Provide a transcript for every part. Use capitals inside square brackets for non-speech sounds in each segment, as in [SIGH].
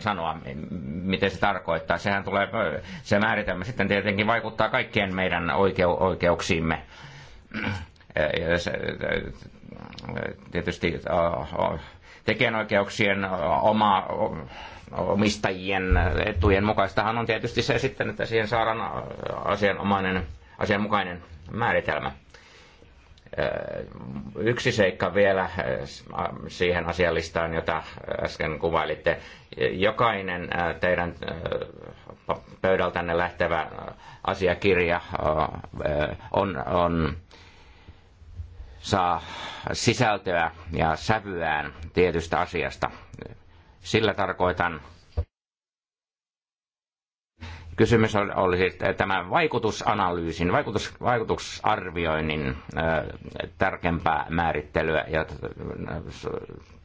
sanoa, miten se tarkoittaa. Sehän tulee, se määritelmä sitten tietenkin vaikuttaa kaikkien meidän oikeu- oikeuksiimme. Tietysti tekijänoikeuksien oma omistajien etujen mukaistahan on tietysti se sitten, että siihen saadaan asianomainen, asianmukainen määritelmä. Yksi seikka vielä siihen asialistaan, jota äsken kuvailitte. Jokainen teidän pöydältänne lähtevä asiakirja on, on saa sisältöä ja sävyään tietystä asiasta. Sillä tarkoitan Kysymys siis tämän vaikutusanalyysin, vaikutus, vaikutusarvioinnin tärkeämpää määrittelyä ja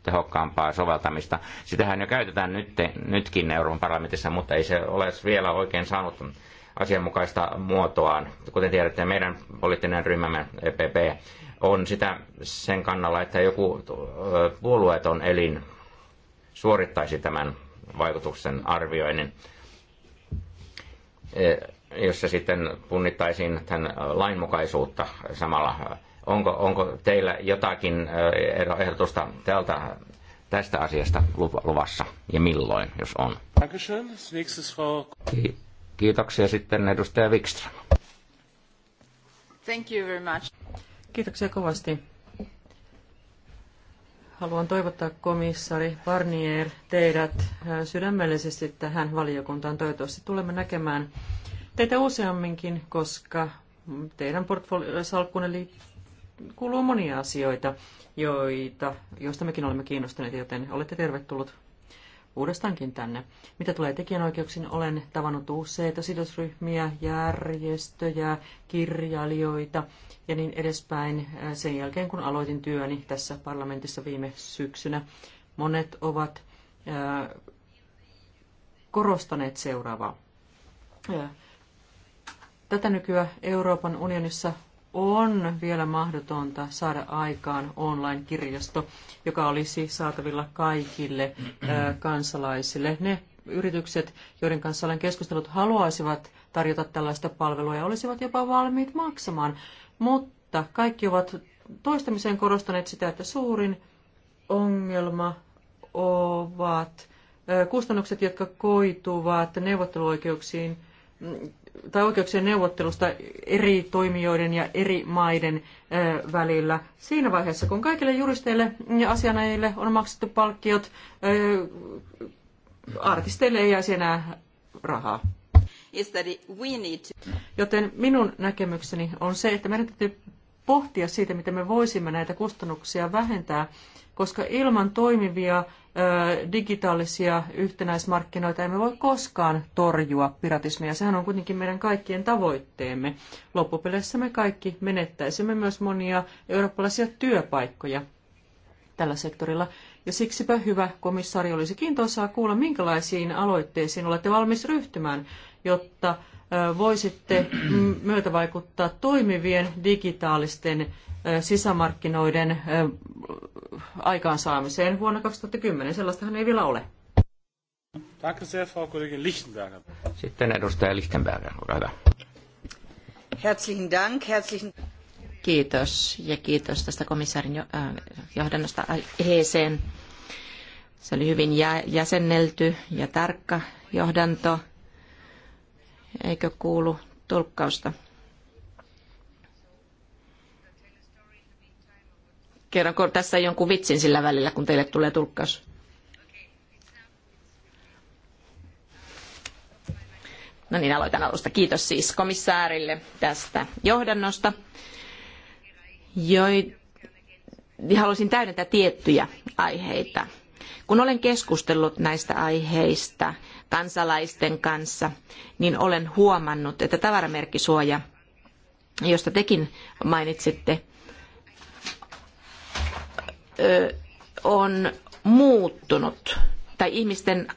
tehokkaampaa soveltamista. Sitähän jo käytetään nyt, nytkin Euroopan parlamentissa, mutta ei se ole vielä oikein saanut asianmukaista muotoaan. Kuten tiedätte, meidän poliittinen ryhmämme EPP on sitä sen kannalla, että joku puolueeton elin suorittaisi tämän vaikutuksen arvioinnin. Eh, jossa sitten punnittaisiin tämän lainmukaisuutta samalla. Onko, onko teillä jotakin eh, ehdotusta tältä, tästä asiasta luvassa ja milloin, jos on? Kiitoksia sitten edustaja Wikström. Thank you very much. Kiitoksia kovasti. Haluan toivottaa komissaari Barnier teidät äh, sydämellisesti tähän valiokuntaan. Toivottavasti tulemme näkemään teitä useamminkin, koska teidän portfoliosalkkuunne kuuluu monia asioita, joita, joista mekin olemme kiinnostuneita, joten olette tervetullut uudestaankin tänne. Mitä tulee tekijänoikeuksiin, olen tavannut useita sidosryhmiä, järjestöjä, kirjailijoita ja niin edespäin sen jälkeen, kun aloitin työni tässä parlamentissa viime syksynä. Monet ovat korostaneet seuraavaa. Tätä nykyä Euroopan unionissa on vielä mahdotonta saada aikaan online-kirjasto, joka olisi saatavilla kaikille kansalaisille. Ne yritykset, joiden kanssa olen keskustellut, haluaisivat tarjota tällaista palvelua ja olisivat jopa valmiit maksamaan, mutta kaikki ovat toistamiseen korostaneet sitä, että suurin ongelma ovat kustannukset, jotka koituvat neuvotteluoikeuksiin tai oikeuksien neuvottelusta eri toimijoiden ja eri maiden välillä. Siinä vaiheessa, kun kaikille juristeille ja asianajille on maksettu palkkiot, artisteille ei jäisi enää rahaa. Joten minun näkemykseni on se, että meidän täytyy pohtia siitä, miten me voisimme näitä kustannuksia vähentää, koska ilman toimivia digitaalisia yhtenäismarkkinoita emme voi koskaan torjua piratismia. Sehän on kuitenkin meidän kaikkien tavoitteemme. Loppupeleissä me kaikki menettäisimme myös monia eurooppalaisia työpaikkoja tällä sektorilla. Ja siksipä hyvä komissaari olisi kiintoisaa kuulla, minkälaisiin aloitteisiin olette valmis ryhtymään, jotta voisitte myötävaikuttaa toimivien digitaalisten sisämarkkinoiden aikaansaamiseen vuonna 2010. Sellaistahan ei vielä ole. Danke sehr, Frau Kollegin Lichtenberger. Sitten edustaja Lichtenberger, olkaa hyvä. Herzlichen Dank, herzlichen Kiitos ja kiitos tästä komissaarin äh, johdannosta EECn. Se oli hyvin jäsennelty ja tarkka johdanto, eikö kuulu tulkkausta. Kerronko tässä jonkun vitsin sillä välillä, kun teille tulee tulkkaus? No niin, aloitan alusta. Kiitos siis komissaarille tästä johdannosta. Joi, haluaisin täydentää tiettyjä aiheita. Kun olen keskustellut näistä aiheista kansalaisten kanssa, niin olen huomannut, että tavaramerkkisuoja, josta tekin mainitsitte, on muuttunut tai ihmisten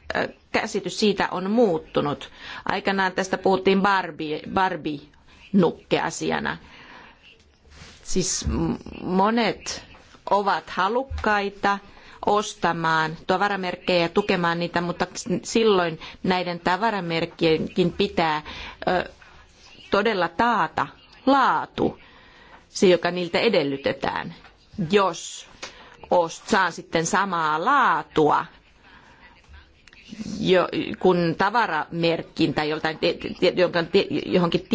käsitys siitä on muuttunut. Aikanaan tästä puhuttiin Barbie, Barbie-nukkeasiana. Siis monet ovat halukkaita ostamaan tavaramerkkejä ja tukemaan niitä, mutta silloin näiden tavaramerkkienkin pitää todella taata laatu, se joka niiltä edellytetään, jos saa sitten samaa laatua jo, kun tavaramerkkintä joltain, johonkin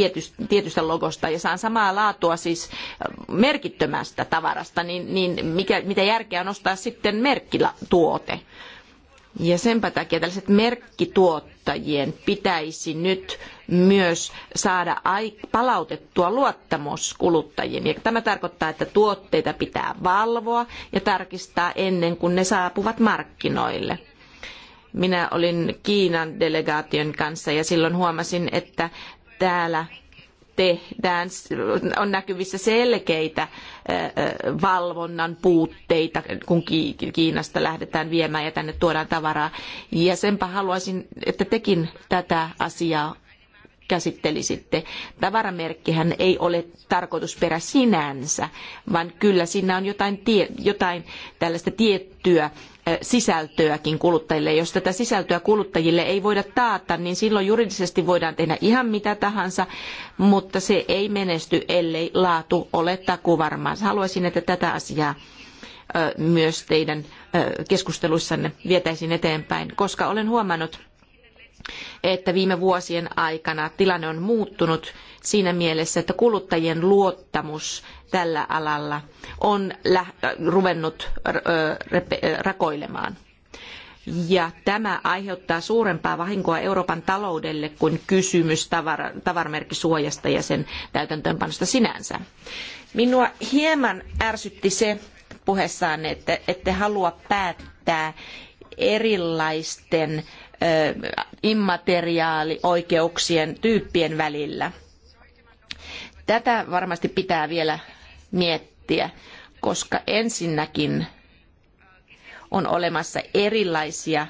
tietystä logosta ja saan samaa laatua siis merkittömästä tavarasta, niin, niin mikä, mitä järkeä on ostaa sitten merkkilatuote? tuote? Ja senpä takia tällaiset merkkituottajien pitäisi nyt myös saada palautettua luottamus kuluttajien. Ja tämä tarkoittaa, että tuotteita pitää valvoa ja tarkistaa ennen kuin ne saapuvat markkinoille. Minä olin Kiinan delegaation kanssa ja silloin huomasin, että täällä tehdään, on näkyvissä selkeitä valvonnan puutteita, kun Kiinasta lähdetään viemään ja tänne tuodaan tavaraa. Ja senpä haluaisin, että tekin tätä asiaa käsittelisitte. Tavaramerkkihän ei ole tarkoitusperä sinänsä, vaan kyllä siinä on jotain, tie, jotain tällaista tiettyä sisältöäkin kuluttajille. Jos tätä sisältöä kuluttajille ei voida taata, niin silloin juridisesti voidaan tehdä ihan mitä tahansa, mutta se ei menesty, ellei laatu ole takuvarmaa. Haluaisin, että tätä asiaa myös teidän keskusteluissanne vietäisiin eteenpäin, koska olen huomannut, että viime vuosien aikana tilanne on muuttunut siinä mielessä, että kuluttajien luottamus tällä alalla on ruvennut äh, äh, rakoilemaan. Ja tämä aiheuttaa suurempaa vahinkoa Euroopan taloudelle kuin kysymys tavar- tavaramerkkisuojasta ja sen täytäntöönpanosta sinänsä. Minua hieman ärsytti se puheessaan, että ette halua päättää erilaisten äh, immateriaalioikeuksien tyyppien välillä. Tätä varmasti pitää vielä miettiä, koska ensinnäkin on olemassa erilaisia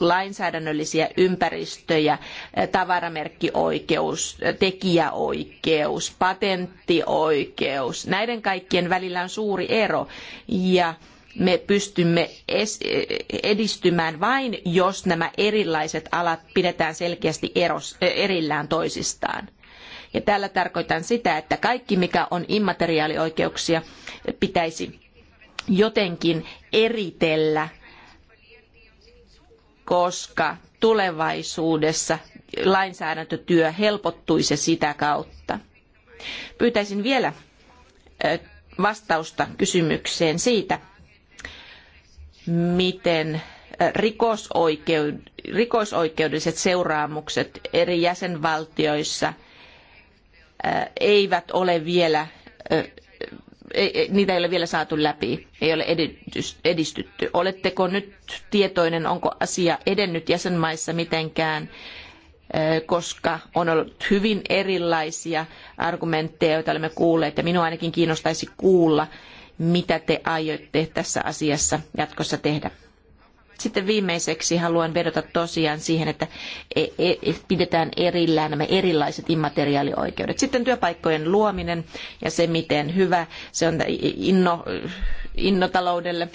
lainsäädännöllisiä ympäristöjä, tavaramerkkioikeus, tekijäoikeus, patenttioikeus. Näiden kaikkien välillä on suuri ero ja me pystymme edistymään vain, jos nämä erilaiset alat pidetään selkeästi eros, erillään toisistaan. Ja tällä tarkoitan sitä, että kaikki mikä on immateriaalioikeuksia pitäisi jotenkin eritellä, koska tulevaisuudessa lainsäädäntötyö helpottuisi sitä kautta. Pyytäisin vielä vastausta kysymykseen siitä, miten rikosoikeudelliset seuraamukset eri jäsenvaltioissa – eivät ole vielä, niitä ei ole vielä saatu läpi, ei ole edistytty. Oletteko nyt tietoinen, onko asia edennyt jäsenmaissa mitenkään? koska on ollut hyvin erilaisia argumentteja, joita olemme kuulleet, ja minua ainakin kiinnostaisi kuulla, mitä te aiotte tässä asiassa jatkossa tehdä. Sitten viimeiseksi haluan vedota tosiaan siihen, että e, e, pidetään erillään nämä erilaiset immateriaalioikeudet. Sitten työpaikkojen luominen ja se, miten hyvä se on inno, innotaloudelle,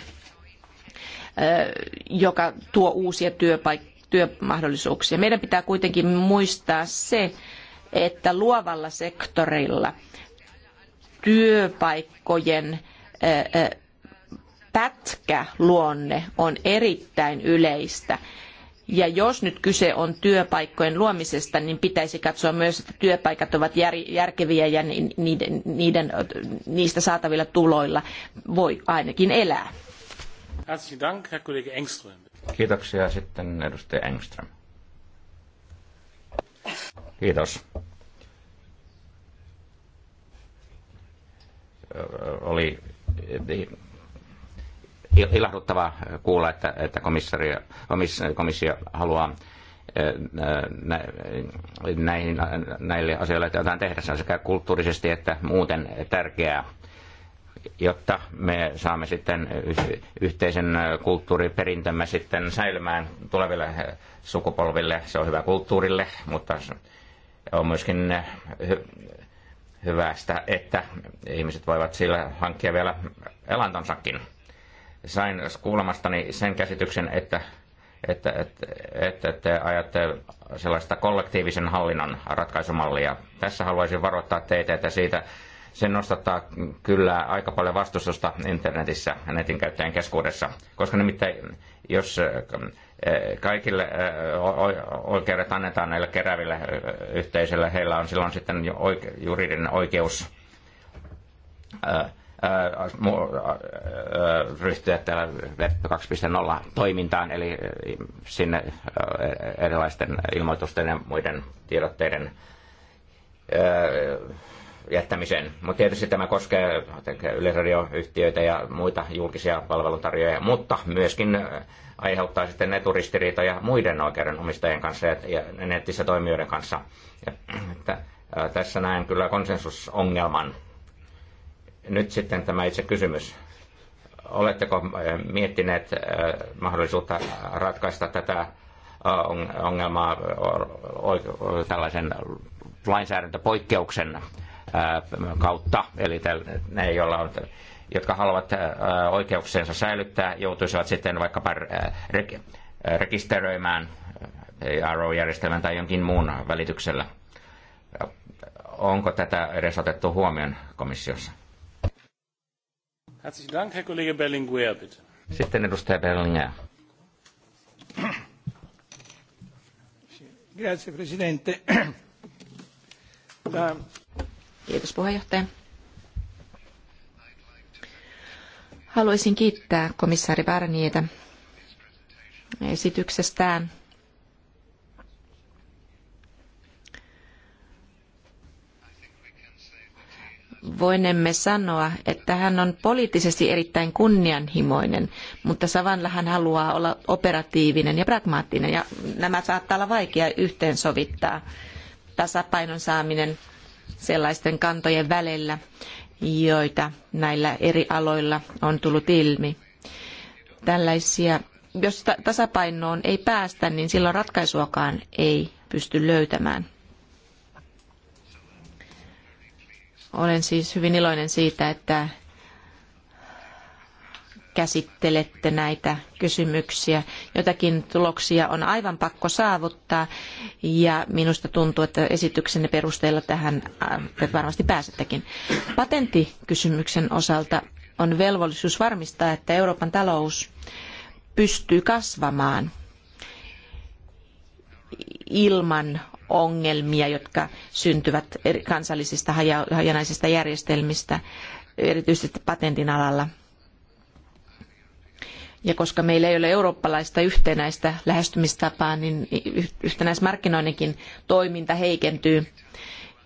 joka tuo uusia työpaikkoja työmahdollisuuksia. Meidän pitää kuitenkin muistaa se, että luovalla sektorilla työpaikkojen pätkäluonne on erittäin yleistä. Ja jos nyt kyse on työpaikkojen luomisesta, niin pitäisi katsoa myös, että työpaikat ovat järkeviä ja niiden, niiden, niistä saatavilla tuloilla voi ainakin elää. Kiitoksia sitten edustaja Engström. Kiitos. Oli ilahduttavaa kuulla, että, että komissio, haluaa näihin, näille asioille jotain tehdä. Se on sekä kulttuurisesti että muuten tärkeää, jotta me saamme sitten yhteisen kulttuuriperintömme sitten säilymään tuleville sukupolville. Se on hyvä kulttuurille, mutta on myöskin hyvästä, että ihmiset voivat sillä hankkia vielä elantonsakin sain kuulemastani sen käsityksen, että, että, että, että te ajatte sellaista kollektiivisen hallinnon ratkaisumallia. Tässä haluaisin varoittaa teitä, että siitä sen nostattaa kyllä aika paljon vastustusta internetissä, netin käyttäjän keskuudessa, koska nimittäin jos äh, kaikille äh, oikeudet annetaan näille keräville äh, yhteisöille, heillä on silloin sitten juridinen oikeus ryhtyä täällä Web 2.0 toimintaan, eli sinne erilaisten ilmoitusten ja muiden tiedotteiden jättämiseen. Mutta tietysti tämä koskee yleisradioyhtiöitä ja muita julkisia palveluntarjoajia, mutta myöskin aiheuttaa sitten eturistiriitoja muiden oikeudenomistajien kanssa ja netissä toimijoiden kanssa. Ja, että, tässä näen kyllä konsensusongelman nyt sitten tämä itse kysymys. Oletteko äh, miettineet äh, mahdollisuutta ratkaista tätä äh, ongelmaa tällaisen lainsäädäntöpoikkeuksen kautta, eli ne, joilla on, jotka haluavat oikeuksensa säilyttää, joutuisivat sitten vaikkapa rekisteröimään RO-järjestelmän tai jonkin muun välityksellä. Onko tätä edes otettu huomioon komissiossa? Sitten edustaja Grazie, Presidente. Äh, Kiitos puheenjohtaja. Haluaisin kiittää komissaari Barnietä esityksestään voinemme sanoa, että hän on poliittisesti erittäin kunnianhimoinen, mutta Savanla hän haluaa olla operatiivinen ja pragmaattinen ja nämä saattaa olla vaikea yhteensovittaa. Tasapainon saaminen sellaisten kantojen välillä, joita näillä eri aloilla on tullut ilmi. Tällaisia, jos tasapainoon ei päästä, niin silloin ratkaisuakaan ei pysty löytämään. Olen siis hyvin iloinen siitä, että käsittelette näitä kysymyksiä. Jotakin tuloksia on aivan pakko saavuttaa ja minusta tuntuu, että esityksenne perusteella tähän äh, varmasti pääsettekin. Patenttikysymyksen osalta on velvollisuus varmistaa, että Euroopan talous pystyy kasvamaan – ilman ongelmia, jotka syntyvät kansallisista hajanaisista järjestelmistä, erityisesti patentin alalla. Ja koska meillä ei ole eurooppalaista yhtenäistä lähestymistapaa, niin yhtenäismarkkinoinninkin toiminta heikentyy.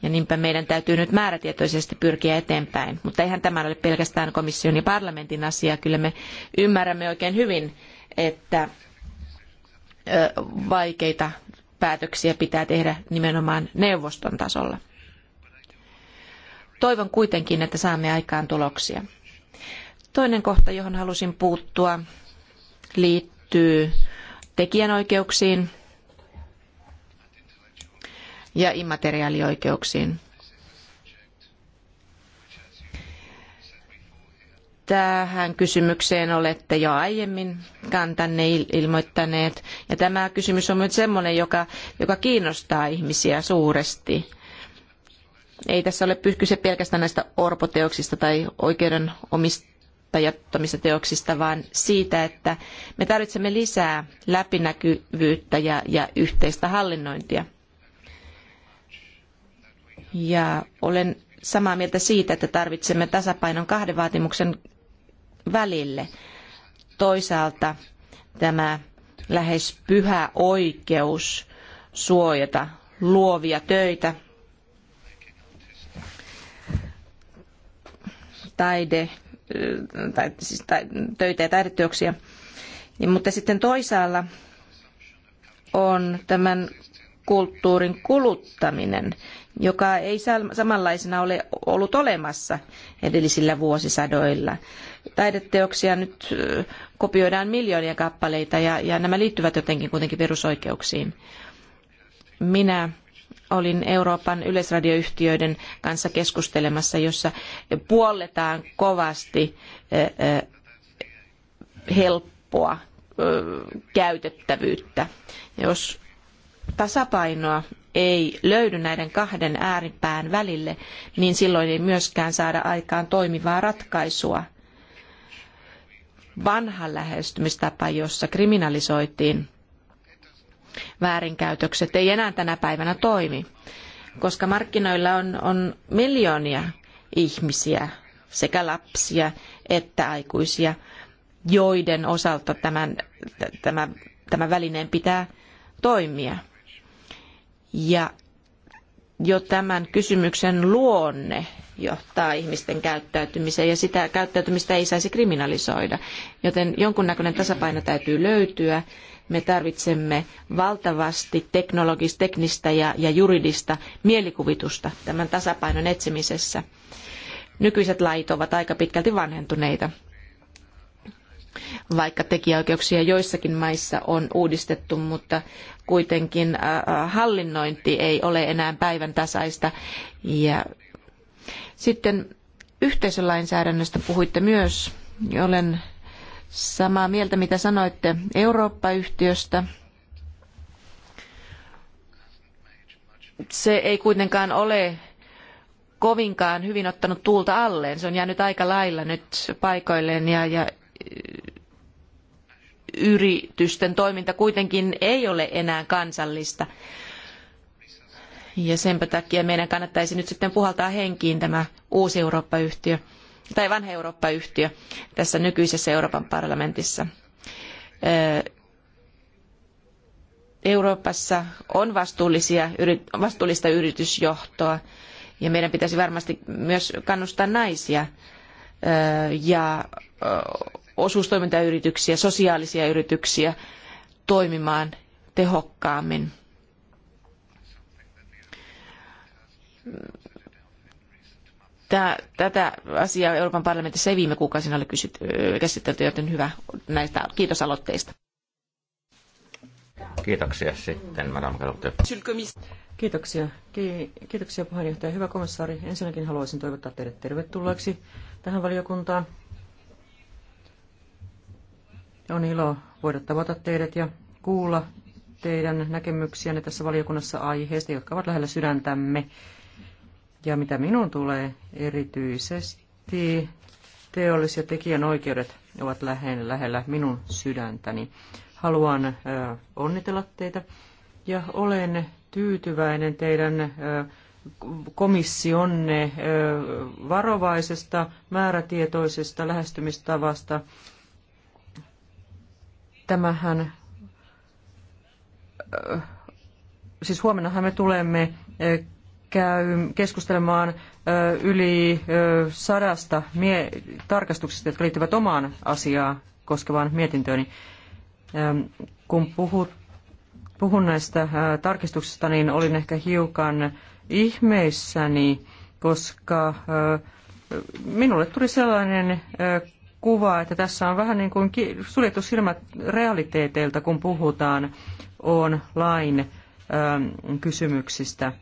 Ja niinpä meidän täytyy nyt määrätietoisesti pyrkiä eteenpäin. Mutta eihän tämä ole pelkästään komission ja parlamentin asia. Kyllä me ymmärrämme oikein hyvin, että vaikeita päätöksiä pitää tehdä nimenomaan neuvoston tasolla. Toivon kuitenkin, että saamme aikaan tuloksia. Toinen kohta, johon halusin puuttua, liittyy tekijänoikeuksiin ja immateriaalioikeuksiin. tähän kysymykseen olette jo aiemmin kantanne ilmoittaneet. Ja tämä kysymys on myös sellainen, joka, joka kiinnostaa ihmisiä suuresti. Ei tässä ole kyse pelkästään näistä orpoteoksista tai oikeudenomistajattomista teoksista, vaan siitä, että me tarvitsemme lisää läpinäkyvyyttä ja, ja yhteistä hallinnointia. Ja olen samaa mieltä siitä, että tarvitsemme tasapainon kahden vaatimuksen välille. Toisaalta tämä lähes pyhä oikeus suojata luovia töitä, taide, tai, siis, tai, töitä ja taideteoksia. Mutta sitten toisaalla on tämän kulttuurin kuluttaminen, joka ei samanlaisena ole ollut olemassa edellisillä vuosisadoilla taideteoksia nyt kopioidaan miljoonia kappaleita ja, ja nämä liittyvät jotenkin kuitenkin perusoikeuksiin. Minä olin Euroopan yleisradioyhtiöiden kanssa keskustelemassa, jossa puolletaan kovasti helppoa käytettävyyttä. Jos tasapainoa ei löydy näiden kahden ääripään välille, niin silloin ei myöskään saada aikaan toimivaa ratkaisua – vanha lähestymistapa, jossa kriminalisoitiin väärinkäytökset, ei enää tänä päivänä toimi, koska markkinoilla on, on miljoonia ihmisiä, sekä lapsia että aikuisia, joiden osalta tämän, tämä, tämä välineen pitää toimia. Ja jo tämän kysymyksen luonne johtaa ihmisten käyttäytymiseen ja sitä käyttäytymistä ei saisi kriminalisoida. Joten jonkunnäköinen tasapaino täytyy löytyä. Me tarvitsemme valtavasti teknologista, teknistä ja, ja juridista mielikuvitusta tämän tasapainon etsimisessä. Nykyiset lait ovat aika pitkälti vanhentuneita. Vaikka tekijäoikeuksia joissakin maissa on uudistettu, mutta kuitenkin hallinnointi ei ole enää päivän tasaista ja sitten yhteisölainsäädännöstä puhuitte myös. Olen samaa mieltä, mitä sanoitte Eurooppa-yhtiöstä. Se ei kuitenkaan ole kovinkaan hyvin ottanut tuulta alleen. Se on jäänyt aika lailla nyt paikoilleen ja, ja yritysten toiminta kuitenkin ei ole enää kansallista ja senpä takia meidän kannattaisi nyt sitten puhaltaa henkiin tämä uusi Eurooppa-yhtiö, tai vanha Eurooppa-yhtiö tässä nykyisessä Euroopan parlamentissa. Euroopassa on vastuullisia, vastuullista yritysjohtoa ja meidän pitäisi varmasti myös kannustaa naisia ja osuustoimintayrityksiä, sosiaalisia yrityksiä toimimaan tehokkaammin tätä asiaa Euroopan parlamentissa ei viime kuukausina ole kysyt, käsitelty, joten hyvä näistä kiitos aloitteista. Kiitoksia sitten, Madame Kalutio. Kiitoksia. kiitoksia puheenjohtaja. Hyvä komissaari, ensinnäkin haluaisin toivottaa teidät tervetulleeksi tähän valiokuntaan. On ilo voida tavata teidät ja kuulla teidän näkemyksiänne tässä valiokunnassa aiheesta, jotka ovat lähellä sydäntämme. Ja mitä minun tulee erityisesti, teollis- ja tekijänoikeudet ovat lähellä, lähellä minun sydäntäni. Haluan ö, onnitella teitä ja olen tyytyväinen teidän ö, komissionne ö, varovaisesta, määrätietoisesta lähestymistavasta. Tämähän, ö, siis huomennahan me tulemme ö, käy keskustelemaan yli sadasta mie- tarkastuksesta, jotka liittyvät omaan asiaa koskevaan mietintööni. Kun puhut, puhun näistä tarkistuksista, niin olin ehkä hiukan ihmeissäni, koska minulle tuli sellainen kuva, että tässä on vähän niin kuin suljettu silmät realiteeteilta, kun puhutaan online kysymyksistä –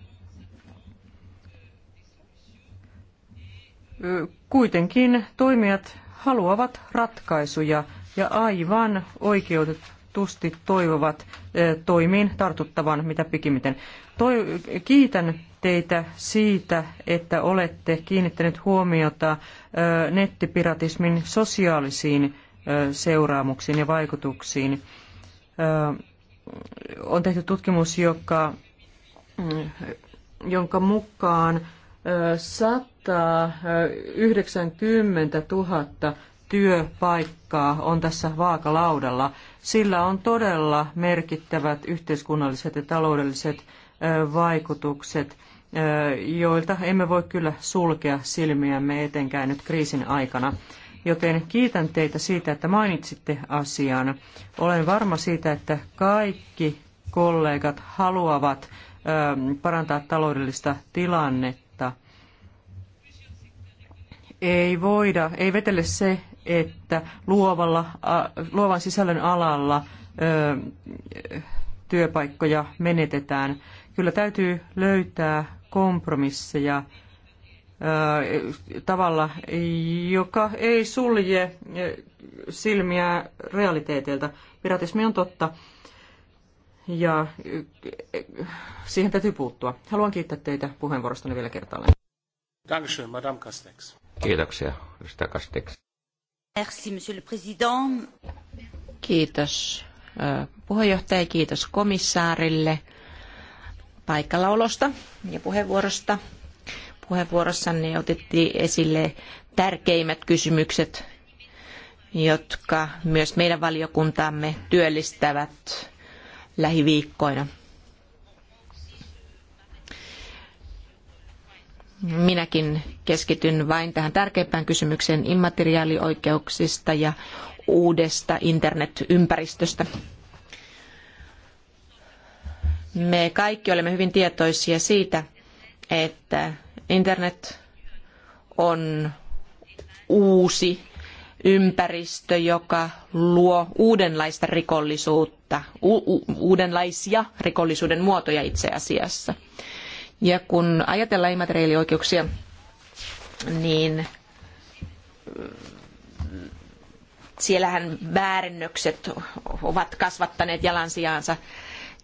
kuitenkin toimijat haluavat ratkaisuja ja aivan oikeutetusti toivovat toimiin tartuttavan mitä pikimiten. Toi, kiitän teitä siitä, että olette kiinnittäneet huomiota nettipiratismin sosiaalisiin seuraamuksiin ja vaikutuksiin. On tehty tutkimus, joka, mm, jonka mukaan sata 190 000 työpaikkaa on tässä vaakalaudalla. Sillä on todella merkittävät yhteiskunnalliset ja taloudelliset vaikutukset, joilta emme voi kyllä sulkea silmiämme etenkään nyt kriisin aikana. Joten kiitän teitä siitä, että mainitsitte asian. Olen varma siitä, että kaikki kollegat haluavat parantaa taloudellista tilannetta ei voida, ei vetele se, että luovalla, luovan sisällön alalla työpaikkoja menetetään. Kyllä täytyy löytää kompromisseja tavalla, joka ei sulje silmiä realiteeteilta. Piratismi on totta ja siihen täytyy puuttua. Haluan kiittää teitä puheenvuorostani vielä kertaalleen. Dankeschön, Madame Castex. Kiitoksia, edustaja Kasteks. Merci, monsieur le président. Kiitos puheenjohtaja, kiitos komissaarille paikallaolosta ja puheenvuorosta. Puheenvuorossanne otettiin esille tärkeimmät kysymykset, jotka myös meidän valiokuntaamme työllistävät lähiviikkoina. Minäkin keskityn vain tähän tärkeimpään kysymykseen immateriaalioikeuksista ja uudesta internetympäristöstä. Me kaikki olemme hyvin tietoisia siitä, että internet on uusi ympäristö, joka luo uudenlaista rikollisuutta, uudenlaisia rikollisuuden muotoja itse asiassa. Ja kun ajatellaan immateriaalioikeuksia, niin mm, siellähän väärennökset ovat kasvattaneet jalansijaansa,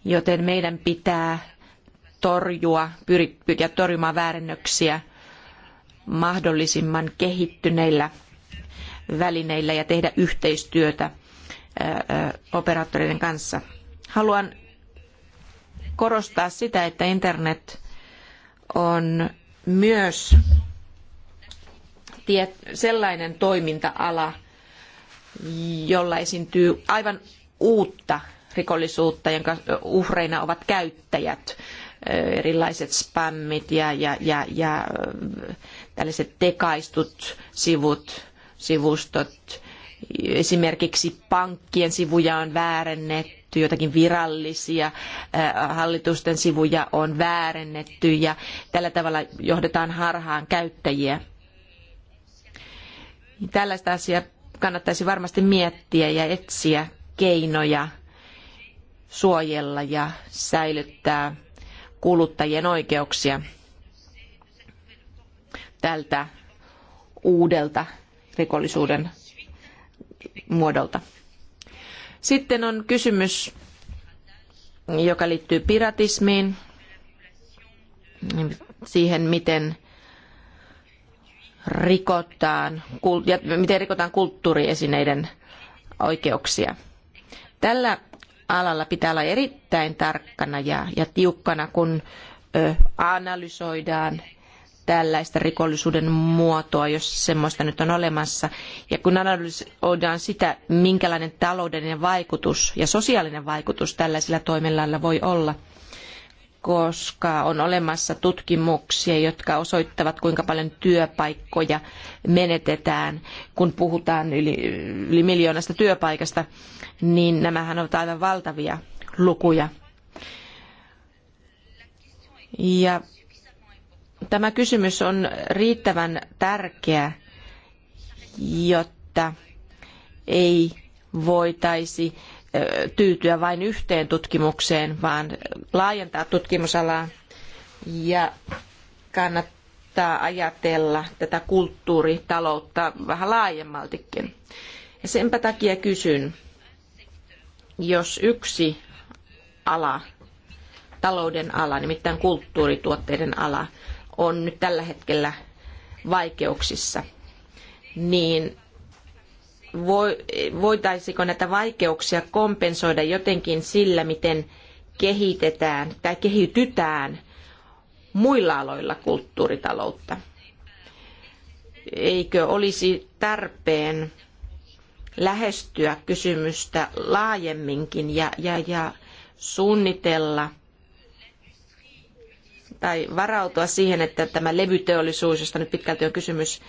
joten meidän pitää torjua, pyrkiä torjumaan väärennöksiä mahdollisimman kehittyneillä välineillä ja tehdä yhteistyötä operaattoreiden kanssa. Haluan korostaa sitä, että internet on myös sellainen toiminta-ala, jolla esiintyy aivan uutta rikollisuutta, jonka uhreina ovat käyttäjät, erilaiset spammit ja, ja, ja, ja tällaiset tekaistut sivut, sivustot. Esimerkiksi pankkien sivuja on väärennetty väärennetty, jotakin virallisia hallitusten sivuja on väärennetty ja tällä tavalla johdetaan harhaan käyttäjiä. Tällaista asiaa kannattaisi varmasti miettiä ja etsiä keinoja suojella ja säilyttää kuluttajien oikeuksia tältä uudelta rikollisuuden muodolta. Sitten on kysymys, joka liittyy piratismiin, siihen miten rikotaan, ja miten rikotaan kulttuuriesineiden oikeuksia. Tällä alalla pitää olla erittäin tarkkana ja, ja tiukkana, kun analysoidaan tällaista rikollisuuden muotoa, jos semmoista nyt on olemassa. Ja kun analysoidaan sitä, minkälainen taloudellinen vaikutus ja sosiaalinen vaikutus tällaisilla toimilla voi olla, koska on olemassa tutkimuksia, jotka osoittavat, kuinka paljon työpaikkoja menetetään, kun puhutaan yli, yli miljoonasta työpaikasta, niin nämähän ovat aivan valtavia lukuja. Ja Tämä kysymys on riittävän tärkeä, jotta ei voitaisi tyytyä vain yhteen tutkimukseen, vaan laajentaa tutkimusalaa ja kannattaa ajatella tätä kulttuuritaloutta vähän laajemmaltikin. Ja senpä takia kysyn, jos yksi ala, talouden ala, nimittäin kulttuurituotteiden ala, on nyt tällä hetkellä vaikeuksissa, niin voitaisiko näitä vaikeuksia kompensoida jotenkin sillä, miten kehitetään tai kehitytään muilla aloilla kulttuuritaloutta? Eikö olisi tarpeen lähestyä kysymystä laajemminkin ja, ja, ja suunnitella – tai varautua siihen, että tämä levyteollisuus, josta nyt pitkälti on kysymys,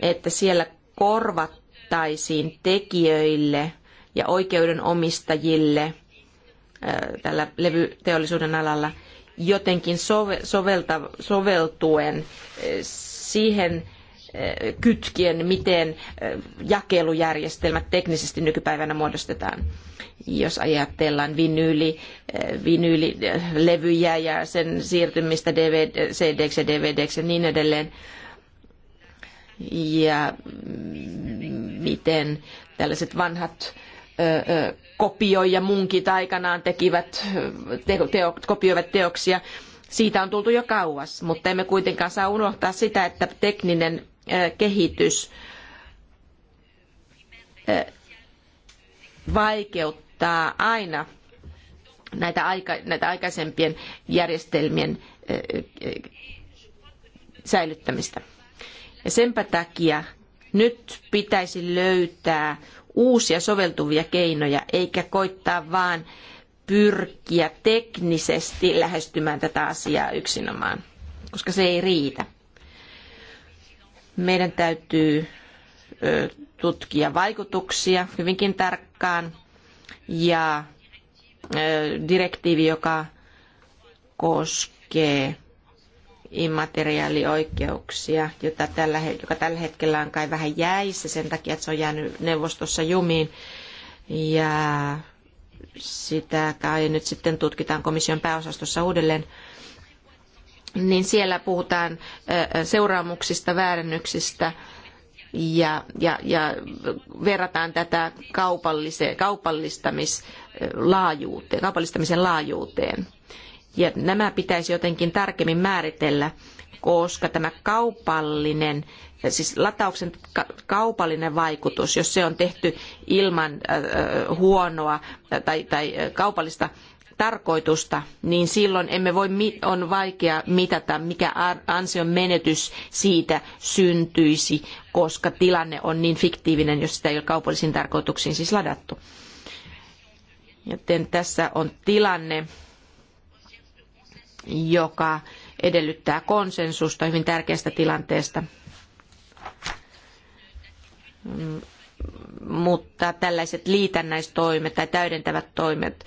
että siellä korvattaisiin tekijöille ja oikeudenomistajille tällä levyteollisuuden alalla jotenkin sovelta, soveltuen siihen kytkien, miten jakelujärjestelmät teknisesti nykypäivänä muodostetaan. Jos ajatellaan vinyyli, vinyylilevyjä ja sen siirtymistä DVD, cd ja dvd ja niin edelleen, ja mm, miten tällaiset vanhat kopioi munkit aikanaan tekivät, te, teo, kopioivat teoksia. Siitä on tultu jo kauas, mutta emme kuitenkaan saa unohtaa sitä, että tekninen kehitys vaikeuttaa aina näitä, aika, näitä aikaisempien järjestelmien säilyttämistä. Ja senpä takia nyt pitäisi löytää uusia soveltuvia keinoja, eikä koittaa vaan pyrkiä teknisesti lähestymään tätä asiaa yksinomaan, koska se ei riitä. Meidän täytyy tutkia vaikutuksia hyvinkin tarkkaan ja direktiivi, joka koskee immateriaalioikeuksia, jota tällä, joka tällä hetkellä on kai vähän jäissä sen takia, että se on jäänyt neuvostossa jumiin. Ja sitä kai nyt sitten tutkitaan komission pääosastossa uudelleen niin siellä puhutaan seuraamuksista, väärennyksistä ja, ja, ja verrataan tätä kaupallistamislaajuuteen, kaupallistamisen laajuuteen. Ja nämä pitäisi jotenkin tarkemmin määritellä, koska tämä kaupallinen, siis latauksen kaupallinen vaikutus, jos se on tehty ilman huonoa tai, tai kaupallista tarkoitusta, niin silloin emme voi, on vaikea mitata, mikä ansion menetys siitä syntyisi, koska tilanne on niin fiktiivinen, jos sitä ei ole kaupallisiin tarkoituksiin siis ladattu. Joten tässä on tilanne, joka edellyttää konsensusta hyvin tärkeästä tilanteesta. Mm, mutta tällaiset liitännäistoimet tai täydentävät toimet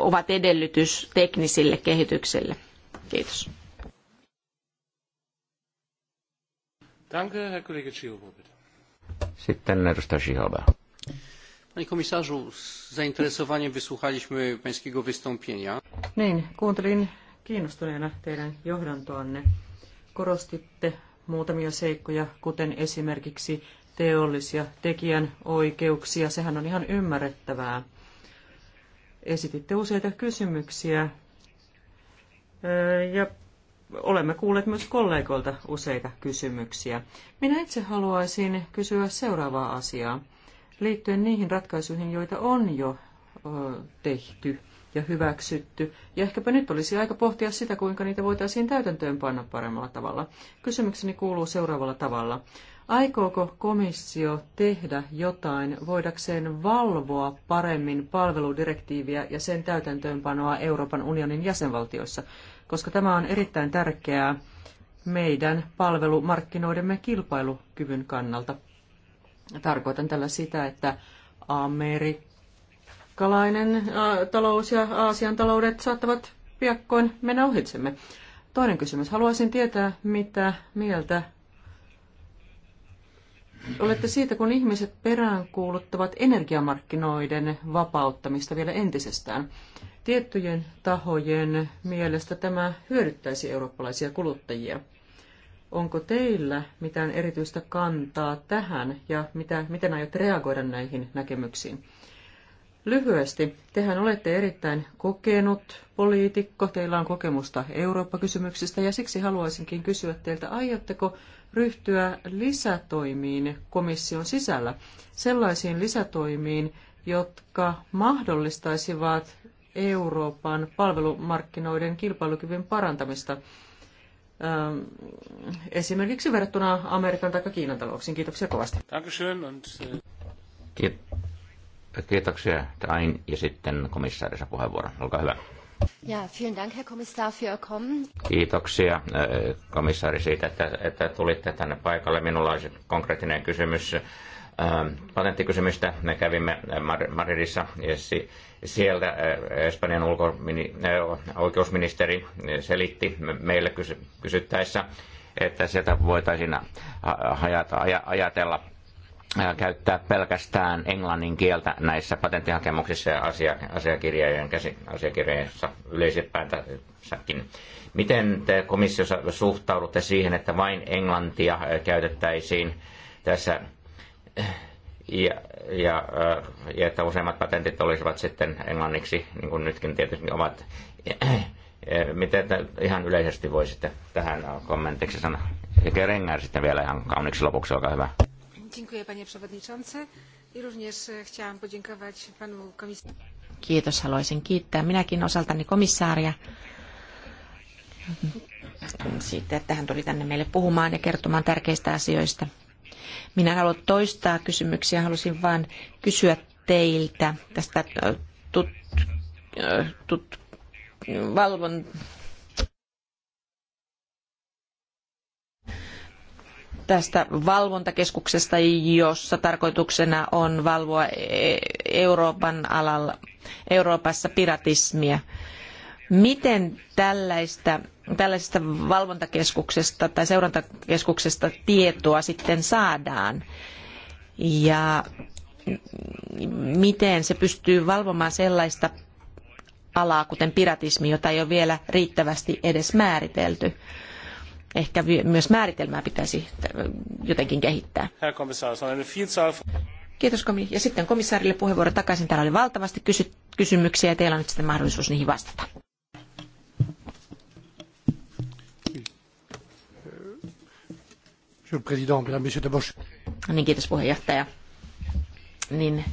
ovat edellytys teknisille kehitykselle. Kiitos. Sitten edustaja Ciobo. Panie komisarzu, z zainteresowaniem wysłuchaliśmy pańskiego wystąpienia. Niin, kuuntelin kiinnostuneena teidän johdantoanne. Korostitte muutamia seikkoja, kuten esimerkiksi teollisia tekijänoikeuksia. Sehän on ihan ymmärrettävää. Esititte useita kysymyksiä ja olemme kuulleet myös kollegoilta useita kysymyksiä. Minä itse haluaisin kysyä seuraavaa asiaa liittyen niihin ratkaisuihin, joita on jo tehty ja hyväksytty. Ja ehkäpä nyt olisi aika pohtia sitä, kuinka niitä voitaisiin täytäntöön panna paremmalla tavalla. Kysymykseni kuuluu seuraavalla tavalla. Aikooko komissio tehdä jotain voidakseen valvoa paremmin palveludirektiiviä ja sen täytäntöönpanoa Euroopan unionin jäsenvaltioissa, koska tämä on erittäin tärkeää meidän palvelumarkkinoidemme kilpailukyvyn kannalta. Tarkoitan tällä sitä, että amerikkalainen talous ja Aasian taloudet saattavat piakkoin mennä ohitsemme. Toinen kysymys. Haluaisin tietää, mitä mieltä olette siitä, kun ihmiset peräänkuuluttavat energiamarkkinoiden vapauttamista vielä entisestään. Tiettyjen tahojen mielestä tämä hyödyttäisi eurooppalaisia kuluttajia. Onko teillä mitään erityistä kantaa tähän ja mitä, miten aiot reagoida näihin näkemyksiin? Lyhyesti, tehän olette erittäin kokenut poliitikko, teillä on kokemusta Eurooppa-kysymyksistä ja siksi haluaisinkin kysyä teiltä, aiotteko ryhtyä lisätoimiin komission sisällä, sellaisiin lisätoimiin, jotka mahdollistaisivat Euroopan palvelumarkkinoiden kilpailukyvyn parantamista ähm, esimerkiksi verrattuna Amerikan tai Kiinan talouksiin. Kiitoksia kovasti. Äh, Kiitos. Kiitoksia, Dain, ja sitten komissaarissa puheenvuoro. Olkaa hyvä. Ja, vielen Dank, Herr Kommissar, für Kommen. Kiitoksia, äh, komissaari, siitä, että, että tulitte tänne paikalle. Minulla olisi konkreettinen kysymys äh, patenttikysymystä. Me kävimme äh, Madridissa ja sieltä Espanjan ulkomini, oikeusministeri selitti meille kysyttäessä, että sieltä voitaisiin ajatella käyttää pelkästään englannin kieltä näissä patenttihakemuksissa ja asiakirjojen, käsi, asiakirjoissa yleisipäätänsäkin. Miten te komissiossa suhtaudutte siihen, että vain englantia käytettäisiin tässä ja, ja, ja että useimmat patentit olisivat sitten englanniksi, niin kuin nytkin tietysti ovat. [CLEARS THROAT] Miten te ihan yleisesti voisitte tähän kommentiksi sanoa? Ja Rengar sitten vielä ihan kauniksi lopuksi, olkaa hyvä. Dziękuję panie przewodniczący i również e, chciałam podziękować panu komisarzowi. Kiitos, haluaisin kiittää minäkin osaltani komissaaria siitä, että hän tuli tänne meille puhumaan ja kertomaan tärkeistä asioista. Minä haluan toistaa kysymyksiä, halusin vain kysyä teiltä tästä tut, tut, valvon, tästä valvontakeskuksesta, jossa tarkoituksena on valvoa Euroopan alalla, Euroopassa piratismia. Miten tällaista, tällaisesta valvontakeskuksesta tai seurantakeskuksesta tietoa sitten saadaan? Ja miten se pystyy valvomaan sellaista alaa, kuten piratismi, jota ei ole vielä riittävästi edes määritelty? ehkä myös määritelmää pitäisi jotenkin kehittää. Kiitos komi. Ja sitten komissaarille puheenvuoro takaisin. Täällä oli valtavasti kysy- kysymyksiä ja teillä on nyt sitten mahdollisuus niihin vastata. No niin, kiitos puheenjohtaja. Niin,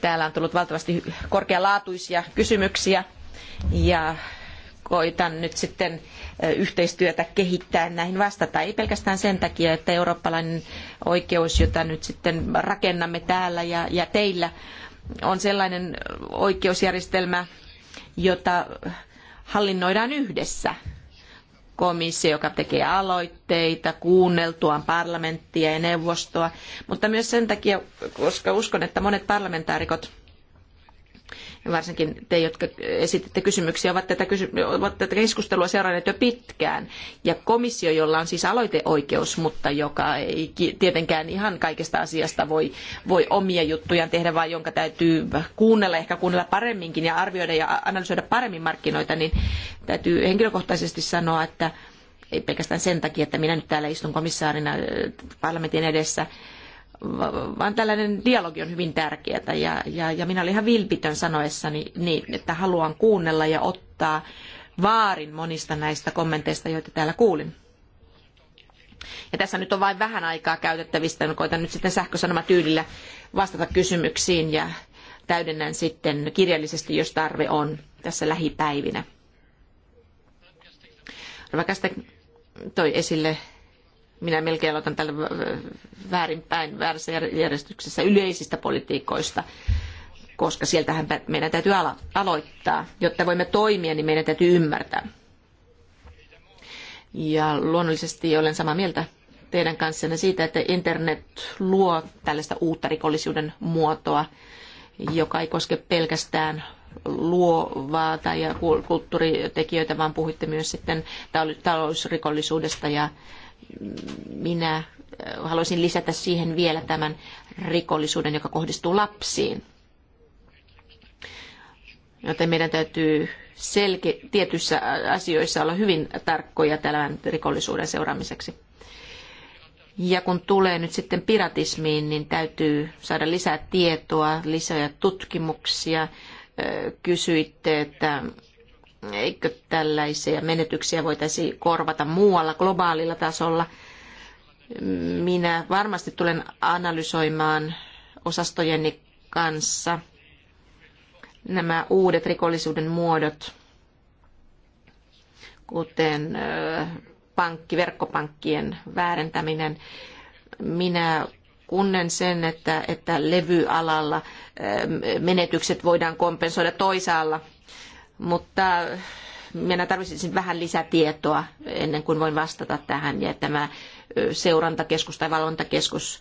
täällä on tullut valtavasti korkealaatuisia kysymyksiä ja koitan nyt sitten yhteistyötä kehittää näihin vastata. Ei pelkästään sen takia, että eurooppalainen oikeus, jota nyt sitten rakennamme täällä ja, ja teillä, on sellainen oikeusjärjestelmä, jota hallinnoidaan yhdessä. Komissio, joka tekee aloitteita, kuunneltuaan parlamenttia ja neuvostoa, mutta myös sen takia, koska uskon, että monet parlamentaarikot – varsinkin te, jotka esititte kysymyksiä, ovat tätä, kysy- ovat tätä keskustelua seuranneet jo pitkään. Ja komissio, jolla on siis aloiteoikeus, mutta joka ei tietenkään ihan kaikesta asiasta voi, voi omia juttujaan tehdä, vaan jonka täytyy kuunnella, ehkä kuunnella paremminkin ja arvioida ja analysoida paremmin markkinoita, niin täytyy henkilökohtaisesti sanoa, että ei pelkästään sen takia, että minä nyt täällä istun komissaarina äh, parlamentin edessä, vaan tällainen dialogi on hyvin tärkeää ja, ja, ja minä olin ihan vilpitön sanoessani niin, että haluan kuunnella ja ottaa vaarin monista näistä kommenteista, joita täällä kuulin. Ja tässä nyt on vain vähän aikaa käytettävistä, niin koitan nyt sitten sähkösanoma vastata kysymyksiin ja täydennän sitten kirjallisesti, jos tarve on tässä lähipäivinä. Rova toi esille minä melkein aloitan tällä äh, väärinpäin, väärässä järjestyksessä yleisistä politiikoista, koska sieltähän meidän täytyy aloittaa. Jotta voimme toimia, niin meidän täytyy ymmärtää. Ja luonnollisesti olen samaa mieltä teidän kanssanne siitä, että internet luo tällaista uutta rikollisuuden muotoa, joka ei koske pelkästään luovaa tai kulttuuritekijöitä, vaan puhuitte myös sitten talousrikollisuudesta ja minä äh, haluaisin lisätä siihen vielä tämän rikollisuuden, joka kohdistuu lapsiin. Joten meidän täytyy selke- tietyissä asioissa olla hyvin tarkkoja tämän rikollisuuden seuraamiseksi. Ja kun tulee nyt sitten piratismiin, niin täytyy saada lisää tietoa, lisää tutkimuksia. Kysyitte, että Eikö tällaisia menetyksiä voitaisi korvata muualla globaalilla tasolla? Minä varmasti tulen analysoimaan osastojeni kanssa nämä uudet rikollisuuden muodot, kuten pankki, verkkopankkien väärentäminen. Minä kunnen sen, että, että levyalalla menetykset voidaan kompensoida toisaalla mutta minä tarvitsisin vähän lisätietoa ennen kuin voin vastata tähän. Ja tämä seurantakeskus tai valvontakeskus,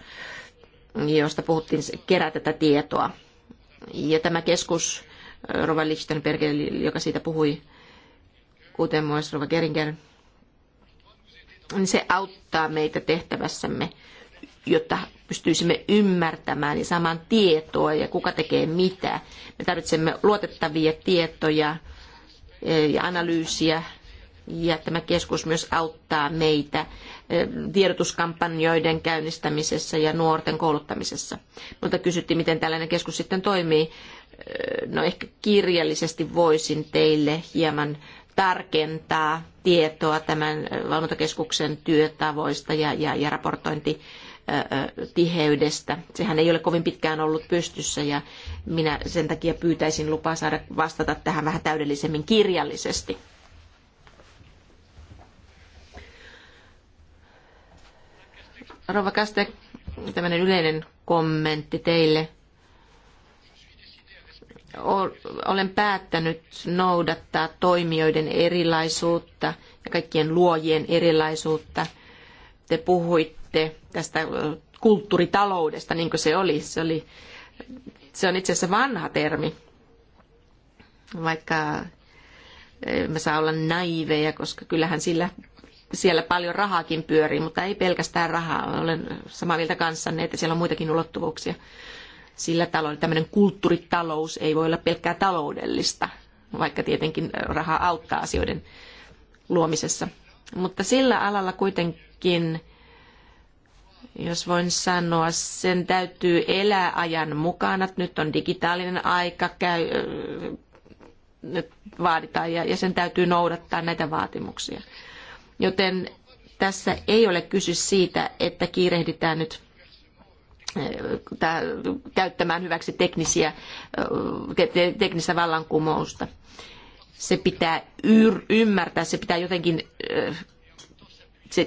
josta puhuttiin, kerää tätä tietoa. Ja tämä keskus, Rova Lichtenberg, joka siitä puhui, kuten myös Rova Geringer, niin se auttaa meitä tehtävässämme – jotta pystyisimme ymmärtämään ja saamaan tietoa ja kuka tekee mitä. Me tarvitsemme luotettavia tietoja eh, ja analyysiä ja tämä keskus myös auttaa meitä eh, tiedotuskampanjoiden käynnistämisessä ja nuorten kouluttamisessa. Mutta kysyttiin, miten tällainen keskus sitten toimii. Eh, no ehkä kirjallisesti voisin teille hieman tarkentaa tietoa tämän valvontakeskuksen työtavoista ja, ja, ja raportointi tiheydestä. Sehän ei ole kovin pitkään ollut pystyssä ja minä sen takia pyytäisin lupaa saada vastata tähän vähän täydellisemmin kirjallisesti. Rova Kaste, tämmöinen yleinen kommentti teille. Olen päättänyt noudattaa toimijoiden erilaisuutta ja kaikkien luojien erilaisuutta. Te puhuitte lähtee tästä kulttuuritaloudesta, niin kuin se oli. Se, oli, se on itse asiassa vanha termi, vaikka me saa olla naiveja, koska kyllähän sillä, siellä paljon rahaakin pyörii, mutta ei pelkästään rahaa. Olen samaa mieltä kanssanne, että siellä on muitakin ulottuvuuksia. Sillä taloudella tämmöinen kulttuuritalous ei voi olla pelkkää taloudellista, vaikka tietenkin raha auttaa asioiden luomisessa. Mutta sillä alalla kuitenkin jos voin sanoa, sen täytyy elää ajan mukana. Nyt on digitaalinen aika, käy, nyt vaaditaan ja, ja sen täytyy noudattaa näitä vaatimuksia. Joten tässä ei ole kyse siitä, että kiirehditään nyt käyttämään hyväksi teknisiä, teknistä vallankumousta. Se pitää ymmärtää, se pitää jotenkin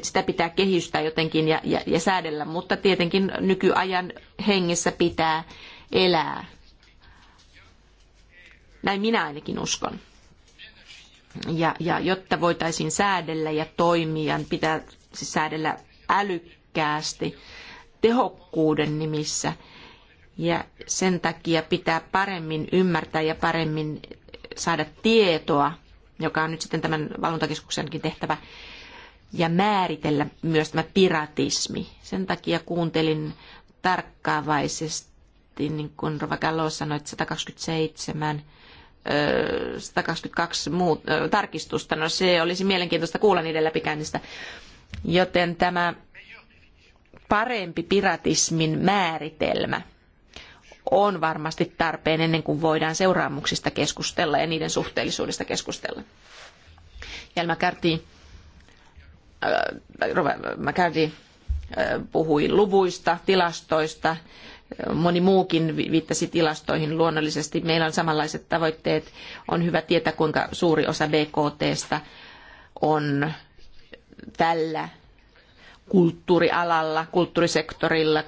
sitä pitää kehystää jotenkin ja, ja, ja säädellä, mutta tietenkin nykyajan hengessä pitää elää. Näin minä ainakin uskon. Ja, ja jotta voitaisiin säädellä ja toimia, pitää siis säädellä älykkäästi tehokkuuden nimissä. Ja sen takia pitää paremmin ymmärtää ja paremmin saada tietoa, joka on nyt sitten tämän valvontakeskuksenkin tehtävä ja määritellä myös tämä piratismi. Sen takia kuuntelin tarkkaavaisesti, niin kuin Rova Gallo sanoi, että 127 122 muut, tarkistusta. No se olisi mielenkiintoista kuulla niiden läpikäynnistä. Joten tämä parempi piratismin määritelmä on varmasti tarpeen ennen kuin voidaan seuraamuksista keskustella ja niiden suhteellisuudesta keskustella. Jelmä Kärti Äh, McCarthy äh, puhui luvuista, tilastoista, moni muukin viittasi tilastoihin luonnollisesti. Meillä on samanlaiset tavoitteet. On hyvä tietää, kuinka suuri osa BKTstä on tällä kulttuurialalla, kulttuurisektorilla.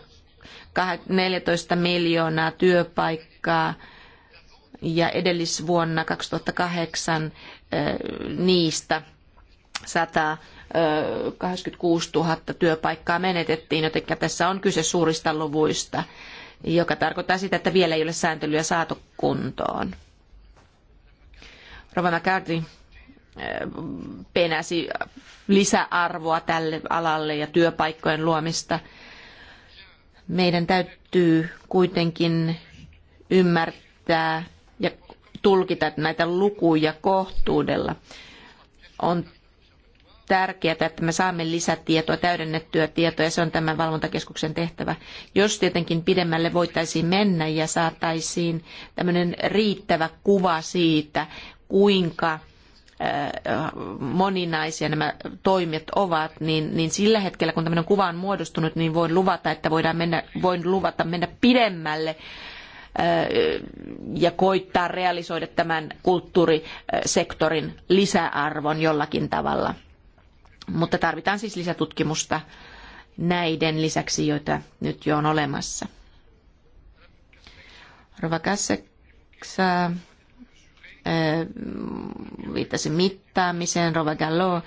14 miljoonaa työpaikkaa ja edellisvuonna 2008 äh, niistä 100 86 000 työpaikkaa menetettiin, joten tässä on kyse suurista luvuista, joka tarkoittaa sitä, että vielä ei ole sääntelyä saatu kuntoon. Rova McCarthy penäsi lisäarvoa tälle alalle ja työpaikkojen luomista. Meidän täytyy kuitenkin ymmärtää ja tulkita näitä lukuja kohtuudella. On tärkeää, että me saamme lisätietoa, täydennettyä tietoa, ja se on tämän valvontakeskuksen tehtävä. Jos tietenkin pidemmälle voitaisiin mennä ja saataisiin tämmöinen riittävä kuva siitä, kuinka äh, moninaisia nämä toimet ovat, niin, niin sillä hetkellä, kun tämmöinen kuva on muodostunut, niin voin luvata, että voidaan mennä, voin luvata mennä pidemmälle äh, ja koittaa realisoida tämän kulttuurisektorin lisäarvon jollakin tavalla. Mutta tarvitaan siis lisätutkimusta näiden lisäksi, joita nyt jo on olemassa. Rova Kasseksa äh, äh, viittasi mittaamiseen, Rova Gallo äh,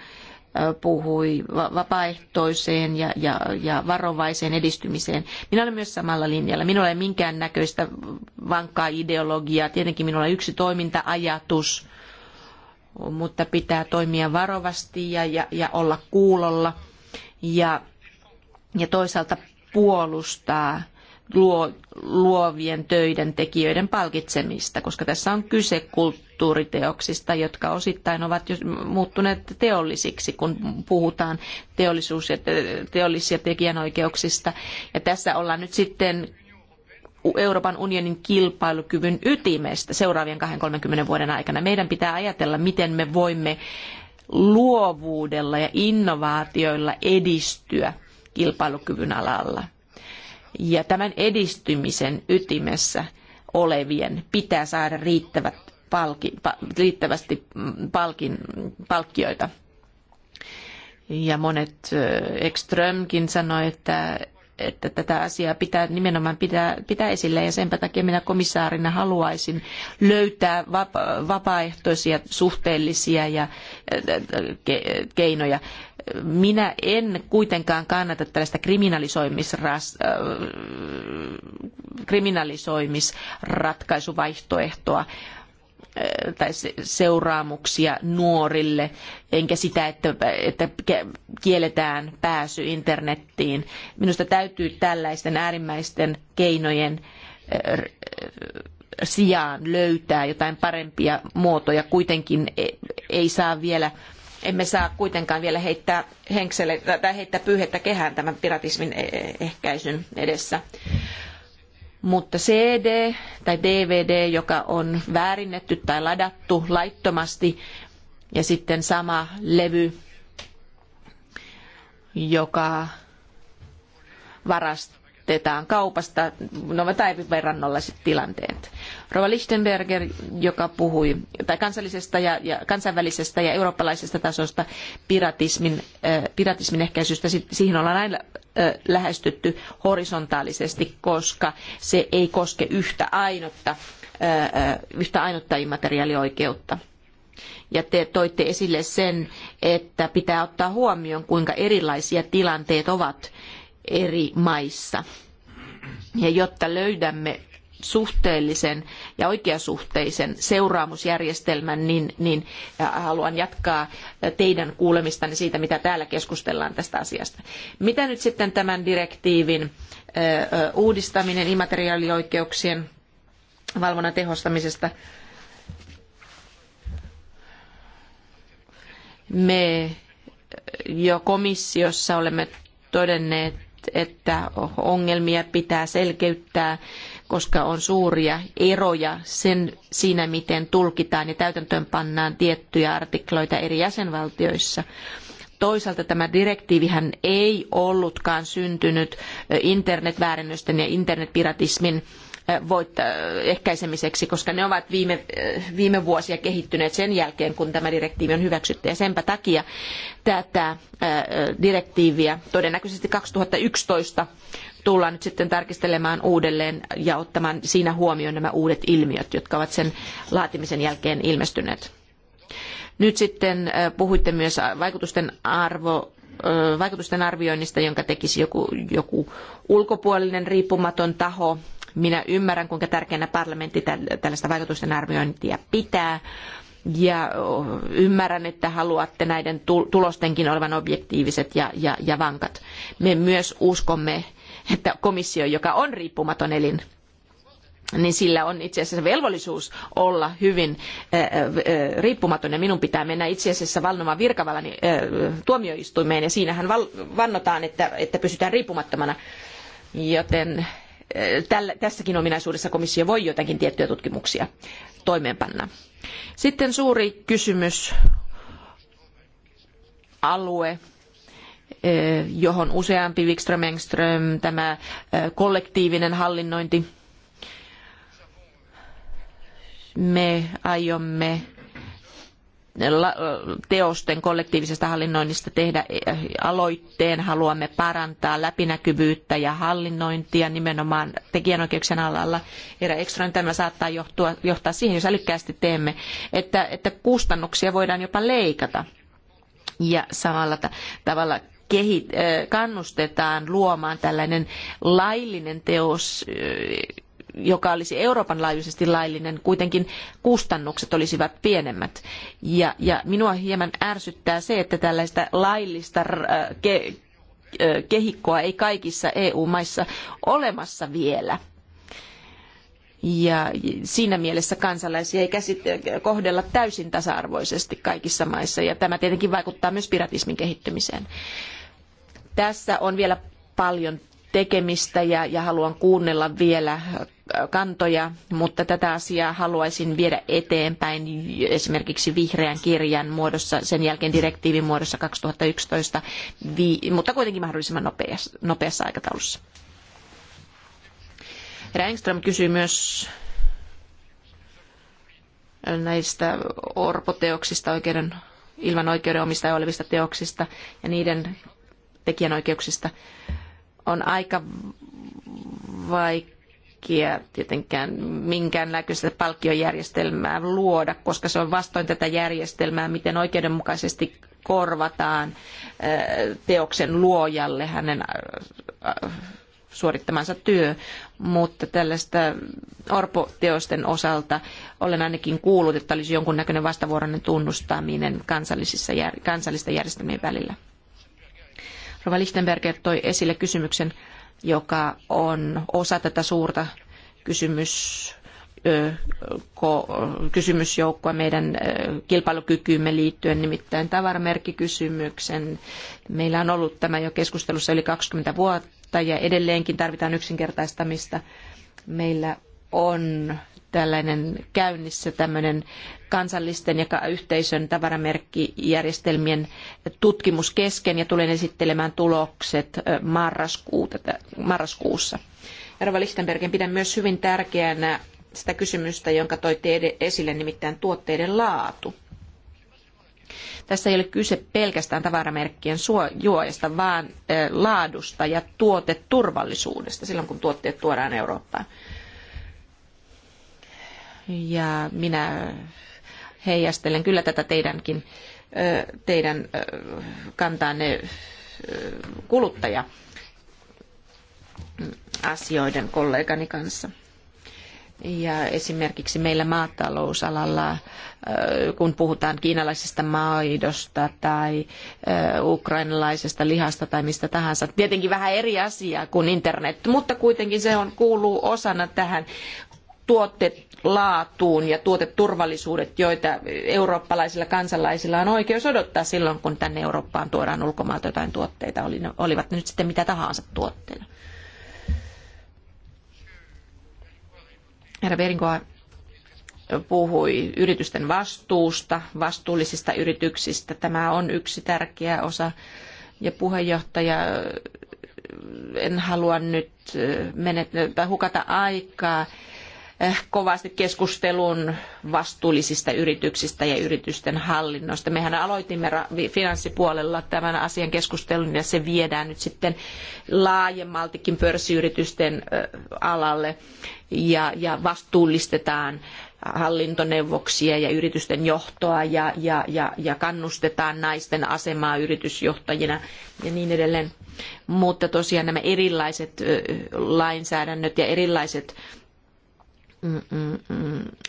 puhui vapaaehtoiseen ja, ja, ja varovaiseen edistymiseen. Minä olen myös samalla linjalla. Minulla ei minkään näköistä vankkaa ideologiaa. Tietenkin minulla on yksi toiminta-ajatus – mutta pitää toimia varovasti ja, ja, ja olla kuulolla ja, ja toisaalta puolustaa luo, luovien töiden tekijöiden palkitsemista, koska tässä on kyse kulttuuriteoksista, jotka osittain ovat jo muuttuneet teollisiksi, kun puhutaan teollisuus- ja teollis- ja tekijänoikeuksista. Ja tässä ollaan nyt sitten Euroopan unionin kilpailukyvyn ytimestä seuraavien 20-30 vuoden aikana. Meidän pitää ajatella, miten me voimme luovuudella ja innovaatioilla edistyä kilpailukyvyn alalla. Ja tämän edistymisen ytimessä olevien pitää saada riittävät palki, pa, riittävästi mm, palkin, palkkioita. Ja monet Ekströmkin sanoi, että että tätä asiaa pitää nimenomaan pitää, pitää esillä ja senpä takia minä komissaarina haluaisin löytää vapaaehtoisia, suhteellisia ja äh, keinoja. Minä en kuitenkaan kannata tällaista kriminalisoimisras, äh, kriminalisoimisratkaisuvaihtoehtoa tai seuraamuksia nuorille, enkä sitä, että, että kielletään pääsy internettiin. Minusta täytyy tällaisten äärimmäisten keinojen sijaan löytää jotain parempia muotoja. Kuitenkin e- ei saa vielä, emme saa kuitenkaan vielä heittää henkselle tai heittää pyyhettä kehään tämän piratismin e- e- ehkäisyn edessä mutta CD tai DVD, joka on väärinnetty tai ladattu laittomasti, ja sitten sama levy, joka varastetaan kaupasta, no tai verrannollaiset tilanteet. Rova Lichtenberger, joka puhui tai kansallisesta ja, ja kansainvälisestä ja eurooppalaisesta tasosta piratismin, äh, piratismin ehkäisystä, siihen ollaan aina äh, lähestytty horisontaalisesti, koska se ei koske yhtä ainutta, äh, äh, yhtä ainutta immateriaalioikeutta. Ja te toitte esille sen, että pitää ottaa huomioon, kuinka erilaisia tilanteet ovat eri maissa. Ja jotta löydämme suhteellisen ja oikeasuhteisen seuraamusjärjestelmän, niin, niin äh, haluan jatkaa teidän kuulemistanne siitä, mitä täällä keskustellaan tästä asiasta. Mitä nyt sitten tämän direktiivin äh, uudistaminen immateriaalioikeuksien valvonnan tehostamisesta me jo komissiossa olemme todenneet että ongelmia pitää selkeyttää, koska on suuria eroja sen, siinä, miten tulkitaan ja täytäntöön pannaan tiettyjä artikloita eri jäsenvaltioissa. Toisaalta tämä direktiivihän ei ollutkaan syntynyt internetväärennösten ja internetpiratismin Eh, voit eh, ehkäisemiseksi, koska ne ovat viime, eh, viime vuosia kehittyneet sen jälkeen, kun tämä direktiivi on hyväksytty. Ja senpä takia tätä direktiiviä todennäköisesti 2011 tullaan nyt sitten tarkistelemaan uudelleen ja ottamaan siinä huomioon nämä uudet ilmiöt, jotka ovat sen laatimisen jälkeen ilmestyneet. Nyt sitten puhuitte myös vaikutusten arvo vaikutusten arvioinnista, jonka tekisi joku, joku ulkopuolinen riippumaton taho. Minä ymmärrän, kuinka tärkeänä parlamentti tällaista vaikutusten arviointia pitää. Ja ymmärrän, että haluatte näiden tulostenkin olevan objektiiviset ja, ja, ja vankat. Me myös uskomme, että komissio, joka on riippumaton elin, niin sillä on itse asiassa velvollisuus olla hyvin riippumaton ja minun pitää mennä itse asiassa vannomaan virkavallani tuomioistuimeen ja siinähän vannotaan, että, että pysytään riippumattomana. Joten tässäkin ominaisuudessa komissio voi jotakin tiettyjä tutkimuksia toimeenpanna. Sitten suuri kysymys alue, johon useampi Wikström Engström, tämä kollektiivinen hallinnointi me aiomme teosten kollektiivisesta hallinnoinnista tehdä eh, aloitteen. Haluamme parantaa läpinäkyvyyttä ja hallinnointia nimenomaan tekijänoikeuksien alalla. Herra Ekström, tämä saattaa johtua, johtaa siihen, jos älykkäästi teemme, että, että kustannuksia voidaan jopa leikata. Ja samalla tavalla eh, kannustetaan luomaan tällainen laillinen teos eh, joka olisi Euroopan laajuisesti laillinen, kuitenkin kustannukset olisivat pienemmät. Ja, ja minua hieman ärsyttää se, että tällaista laillista äh, ke, äh, kehikkoa ei kaikissa EU-maissa olemassa vielä. Ja siinä mielessä kansalaisia ei kohdella täysin tasa-arvoisesti kaikissa maissa, ja tämä tietenkin vaikuttaa myös piratismin kehittymiseen. Tässä on vielä paljon tekemistä ja, ja haluan kuunnella vielä äh, kantoja, mutta tätä asiaa haluaisin viedä eteenpäin esimerkiksi vihreän kirjan muodossa, sen jälkeen direktiivin muodossa 2011, mutta kuitenkin mahdollisimman nopeassa, nopeassa aikataulussa. Herra Engström kysyi myös näistä orpoteoksista, oikeuden, ilman oikeuden omistaja olevista teoksista ja niiden tekijänoikeuksista on aika vaikea tietenkään minkäänlaista palkkiojärjestelmää luoda, koska se on vastoin tätä järjestelmää, miten oikeudenmukaisesti korvataan eh, teoksen luojalle hänen eh, suorittamansa työ, mutta tällaista orpoteosten osalta olen ainakin kuullut, että olisi jonkunnäköinen vastavuoroinen tunnustaminen kansallisissa, kansallisten järjestelmien välillä. Rova Lichtenberger toi esille kysymyksen, joka on osa tätä suurta kysymys kysymysjoukkoa meidän kilpailukykyymme liittyen, nimittäin tavaramerkkikysymyksen. Meillä on ollut tämä jo keskustelussa yli 20 vuotta ja edelleenkin tarvitaan yksinkertaistamista. Meillä on tällainen käynnissä tämmöinen kansallisten ja yhteisön tavaramerkkijärjestelmien tutkimus kesken ja tulen esittelemään tulokset marraskuussa. Jarva Lichtenbergen pidän myös hyvin tärkeänä sitä kysymystä, jonka toitte esille, nimittäin tuotteiden laatu. Tässä ei ole kyse pelkästään tavaramerkkien suojasta, vaan laadusta ja tuoteturvallisuudesta silloin, kun tuotteet tuodaan Eurooppaan. Ja minä heijastelen kyllä tätä teidänkin teidän kantaanne kuluttaja asioiden kollegani kanssa. Ja esimerkiksi meillä maatalousalalla, kun puhutaan kiinalaisesta maidosta tai ukrainalaisesta lihasta tai mistä tahansa, tietenkin vähän eri asiaa kuin internet, mutta kuitenkin se on, kuuluu osana tähän tuote, laatuun ja tuoteturvallisuudet, joita eurooppalaisilla kansalaisilla on oikeus odottaa silloin, kun tänne Eurooppaan tuodaan ulkomailta jotain tuotteita, olivat ne nyt sitten mitä tahansa tuotteita. Herra Berinkoa puhui yritysten vastuusta, vastuullisista yrityksistä. Tämä on yksi tärkeä osa. Ja puheenjohtaja, en halua nyt äh, menet, hukata aikaa Eh, kovasti keskustelun vastuullisista yrityksistä ja yritysten hallinnosta. Mehän aloitimme finanssipuolella tämän asian keskustelun ja se viedään nyt sitten laajemmaltikin pörssiyritysten alalle ja, ja vastuullistetaan hallintoneuvoksia ja yritysten johtoa ja, ja, ja, ja kannustetaan naisten asemaa yritysjohtajina ja niin edelleen. Mutta tosiaan nämä erilaiset lainsäädännöt ja erilaiset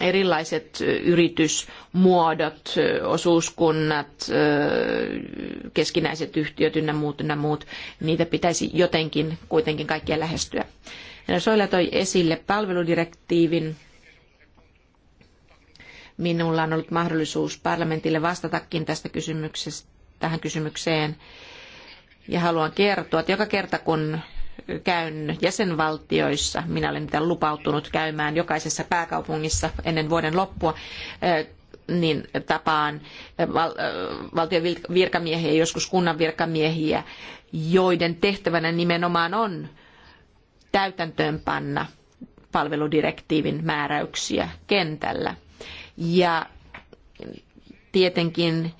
erilaiset yritysmuodot, osuuskunnat, keskinäiset yhtiöt ynnä muut, ynnä muut, niitä pitäisi jotenkin kuitenkin kaikkia lähestyä. Soila toi esille palveludirektiivin. Minulla on ollut mahdollisuus parlamentille vastatakin tästä kysymyksestä, tähän kysymykseen. Ja haluan kertoa, että joka kerta kun käyn jäsenvaltioissa. Minä olen mitä lupautunut käymään jokaisessa pääkaupungissa ennen vuoden loppua eh, niin tapaan eh, val, eh, valtion virkamiehiä, joskus kunnan virkamiehiä, joiden tehtävänä nimenomaan on täytäntöönpanna palveludirektiivin määräyksiä kentällä. Ja tietenkin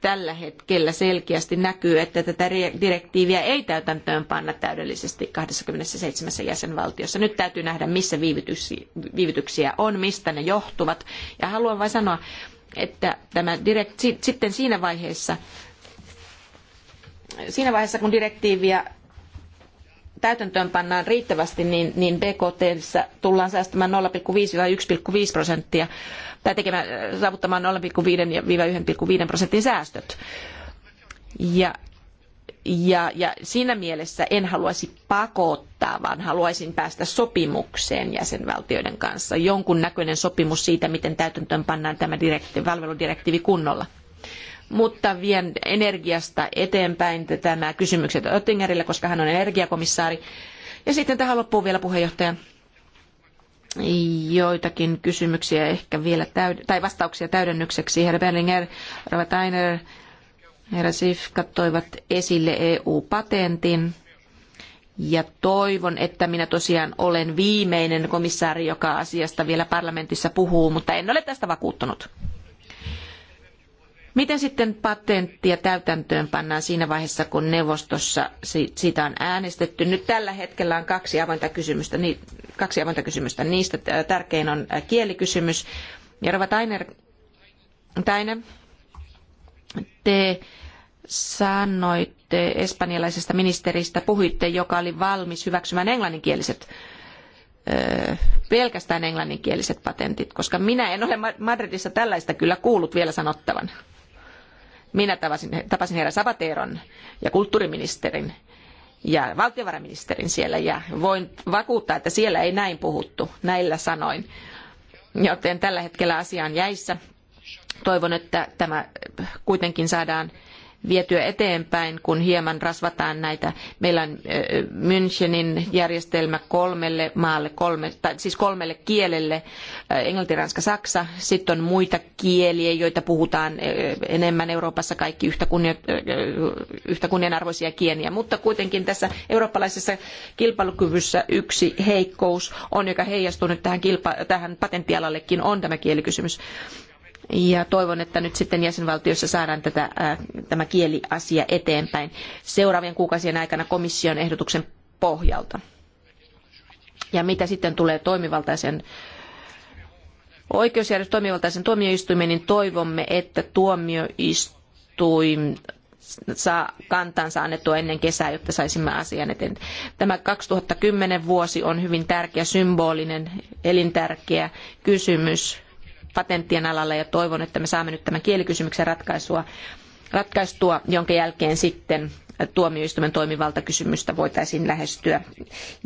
tällä hetkellä selkeästi näkyy, että tätä direktiiviä ei täytäntöön panna täydellisesti 27 jäsenvaltiossa. Nyt täytyy nähdä, missä viivytyksiä on, mistä ne johtuvat. Ja haluan vain sanoa, että tämä direkt, sitten siinä vaiheessa, siinä vaiheessa, kun direktiiviä täytäntöön pannaan riittävästi, niin, niin BKT tullaan säästämään 0,5-1,5 prosenttia tai tekemään, saavuttamaan 0,5-1,5 prosentin säästöt. Ja, ja, ja siinä mielessä en haluaisi pakottaa, vaan haluaisin päästä sopimukseen jäsenvaltioiden kanssa. Jonkun näköinen sopimus siitä, miten täytäntöön pannaan tämä direkti, palveludirektiivi kunnolla mutta vien energiasta eteenpäin nämä kysymykset Oettingerille, koska hän on energiakomissaari. Ja sitten tähän loppuun vielä puheenjohtaja joitakin kysymyksiä ehkä vielä täyd- tai vastauksia täydennykseksi. Herra Berlinger, Rova Tainer, herra Sifka toivat esille EU-patentin. Ja toivon, että minä tosiaan olen viimeinen komissaari, joka asiasta vielä parlamentissa puhuu, mutta en ole tästä vakuuttunut. Miten sitten patenttia täytäntöön pannaan siinä vaiheessa, kun neuvostossa siitä on äänestetty? Nyt tällä hetkellä on kaksi avointa kysymystä, kaksi avointa kysymystä. niistä tärkein on äh, kielikysymys. Jarva Tainer, Taine, te sanoitte espanjalaisesta ministeristä, puhuitte, joka oli valmis hyväksymään englanninkieliset äh, pelkästään englanninkieliset patentit, koska minä en ole Madridissa tällaista kyllä kuullut vielä sanottavan. Minä tapasin herra Sabateron ja kulttuuriministerin ja valtiovarainministerin siellä ja voin vakuuttaa, että siellä ei näin puhuttu näillä sanoin. Joten tällä hetkellä asia on jäissä. Toivon, että tämä kuitenkin saadaan vietyä eteenpäin, kun hieman rasvataan näitä. Meillä on Münchenin järjestelmä kolmelle maalle, kolme, tai siis kolmelle kielelle, englanti, ranska, saksa. Sitten on muita kieliä, joita puhutaan enemmän Euroopassa, kaikki yhtä, kunnia, yhtä kunnianarvoisia kieliä. Mutta kuitenkin tässä eurooppalaisessa kilpailukyvyssä yksi heikkous on, joka heijastuu nyt tähän, kilpa- tähän patenttialallekin, on tämä kielikysymys ja toivon, että nyt sitten jäsenvaltioissa saadaan tätä, tämä kieliasia eteenpäin seuraavien kuukausien aikana komission ehdotuksen pohjalta. Ja mitä sitten tulee toimivaltaisen oikeusjärjestön toimivaltaisen tuomioistuimen, niin toivomme, että tuomioistuin saa kantansa annettua ennen kesää, jotta saisimme asian eteen. Tämä 2010 vuosi on hyvin tärkeä, symbolinen, elintärkeä kysymys patenttien alalla ja toivon, että me saamme nyt tämän kielikysymyksen ratkaisua, ratkaistua, jonka jälkeen sitten tuomioistuimen toimivaltakysymystä voitaisiin lähestyä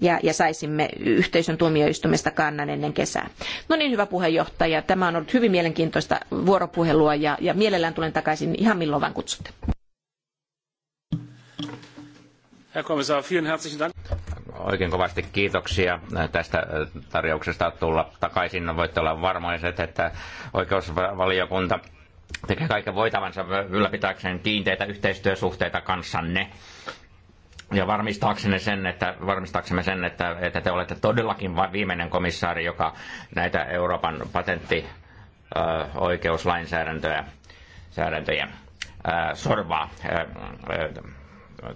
ja, ja saisimme yhteisön tuomioistuimesta kannan ennen kesää. No niin, hyvä puheenjohtaja. Tämä on ollut hyvin mielenkiintoista vuoropuhelua ja, ja mielellään tulen takaisin ihan milloin vain kutsutte. Herr Kommissar, vielen herzlichen Dank oikein kovasti kiitoksia äh, tästä äh, tarjouksesta tulla takaisin. No, voitte olla varmaiset, että oikeusvaliokunta tekee kaiken voitavansa ylläpitääkseen kiinteitä yhteistyösuhteita kanssanne ja varmistaaksemme sen, että, varmistaaksemme sen, että, että te olette todellakin viimeinen komissaari, joka näitä Euroopan patenttioikeuslainsäädäntöjä äh, säädäntöjä, sorvaa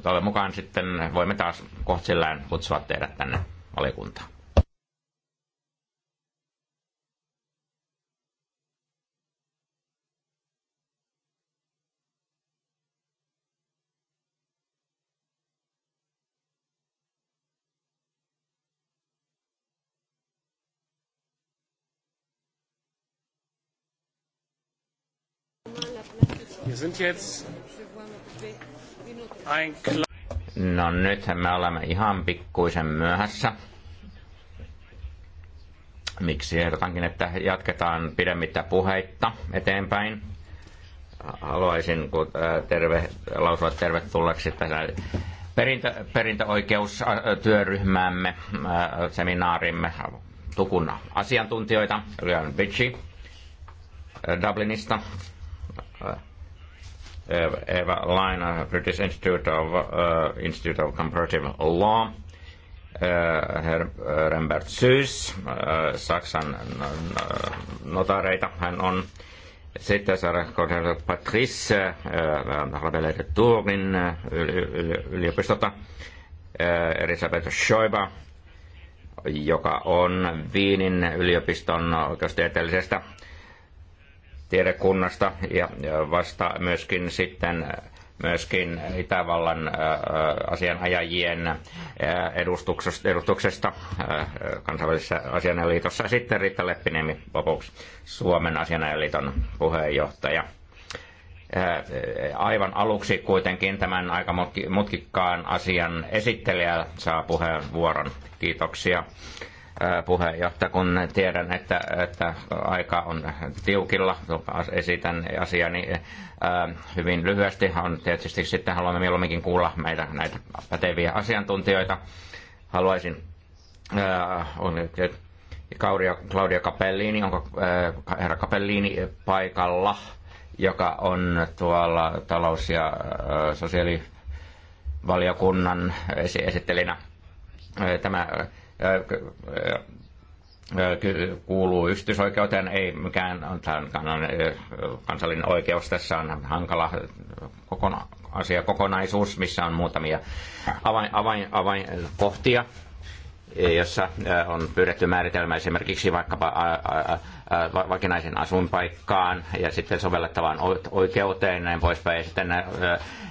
toivon mukaan sitten voimme taas kohtsillään kutsua teidät tänne valiokuntaan. Wir sind jetzt No nyt me olemme ihan pikkuisen myöhässä. Miksi ehdotankin, että jatketaan pidemmittä puheitta eteenpäin. Haluaisin äh, terve, lausua tervetulleeksi tähän perintö, perintöoikeustyöryhmäämme, äh, seminaarimme tukun asiantuntijoita, Leon Bitchi äh, Dublinista, Eva Laina, British Institute of, uh, Institute of Comparative Law, uh, Herr uh, Rembert Syys, uh, Saksan notareita hän on. Sitten Sara Patrice äh, Rabelaide Turin uh, Elisabeth Schoiba, joka on Viinin yliopiston oikeustieteellisestä tiedekunnasta ja vasta myöskin sitten myöskin Itävallan asianajajien edustuksesta, edustuksesta kansainvälisessä asianajaliitossa. Sitten Riitta Leppiniemi lopuksi Suomen asianajaliiton puheenjohtaja. Aivan aluksi kuitenkin tämän aika mutkikkaan asian esittelijä saa puheenvuoron. Kiitoksia puheenjohtaja, kun tiedän, että, että aika on tiukilla, esitän asiani hyvin lyhyesti. On tietysti sitten haluamme mieluumminkin kuulla meitä näitä päteviä asiantuntijoita. Haluaisin on Claudia, Claudia Capellini, onko herra Capellini paikalla, joka on tuolla talous- ja sosiaalivaliokunnan esittelinä. Tämä kuuluu yksityisoikeuteen, ei mikään kansallinen oikeus. Tässä on hankala kokona, asia missä on muutamia avain, avain, avainkohtia. Avain jossa äh, on pyydetty määritelmä esimerkiksi vaikkapa äh, äh, vakinaisen asuinpaikkaan ja sitten sovellettavaan oikeuteen ja näin poispäin. Ja sitten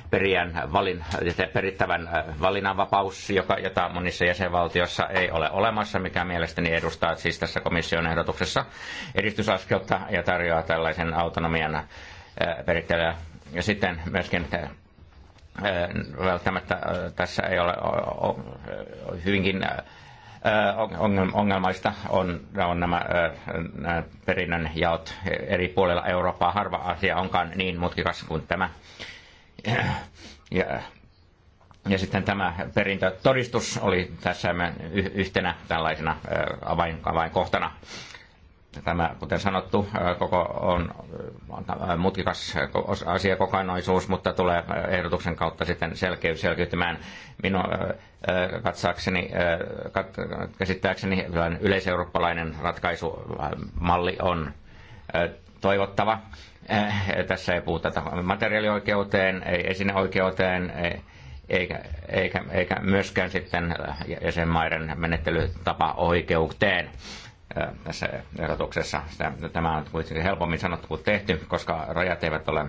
perijän valin, perittävän valinnanvapaus, joka, jota monissa jäsenvaltioissa ei ole olemassa, mikä mielestäni edustaa siis tässä komission ehdotuksessa edistysaskelta ja tarjoaa tällaisen autonomian perittelyä. Ja sitten myöskin välttämättä tässä ei ole hyvinkin ongelmaista on, on nämä, perinnön jaot eri puolilla Eurooppaa. Harva asia onkaan niin mutkikas kuin tämä. Ja, ja sitten tämä perintötodistus oli tässä yhtenä tällaisena avain, avainkohtana. Tämä, kuten sanottu, koko on mutkikas asiakokonaisuus, mutta tulee ehdotuksen kautta sitten selkeytymään. Minun, katsaakseni, käsittääkseni yleiseurooppalainen ratkaisumalli on toivottava. Tässä ei puhuta materiaalioikeuteen, ei esineoikeuteen, ei, eikä, eikä, eikä myöskään sitten jäsenmaiden menettelytapa oikeuteen tässä ehdotuksessa. Tämä on kuitenkin helpommin sanottu kuin tehty, koska rajat eivät ole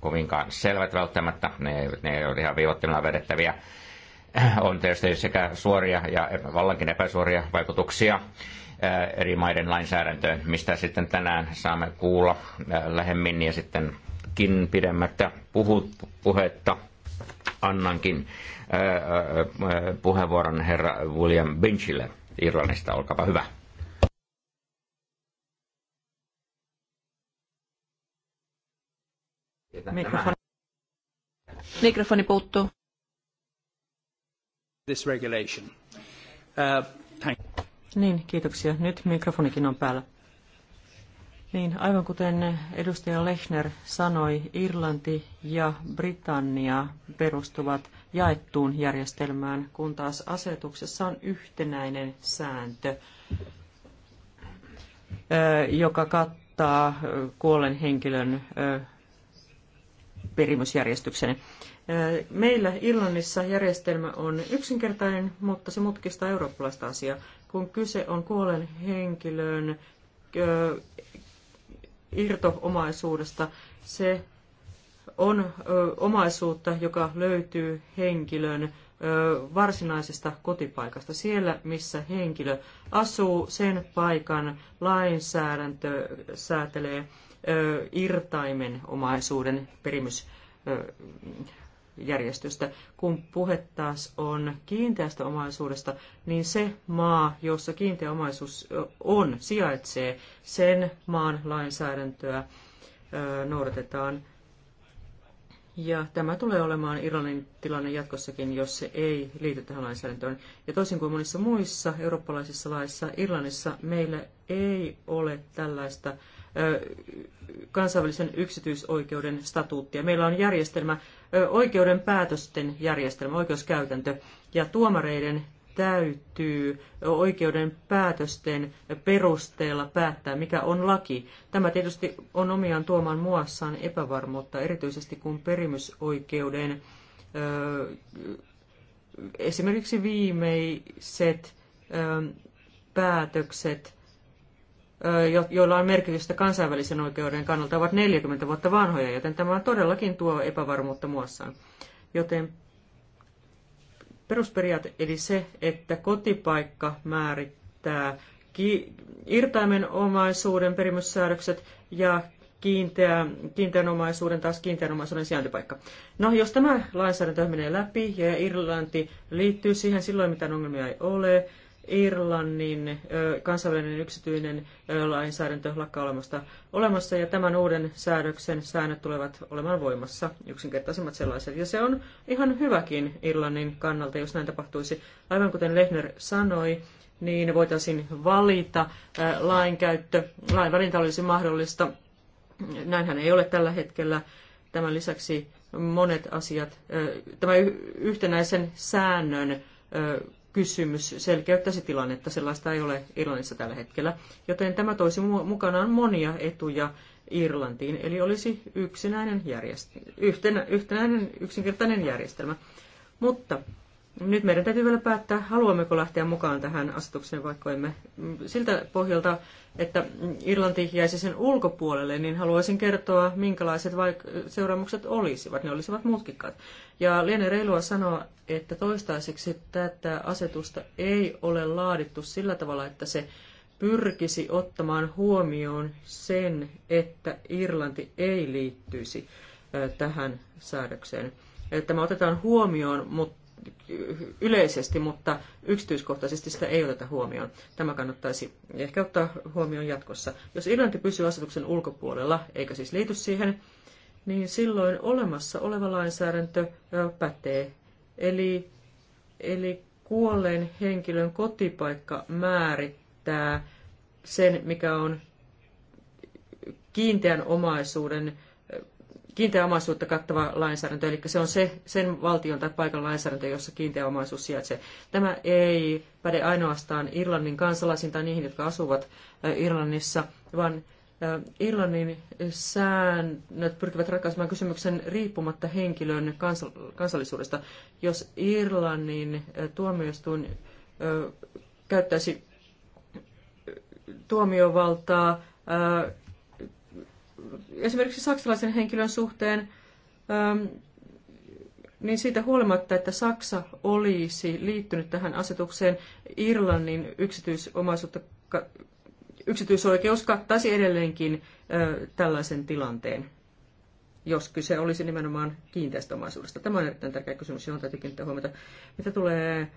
kovinkaan selvät välttämättä, ne eivät, ne eivät ole ihan viivottimella vedettäviä on tietysti sekä suoria ja vallankin epäsuoria vaikutuksia eri maiden lainsäädäntöön, mistä sitten tänään saamme kuulla lähemmin ja sittenkin pidemmättä puhetta annankin puheenvuoron herra William Binchille Irlannista. Olkaapa hyvä. Mikrofoni, Mikrofoni puuttuu this regulation. Uh, thank Niin, kiitoksia. Nyt mikrofonikin on päällä. Niin, aivan kuten edustaja Lechner sanoi, Irlanti ja Britannia perustuvat jaettuun järjestelmään, kun taas asetuksessa on yhtenäinen sääntö, joka kattaa kuollen henkilön perimysjärjestyksen. Meillä Irlannissa järjestelmä on yksinkertainen, mutta se mutkistaa eurooppalaista asiaa. Kun kyse on kuolleen henkilön irtoomaisuudesta, se on omaisuutta, joka löytyy henkilön varsinaisesta kotipaikasta. Siellä, missä henkilö asuu, sen paikan lainsäädäntö säätelee irtaimen omaisuuden perimys järjestystä. Kun puhe taas on kiinteästä omaisuudesta, niin se maa, jossa kiinteä omaisuus on, sijaitsee, sen maan lainsäädäntöä noudatetaan. Ja tämä tulee olemaan Irlannin tilanne jatkossakin, jos se ei liity tähän lainsäädäntöön. Ja toisin kuin monissa muissa eurooppalaisissa laissa, Irlannissa meillä ei ole tällaista äh, kansainvälisen yksityisoikeuden statuuttia. Meillä on järjestelmä, oikeuden päätösten järjestelmä, oikeuskäytäntö, ja tuomareiden täytyy oikeuden päätösten perusteella päättää, mikä on laki. Tämä tietysti on omiaan tuomaan muassaan epävarmuutta, erityisesti kun perimysoikeuden esimerkiksi viimeiset päätökset joilla on merkitystä kansainvälisen oikeuden kannalta, ovat 40 vuotta vanhoja, joten tämä todellakin tuo epävarmuutta muassaan. Joten perusperiaate eli se, että kotipaikka määrittää ki- irtaimen omaisuuden perimyssäädökset ja kiinteä, kiinteän omaisuuden taas kiinteän omaisuuden sijaintipaikka. No, jos tämä lainsäädäntö menee läpi ja Irlanti liittyy siihen, silloin mitään ongelmia ei ole. Irlannin kansainvälinen yksityinen lainsäädäntö lakkaa olemasta olemassa ja tämän uuden säädöksen säännöt tulevat olemaan voimassa, yksinkertaisimmat sellaiset. Ja se on ihan hyväkin Irlannin kannalta, jos näin tapahtuisi. Aivan kuten Lehner sanoi, niin voitaisiin valita lainkäyttö. Lain valinta olisi mahdollista. Näinhän ei ole tällä hetkellä. Tämän lisäksi monet asiat, tämä yhtenäisen säännön kysymys selkeyttäisi tilannetta. Sellaista ei ole Irlannissa tällä hetkellä, joten tämä toisi mukanaan monia etuja Irlantiin, eli olisi yksinäinen järjestelmä, yhtenä, yhtenäinen yksinkertainen järjestelmä. Mutta nyt meidän täytyy vielä päättää, haluammeko lähteä mukaan tähän asetukseen, vaikka emme siltä pohjalta, että Irlanti jäisi sen ulkopuolelle, niin haluaisin kertoa, minkälaiset vaik- seuraamukset olisivat. Ne olisivat mutkikkaat. Ja liene reilua sanoa, että toistaiseksi tätä asetusta ei ole laadittu sillä tavalla, että se pyrkisi ottamaan huomioon sen, että Irlanti ei liittyisi tähän säädökseen. Tämä otetaan huomioon, mutta yleisesti, mutta yksityiskohtaisesti sitä ei oteta huomioon. Tämä kannattaisi ehkä ottaa huomioon jatkossa. Jos Irlanti pysyy asetuksen ulkopuolella, eikä siis liity siihen, niin silloin olemassa oleva lainsäädäntö pätee. Eli, eli kuolleen henkilön kotipaikka määrittää sen, mikä on kiinteän omaisuuden omaisuutta kattava lainsäädäntö, eli se on se, sen valtion tai paikan lainsäädäntö, jossa omaisuus sijaitsee. Tämä ei päde ainoastaan Irlannin kansalaisiin tai niihin, jotka asuvat Irlannissa, vaan Irlannin säännöt pyrkivät ratkaisemaan kysymyksen riippumatta henkilön kansallisuudesta. Jos Irlannin tuomioistuin käyttäisi tuomiovaltaa esimerkiksi saksalaisen henkilön suhteen, ähm, niin siitä huolimatta, että Saksa olisi liittynyt tähän asetukseen, Irlannin yksityisomaisuutta, yksityisoikeus kattaisi edelleenkin äh, tällaisen tilanteen, jos kyse olisi nimenomaan kiinteistöomaisuudesta. Tämä on erittäin tärkeä kysymys, johon täytyy kiinnittää huomiota. Mitä tulee äh,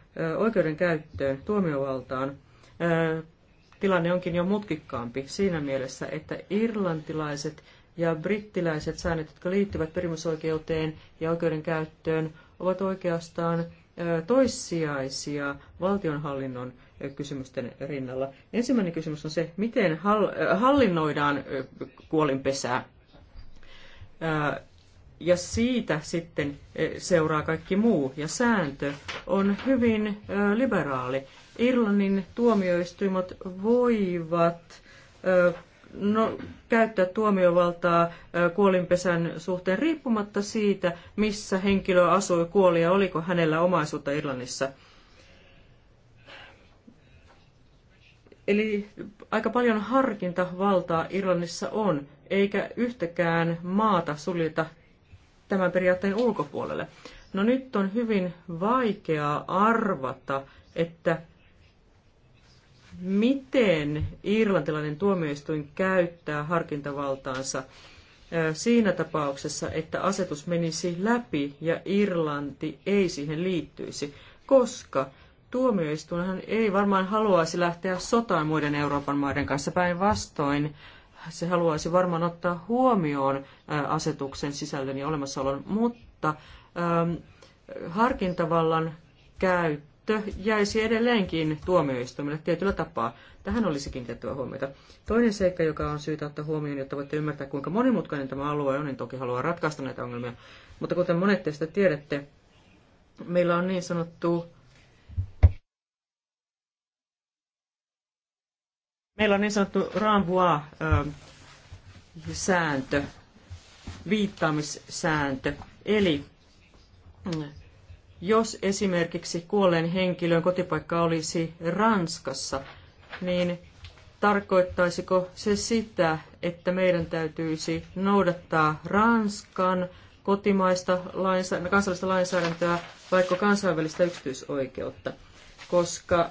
oikeuden käyttöön, tuomiovaltaan, äh, tilanne onkin jo mutkikkaampi siinä mielessä, että irlantilaiset ja brittiläiset säännöt, jotka liittyvät perimysoikeuteen ja oikeudenkäyttöön, ovat oikeastaan toissijaisia valtionhallinnon kysymysten rinnalla. Ensimmäinen kysymys on se, miten hallinnoidaan kuolinpesää ja siitä sitten eh, seuraa kaikki muu. Ja sääntö on hyvin eh, liberaali. Irlannin tuomioistuimot voivat eh, no, käyttää tuomiovaltaa kuolinpesän suhteen riippumatta siitä, missä henkilö asui, kuoli ja oliko hänellä omaisuutta Irlannissa. Eli aika paljon harkintavaltaa Irlannissa on, eikä yhtäkään maata suljeta tämän periaatteen ulkopuolelle. No nyt on hyvin vaikeaa arvata, että miten irlantilainen tuomioistuin käyttää harkintavaltaansa siinä tapauksessa, että asetus menisi läpi ja Irlanti ei siihen liittyisi, koska tuomioistuinhan ei varmaan haluaisi lähteä sotaan muiden Euroopan maiden kanssa päinvastoin se haluaisi varmaan ottaa huomioon asetuksen sisällön ja olemassaolon, mutta ähm, harkintavallan käyttö jäisi edelleenkin tuomioistuimelle tietyllä tapaa. Tähän olisikin kiinnitettyä huomiota. Toinen seikka, joka on syytä ottaa huomioon, jotta voitte ymmärtää, kuinka monimutkainen tämä alue on, niin toki haluaa ratkaista näitä ongelmia. Mutta kuten monet teistä tiedätte, meillä on niin sanottu Meillä on niin sanottu Ranvois-sääntö, viittaamissääntö. Eli mm, jos esimerkiksi kuolleen henkilön kotipaikka olisi Ranskassa, niin tarkoittaisiko se sitä, että meidän täytyisi noudattaa Ranskan kotimaista lainsäädäntöä, kansallista lainsäädäntöä, vaikka kansainvälistä yksityisoikeutta? Koska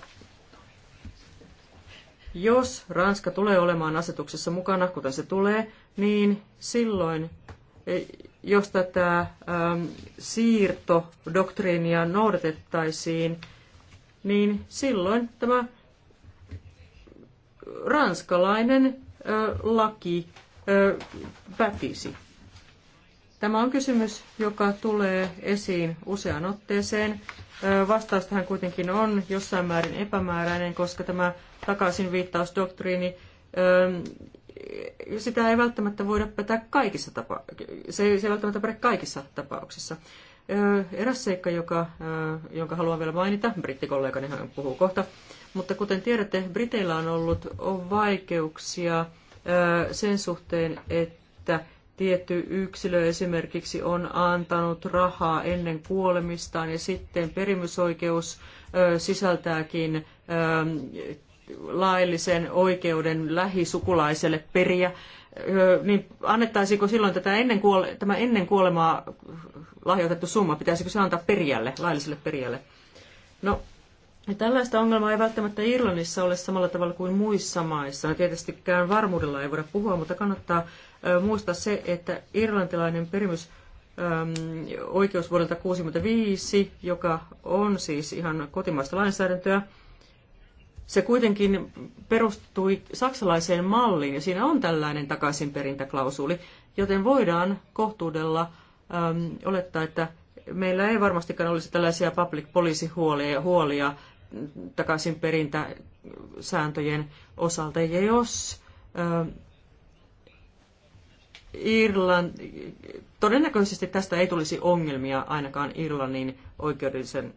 jos Ranska tulee olemaan asetuksessa mukana, kuten se tulee, niin silloin, e, jos tätä ähm, siirtodoktriinia noudatettaisiin, niin silloin tämä ranskalainen ö, laki ö, pätisi. Tämä on kysymys, joka tulee esiin useaan otteeseen. Vastaus tähän kuitenkin on jossain määrin epämääräinen, koska tämä takaisin viittausdoktriini, sitä ei välttämättä voida pätää kaikissa tapa- se ei, se ei välttämättä päde kaikissa tapauksissa. Eräs seikka, joka, jonka haluan vielä mainita, brittikollegani hän puhuu kohta, mutta kuten tiedätte, Briteillä on ollut vaikeuksia sen suhteen, että tietty yksilö esimerkiksi on antanut rahaa ennen kuolemistaan ja sitten perimysoikeus sisältääkin laillisen oikeuden lähisukulaiselle periä, niin annettaisiinko silloin tätä ennen kuole- tämä ennen kuolemaa lahjoitettu summa, pitäisikö se antaa perijälle, lailliselle perijälle? No, tällaista ongelmaa ei välttämättä Irlannissa ole samalla tavalla kuin muissa maissa. Tietysti tietystikään varmuudella ei voida puhua, mutta kannattaa muistaa se, että irlantilainen perimys oikeus vuodelta 1965, joka on siis ihan kotimaista lainsäädäntöä, se kuitenkin perustui saksalaiseen malliin ja siinä on tällainen takaisinperintäklausuuli, joten voidaan kohtuudella äm, olettaa, että meillä ei varmastikaan olisi tällaisia public policy-huolia huolia takaisinperintäsääntöjen osalta. Ja jos äm, Irlan, todennäköisesti tästä ei tulisi ongelmia ainakaan Irlannin oikeudellisen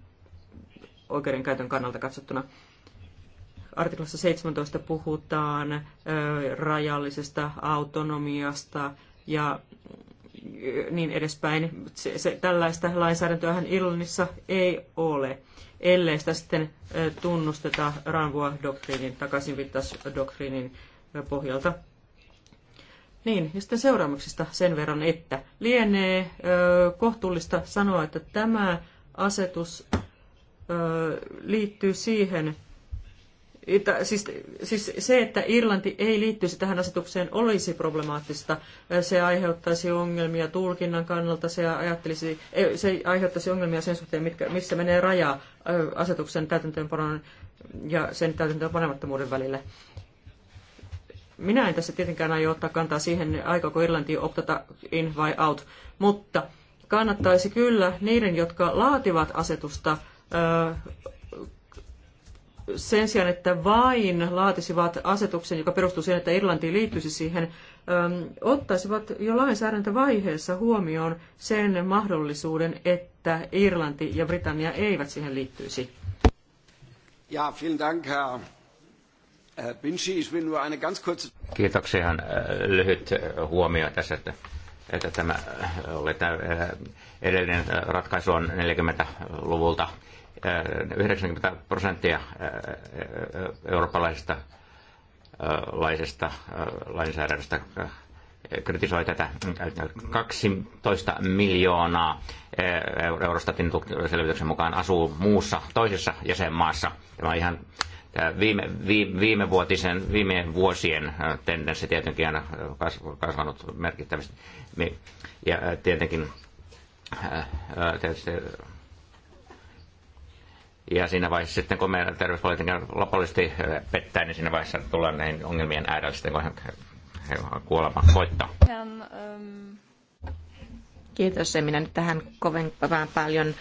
oikeudenkäytön kannalta katsottuna. Artiklassa 17 puhutaan ö, rajallisesta autonomiasta ja niin edespäin. Se, se, tällaista lainsäädäntöähän Irlannissa ei ole, ellei sitä sitten ö, tunnusteta Ranvoa-doktriinin, takaisinvittausdoktriinin pohjalta niin, ja sitten seuraamuksista sen verran, että lienee ö, kohtuullista sanoa, että tämä asetus ö, liittyy siihen, että, siis, siis se, että Irlanti ei liittyisi tähän asetukseen, olisi problemaattista. Se aiheuttaisi ongelmia tulkinnan kannalta, se, ajattelisi, se aiheuttaisi ongelmia sen suhteen, mitkä, missä menee raja asetuksen täytäntöönpanon ja sen täytäntöönpanemattomuuden välillä. Minä en tässä tietenkään aio ottaa kantaa siihen, aikako Irlanti optata in vai out, mutta kannattaisi kyllä niiden, jotka laativat asetusta, sen sijaan, että vain laatisivat asetuksen, joka perustuu siihen, että Irlanti liittyisi siihen, ottaisivat jo lainsäädäntövaiheessa huomioon sen mahdollisuuden, että Irlanti ja Britannia eivät siihen liittyisi. Ja, vielen Dank, Herr Kiitoksia. Ihan äh, lyhyt äh, huomio tässä, että, että tämä äh, oli tämä edellinen ratkaisu on 40-luvulta. 90 prosenttia eurooppalaisesta laisesta lainsäädännöstä kritisoi tätä 12 miljoonaa Eurostatin selvityksen mukaan asuu muussa toisessa jäsenmaassa. Tämä on ihan Äh, viime, viime, viime, vuotisen, viime vuosien äh, tendenssi tietenkin aina äh, kasvanut merkittävästi. Niin, ja tietenkin tietysti, ja siinä vaiheessa sitten, kun meidän terveyspolitiikka lopullisesti pettää, niin siinä vaiheessa tullaan näihin ongelmien äärellä sitten, kun kuolema koittaa. Kiitos. En minä nyt tähän kovempaan paljon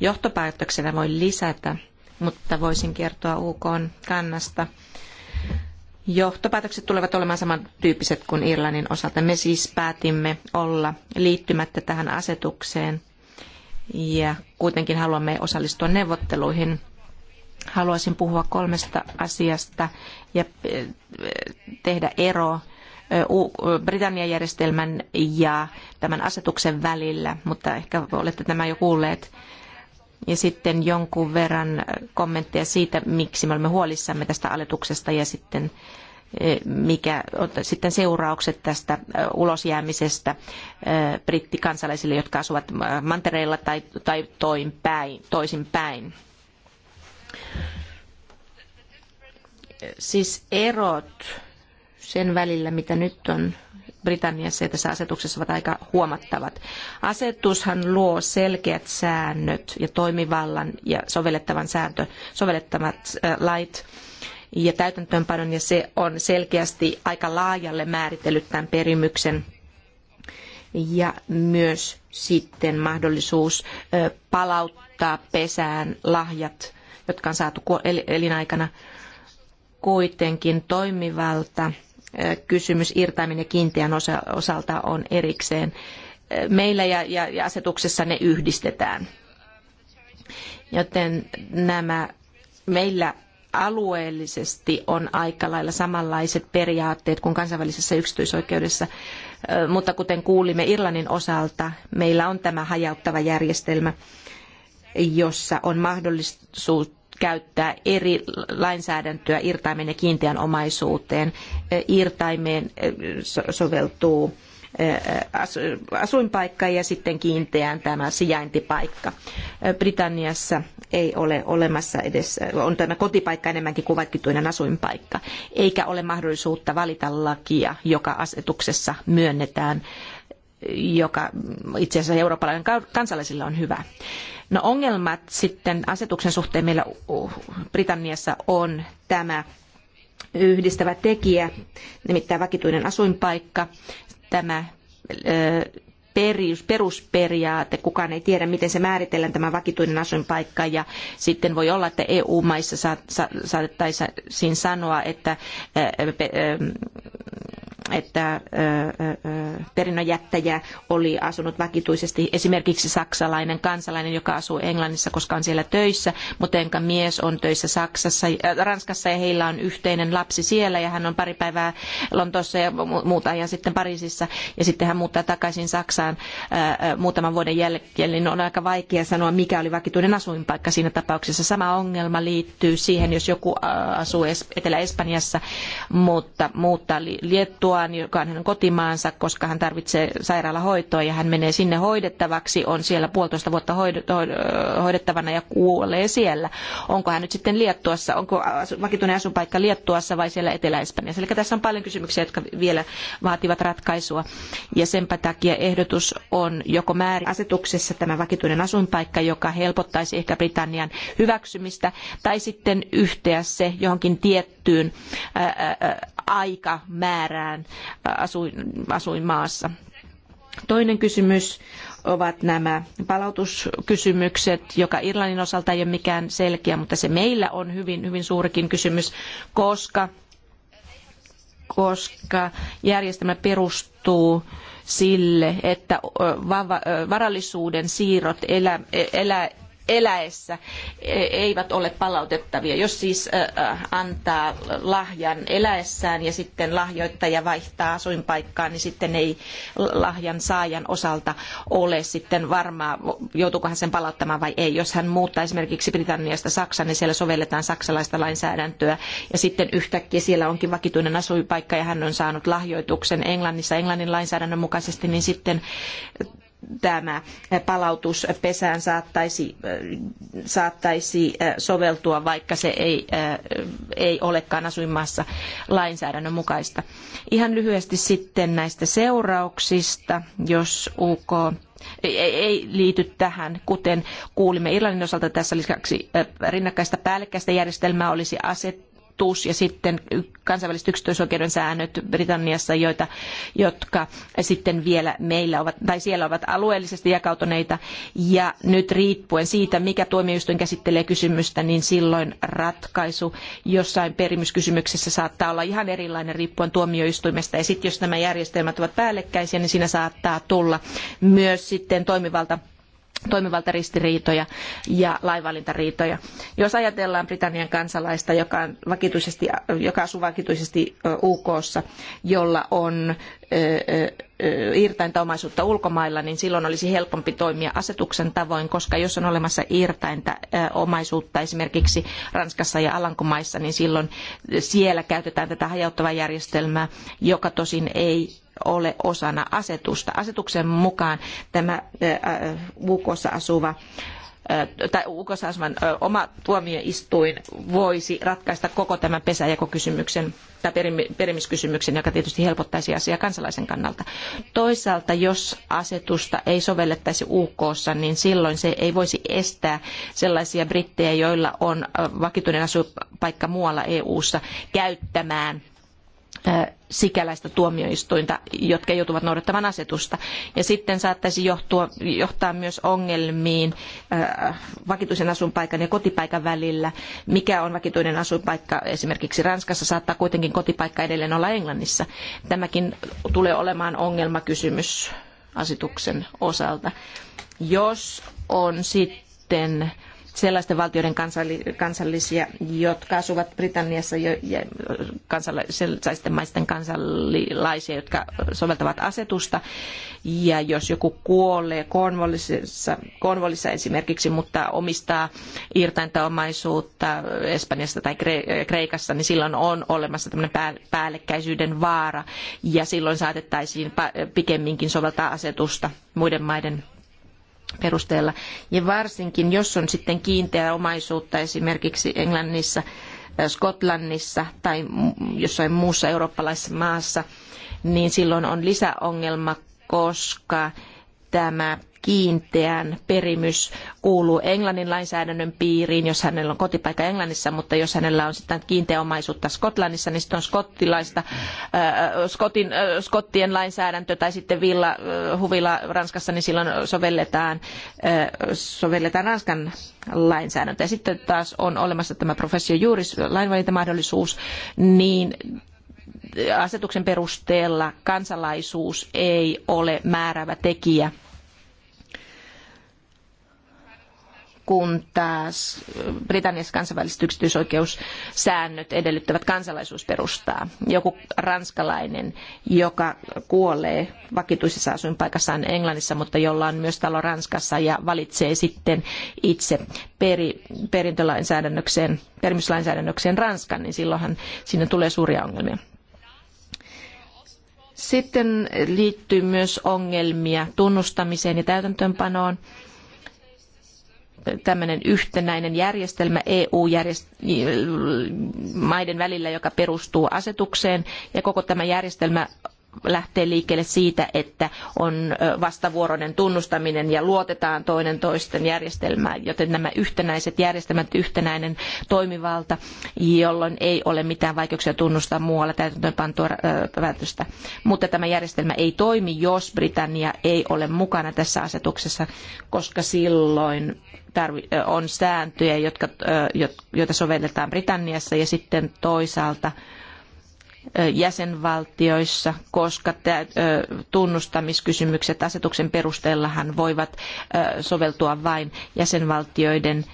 johtopäätöksenä voi lisätä mutta voisin kertoa UK kannasta. Johtopäätökset tulevat olemaan samantyyppiset kuin Irlannin osalta. Me siis päätimme olla liittymättä tähän asetukseen ja kuitenkin haluamme osallistua neuvotteluihin. Haluaisin puhua kolmesta asiasta ja eh, tehdä ero eh, Britannian järjestelmän ja tämän asetuksen välillä, mutta ehkä olette tämän jo kuulleet ja sitten jonkun verran kommentteja siitä, miksi me olemme huolissamme tästä aletuksesta ja sitten eh, mikä on sitten seuraukset tästä eh, ulosjäämisestä eh, brittikansalaisille, jotka asuvat mantereilla tai, tai toisin toisinpäin. Siis erot sen välillä, mitä nyt on Britanniassa ja tässä asetuksessa ovat aika huomattavat. Asetushan luo selkeät säännöt ja toimivallan ja sovellettavan sääntö, sovellettavat äh, lait ja täytäntöönpanon ja se on selkeästi aika laajalle määritellyt tämän perimyksen ja myös sitten mahdollisuus äh, palauttaa pesään lahjat, jotka on saatu elinaikana kuitenkin toimivalta kysymys irtaimen ja kiinteän osalta on erikseen. Meillä ja, asetuksessa ne yhdistetään. Joten nämä meillä alueellisesti on aika lailla samanlaiset periaatteet kuin kansainvälisessä yksityisoikeudessa, mutta kuten kuulimme Irlannin osalta, meillä on tämä hajauttava järjestelmä, jossa on mahdollisuus käyttää eri lainsäädäntöä irtaimen ja kiinteän omaisuuteen. Irtaimeen soveltuu asuinpaikka ja sitten kiinteään tämä sijaintipaikka. Britanniassa ei ole olemassa edes, on tämä kotipaikka enemmänkin kuin vakituinen asuinpaikka, eikä ole mahdollisuutta valita lakia, joka asetuksessa myönnetään, joka itse asiassa eurooppalainen kansalaisilla on hyvä. No ongelmat sitten asetuksen suhteen meillä Britanniassa on tämä yhdistävä tekijä, nimittäin vakituinen asuinpaikka, tämä perusperiaate, kukaan ei tiedä, miten se määritellään tämä vakituinen asuinpaikka ja sitten voi olla, että EU-maissa saatettaisiin sanoa, että että perinnönjättäjä oli asunut vakituisesti esimerkiksi saksalainen kansalainen, joka asuu Englannissa, koska on siellä töissä, mutta jonka mies on töissä Saksassa, Ranskassa ja heillä on yhteinen lapsi siellä ja hän on pari päivää Lontoossa ja muuta ja sitten Pariisissa ja sitten hän muuttaa takaisin Saksaan muutaman vuoden jälkeen, niin on aika vaikea sanoa, mikä oli vakituinen asuinpaikka siinä tapauksessa. Sama ongelma liittyy siihen, jos joku asuu Etelä-Espanjassa, mutta muuttaa Liettua kotoaan, joka on hänen kotimaansa, koska hän tarvitsee sairaalahoitoa ja hän menee sinne hoidettavaksi, on siellä puolitoista vuotta hoidettavana ja kuolee siellä. Onko hän nyt sitten Liettuassa, onko vakituinen asunpaikka Liettuassa vai siellä Etelä-Espanjassa? Eli tässä on paljon kysymyksiä, jotka vielä vaativat ratkaisua ja senpä takia ehdotus on joko määrin asetuksessa tämä vakituinen asuinpaikka, joka helpottaisi ehkä Britannian hyväksymistä, tai sitten yhteä se johonkin tiettyyn aikamäärään asuin, asuinmaassa. Toinen kysymys ovat nämä palautuskysymykset, joka Irlannin osalta ei ole mikään selkeä, mutta se meillä on hyvin, hyvin suurikin kysymys, koska, koska järjestelmä perustuu sille, että varallisuuden siirrot elä, elä eläessä e, eivät ole palautettavia. Jos siis antaa lahjan eläessään ja sitten lahjoittaja vaihtaa asuinpaikkaa, niin sitten ei lahjan saajan osalta ole sitten varmaa, joutuuko hän sen palauttamaan vai ei. Jos hän muuttaa esimerkiksi Britanniasta Saksaan, niin siellä sovelletaan saksalaista lainsäädäntöä ja sitten yhtäkkiä siellä onkin vakituinen asuinpaikka ja hän on saanut lahjoituksen Englannissa Englannin lainsäädännön mukaisesti, niin sitten tämä palautuspesään saattaisi, saattaisi soveltua, vaikka se ei, ei olekaan asuinmaassa lainsäädännön mukaista. Ihan lyhyesti sitten näistä seurauksista, jos UK ei liity tähän, kuten kuulimme Irlannin osalta tässä lisäksi rinnakkaista päällekkäistä järjestelmää olisi aset, totuus ja sitten kansainväliset yksityisoikeuden säännöt Britanniassa, joita, jotka sitten vielä meillä ovat, tai siellä ovat alueellisesti jakautuneita. Ja nyt riippuen siitä, mikä tuomioistuin käsittelee kysymystä, niin silloin ratkaisu jossain perimyskysymyksessä saattaa olla ihan erilainen riippuen tuomioistuimesta. Ja sitten jos nämä järjestelmät ovat päällekkäisiä, niin siinä saattaa tulla myös sitten toimivalta toimivaltaristiriitoja ja lainvalintariitoja. Jos ajatellaan Britannian kansalaista, joka, on vakituisesti, joka asuu vakituisesti UKssa, jolla on irtainta omaisuutta ulkomailla, niin silloin olisi helpompi toimia asetuksen tavoin, koska jos on olemassa irtainta omaisuutta esimerkiksi Ranskassa ja Alankomaissa, niin silloin siellä käytetään tätä hajauttavaa järjestelmää, joka tosin ei ole osana asetusta. Asetuksen mukaan tämä UKssa asuva tai UKssa asuvan oma tuomioistuin voisi ratkaista koko tämän pesäjakokysymyksen tai perimiskysymyksen, joka tietysti helpottaisi asiaa kansalaisen kannalta. Toisaalta, jos asetusta ei sovellettaisi UKssa, niin silloin se ei voisi estää sellaisia brittejä, joilla on vakituinen asuinpaikka muualla EUssa käyttämään sikäläistä tuomioistuinta, jotka joutuvat noudattamaan asetusta. Ja sitten saattaisi johtua, johtaa myös ongelmiin vakituisen asunpaikan ja kotipaikan välillä. Mikä on vakituinen asunpaikka esimerkiksi Ranskassa, saattaa kuitenkin kotipaikka edelleen olla Englannissa. Tämäkin tulee olemaan ongelmakysymys asetuksen osalta. Jos on sitten sellaisten valtioiden kansallisia, jotka asuvat Britanniassa ja sellaisten maisten kansalaisia, jotka soveltavat asetusta. Ja jos joku kuolee Cornwallissa, esimerkiksi, mutta omistaa irtainta omaisuutta Espanjassa tai Kreikassa, niin silloin on olemassa tämmöinen päällekkäisyyden vaara. Ja silloin saatettaisiin pikemminkin soveltaa asetusta muiden maiden perusteella. Ja varsinkin, jos on sitten kiinteää omaisuutta esimerkiksi Englannissa, äh, Skotlannissa tai jossain muussa eurooppalaisessa maassa, niin silloin on lisäongelma, koska tämä kiinteän perimys kuuluu Englannin lainsäädännön piiriin, jos hänellä on kotipaikka Englannissa, mutta jos hänellä on sitten kiinteä omaisuutta Skotlannissa, niin sitten on skottilaista, äh, äh, skotin, äh, skottien lainsäädäntö tai sitten villa, äh, huvila Ranskassa, niin silloin sovelletaan, äh, sovelletaan Ranskan lainsäädäntöä. Ja sitten taas on olemassa tämä professio juris lainvalintamahdollisuus, niin asetuksen perusteella kansalaisuus ei ole määräävä tekijä kun taas Britanniassa kansainväliset yksityisoikeussäännöt edellyttävät kansalaisuusperustaa. Joku ranskalainen, joka kuolee vakituisessa asuinpaikassaan Englannissa, mutta jolla on myös talo Ranskassa ja valitsee sitten itse peri, perintölainsäädännökseen, perimyslainsäädännökseen Ranskan, niin silloinhan siinä tulee suuria ongelmia. Sitten liittyy myös ongelmia tunnustamiseen ja täytäntöönpanoon tämmöinen yhtenäinen järjestelmä EU-maiden välillä, joka perustuu asetukseen. Ja koko tämä järjestelmä lähtee liikkeelle siitä, että on vastavuoroinen tunnustaminen ja luotetaan toinen toisten järjestelmään, joten nämä yhtenäiset järjestelmät, yhtenäinen toimivalta, jolloin ei ole mitään vaikeuksia tunnustaa muualla täytäntöönpantua päätöstä. Mutta tämä järjestelmä ei toimi, jos Britannia ei ole mukana tässä asetuksessa, koska silloin on sääntöjä, jotka, joita sovelletaan Britanniassa ja sitten toisaalta jäsenvaltioissa, koska tunnustamiskysymykset asetuksen perusteellahan voivat soveltua vain jäsenvaltioiden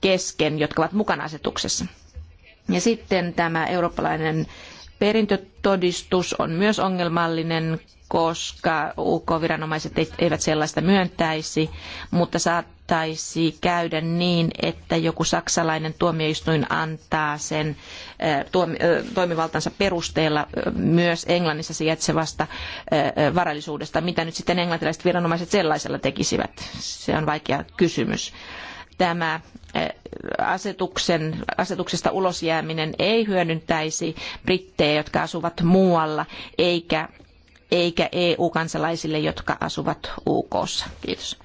kesken, jotka ovat mukana asetuksessa. Ja sitten tämä eurooppalainen perintötodistus on myös ongelmallinen, koska UK-viranomaiset eivät sellaista myöntäisi, mutta saat saattaisi käydä niin, että joku saksalainen tuomioistuin antaa sen toimivaltansa perusteella myös Englannissa sijaitsevasta varallisuudesta, mitä nyt sitten englantilaiset viranomaiset sellaisella tekisivät. Se on vaikea kysymys tämä asetuksen, asetuksesta ulosjääminen ei hyödyntäisi brittejä, jotka asuvat muualla, eikä, eikä EU-kansalaisille, jotka asuvat UKssa. Kiitos.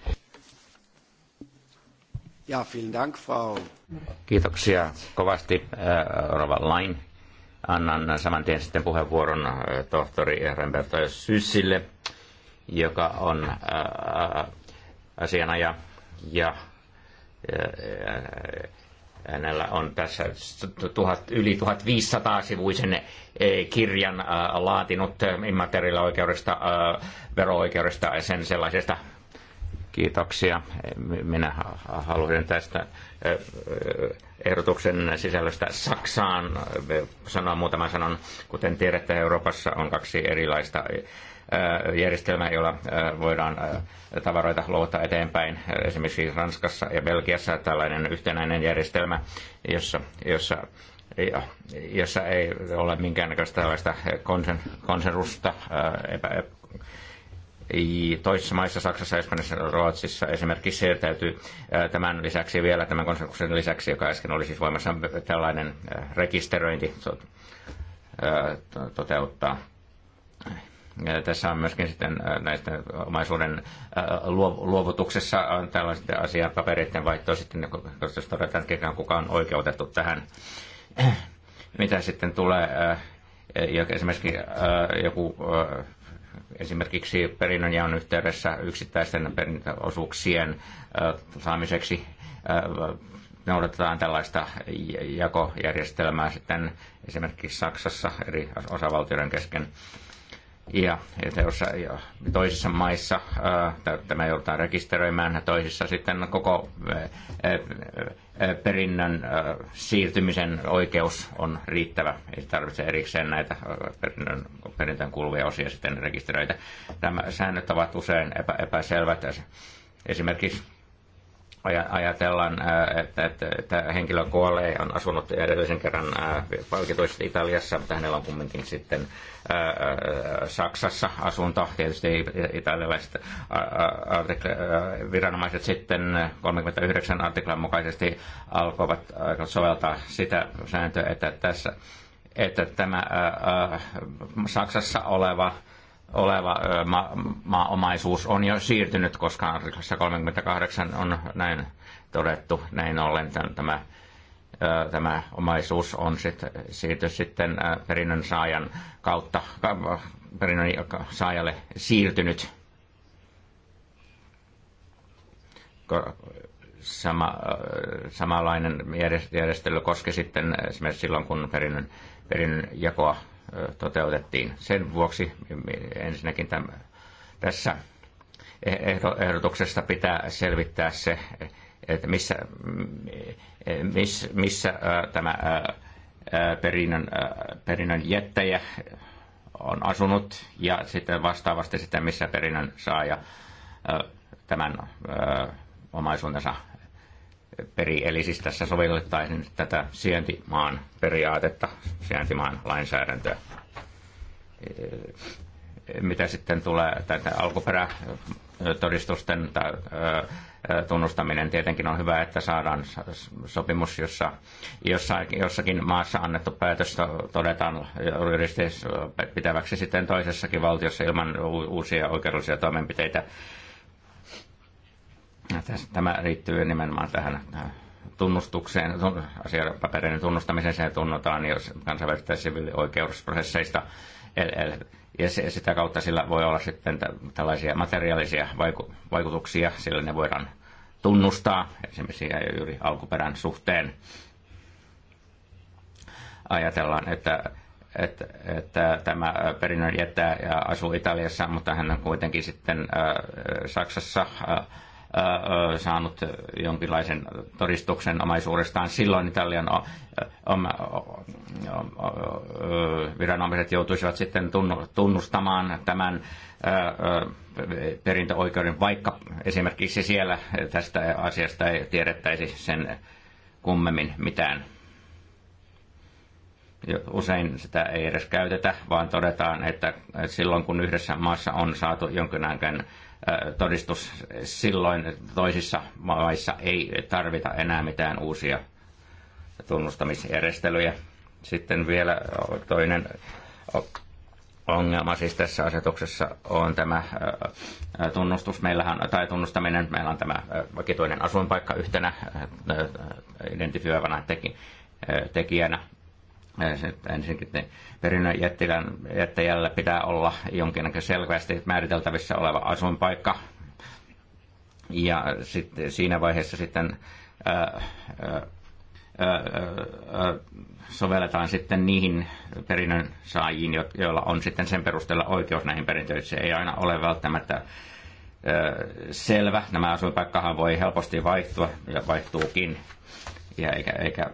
Ja, vielen Dank, Frau. Kiitoksia kovasti, äh, Rova Lain. Annan saman tien sitten puheenvuoron äh, tohtori Remberto Syssille, joka on äh, asianaja ja hänellä on tässä tuhat, yli 1500 sivuisen kirjan laatinut immateriaalioikeudesta, vero-oikeudesta ja sen sellaisesta Kiitoksia. Minä haluaisin tästä ehdotuksen sisällöstä Saksaan sanoa muutaman sanon. Kuten tiedätte, Euroopassa on kaksi erilaista järjestelmää, jolla voidaan tavaroita luovuttaa eteenpäin. Esimerkiksi Ranskassa ja Belgiassa tällainen yhtenäinen järjestelmä, jossa, jossa jossa ei ole minkäännäköistä tällaista konsen, konsenrusta, epä, toisissa maissa, Saksassa, Espanjassa, Ruotsissa esimerkiksi siirtäytyy tämän lisäksi vielä, tämän konsensuksen lisäksi, joka äsken oli siis voimassa tällainen rekisteröinti toteuttaa. Ja tässä on myöskin sitten näistä omaisuuden luovutuksessa on tällaiset asian papereiden vaihtoa sitten, jos todetaan, että kuka on oikeutettu tähän. Mitä sitten tulee, esimerkiksi joku esimerkiksi perinnönjaon yhteydessä yksittäisten perintöosuuksien saamiseksi noudatetaan tällaista jakojärjestelmää sitten esimerkiksi Saksassa eri osavaltioiden kesken ja, jos toisissa maissa tämä joudutaan rekisteröimään ja toisissa sitten koko perinnön siirtymisen oikeus on riittävä. Ei tarvitse erikseen näitä perinnön, perintön kuuluvia osia sitten rekisteröitä. Nämä säännöt ovat usein epä, epäselvät. Esimerkiksi ajatellaan, että, että, että henkilö kuolee ja on asunut edellisen kerran palkituisesti Italiassa, mutta hänellä on kumminkin sitten Saksassa asunto, tietysti italialaiset viranomaiset sitten 39 artiklan mukaisesti alkoivat soveltaa sitä sääntöä, että tässä että tämä Saksassa oleva oleva ma- maaomaisuus on jo siirtynyt, koska artiklassa 38 on näin todettu. Näin ollen tämä tämä omaisuus on sit, siirty sitten perinnön saajan kautta perinnön saajalle siirtynyt. Sama, samanlainen järjestely koski sitten esimerkiksi silloin, kun perinnön, perinnön jakoa toteutettiin. Sen vuoksi ensinnäkin tämän, tässä ehdotuksesta pitää selvittää se, että missä, mm, missä, missä tämä perinnön, perinnön jättäjä on asunut ja sitten vastaavasti sitten missä perinnön saaja tämän omaisuutensa peri. Eli siis tässä sovellettaisiin tätä sijaintimaan periaatetta, sijaintimaan lainsäädäntöä. Mitä sitten tulee tätä alkuperätodistusten tai tunnustaminen. Tietenkin on hyvä, että saadaan sopimus, jossa jossakin maassa annettu päätös todetaan juridisesti pitäväksi sitten toisessakin valtiossa ilman uusia oikeudellisia toimenpiteitä. Tämä riittyy nimenomaan tähän tunnustukseen, asiapapereiden tunnustamiseen, se tunnutaan jos kansainvälisistä siviilioikeusprosesseista. Ja sitä kautta sillä voi olla sitten tällaisia materiaalisia vaikutuksia, sillä ne voidaan tunnustaa esimerkiksi juuri alkuperän suhteen. Ajatellaan, että, että, että tämä perinnön jättää ja asuu Italiassa, mutta hän on kuitenkin sitten äh, Saksassa äh, äh, saanut jonkinlaisen todistuksen omaisuudestaan. Silloin Italian viranomaiset joutuisivat sitten tunnustamaan tämän perintöoikeuden, vaikka esimerkiksi siellä tästä asiasta ei tiedettäisi sen kummemmin mitään. Usein sitä ei edes käytetä, vaan todetaan, että silloin kun yhdessä maassa on saatu jonkinlainen todistus, silloin toisissa maissa ei tarvita enää mitään uusia tunnustamisjärjestelyjä. Sitten vielä toinen ongelma siis tässä asetuksessa on tämä tunnustus, meillähän, tai tunnustaminen, meillä on tämä vakituinen asuinpaikka yhtenä identifioivana tekijänä. Sitten ensinnäkin perinnön jättäjällä pitää olla jonkin selvästi määriteltävissä oleva asuinpaikka. Ja sitten siinä vaiheessa sitten ää, ää, ää, sovelletaan sitten niihin perinnön saajiin, joilla on sitten sen perusteella oikeus näihin perintöihin. Se ei aina ole välttämättä selvä. Nämä asuinpaikkahan voi helposti vaihtua ja vaihtuukin. Ja eikä, eikä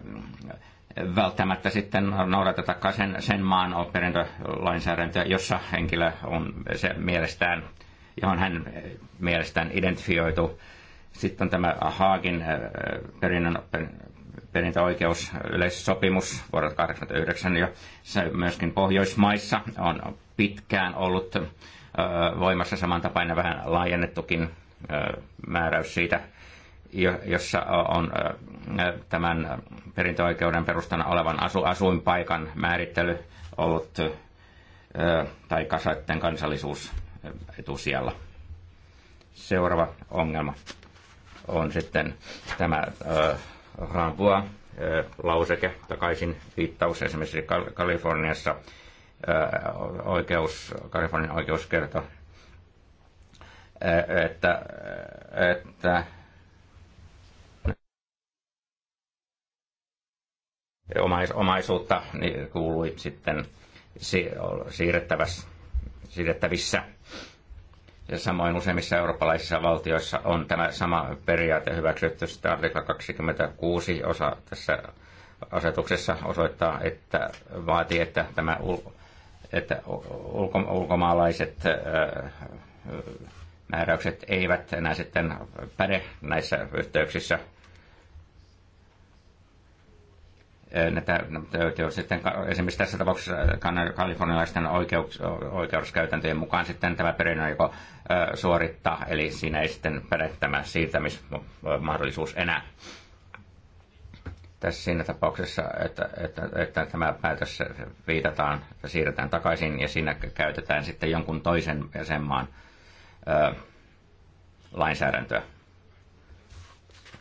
välttämättä sitten noudatetakaan sen, sen maan perintölainsäädäntöä, jossa henkilö on se mielestään, johon hän mielestään identifioitu. Sitten on tämä Haagin perinnön perintöoikeus, yleissopimus vuodelta 1989 ja myöskin Pohjoismaissa on pitkään ollut voimassa samantapainen vähän laajennettukin määräys siitä, jossa on tämän perintöoikeuden perustana olevan asu, asuinpaikan määrittely ollut tai kasaitten kansallisuus etusijalla. Seuraava ongelma on sitten tämä raapua lauseke takaisin viittaus esimerkiksi Kaliforniassa oikeus, Kalifornian oikeus kertoi, että, että omaisuutta niin kuului sitten siirrettävissä ja samoin useimmissa eurooppalaisissa valtioissa on tämä sama periaate hyväksytty. Sitten artikla 26 osa tässä asetuksessa osoittaa, että vaatii, että tämä että ulko, ulkomaalaiset määräykset eivät enää sitten päde näissä yhteyksissä näitä, sitten esimerkiksi tässä tapauksessa äh, kalifornialaisten oikeus, oikeuskäytäntöjen mukaan sitten tämä perinnön joko suorittaa, eli siinä ei sitten päde tämä siirtämismahdollisuus enää. Tässä siinä tapauksessa, että, että, että tämä päätös viitataan, että siirretään takaisin ja siinä käytetään sitten jonkun toisen jäsenmaan ö, lainsäädäntöä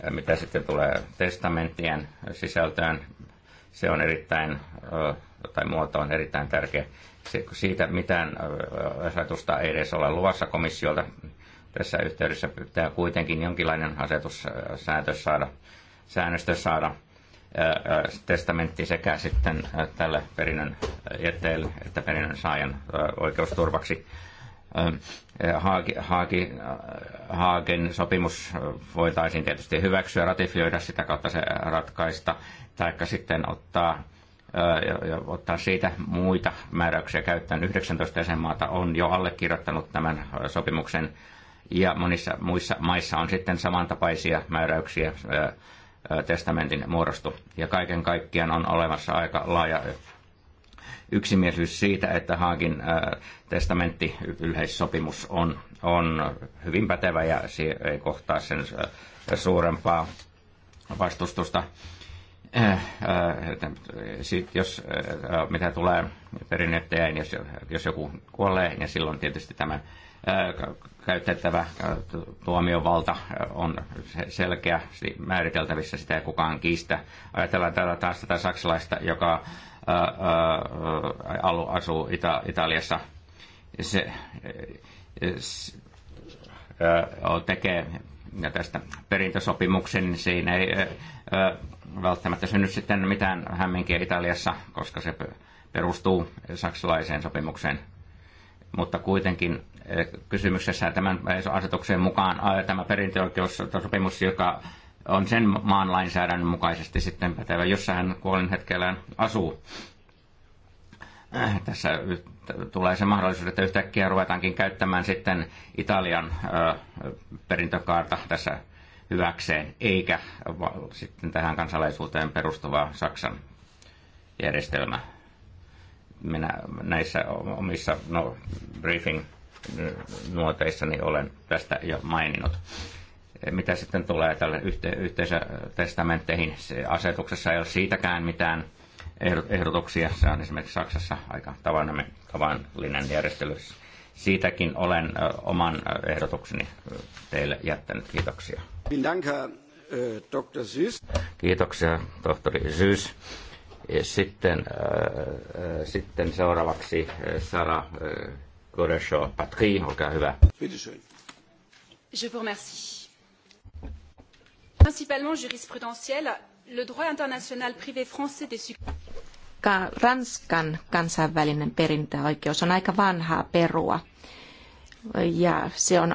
mitä sitten tulee testamenttien sisältöön, se on erittäin, tai muoto on erittäin tärkeä. Siitä mitään asetusta ei edes ole luvassa komissiolta. Tässä yhteydessä pitää kuitenkin jonkinlainen asetus, saada, säännöstö saada testamentti sekä sitten tälle perinnön jätteelle että perinnön saajan oikeusturvaksi. Haaki, Haagen sopimus voitaisiin tietysti hyväksyä, ratifioida sitä kautta se ratkaista tai sitten ottaa, ja ottaa siitä muita määräyksiä käyttöön. 19 jäsenmaata on jo allekirjoittanut tämän sopimuksen ja monissa muissa maissa on sitten samantapaisia määräyksiä testamentin muodostu. Ja kaiken kaikkiaan on olemassa aika laaja yksimielisyys siitä, että Haagin testamentti yleissopimus on, on hyvin pätevä ja se ei kohtaa sen suurempaa vastustusta Eh, eh, eh, jos, mitä tulee perinnetteen, jos, jos joku kuolee, niin silloin tietysti tämä käytettävä tuomiovalta on selkeä määriteltävissä, sitä ei kukaan kiistä. Ajatellaan täällä taas tätä saksalaista, joka asuu Ita- Italiassa. Se, tekee ja tästä perintösopimuksen, niin siinä ei välttämättä synny sitten mitään hämminkiä Italiassa, koska se perustuu saksalaiseen sopimukseen. Mutta kuitenkin kysymyksessä tämän asetuksen mukaan tämä perintöoikeussopimus, joka on sen maan lainsäädännön mukaisesti sitten pätevä, jossa hän kuolin hetkellä asuu. Tässä tulee se mahdollisuus, että yhtäkkiä ruvetaankin käyttämään sitten Italian perintökaarta tässä hyväkseen, eikä sitten tähän kansalaisuuteen perustuvaa Saksan järjestelmä. Minä näissä omissa no, briefing-nuoteissani olen tästä jo maininnut. Mitä sitten tulee tälle yhte- yhteisötestamentteihin, asetuksessa ei ole siitäkään mitään – ehdotuksia. Se on esimerkiksi Saksassa aika tavallinen järjestely. Siitäkin olen oman ehdotukseni teille jättänyt. Kiitoksia. Äh, Kiitoksia, tohtori Syys. Sitten, äh, äh, sitten seuraavaksi äh, Sara äh, Patri, olkaa hyvä. Je vous remercie. Principalement jurisprudentielle Ranskan kansainvälinen perintöoikeus on aika vanhaa perua ja se on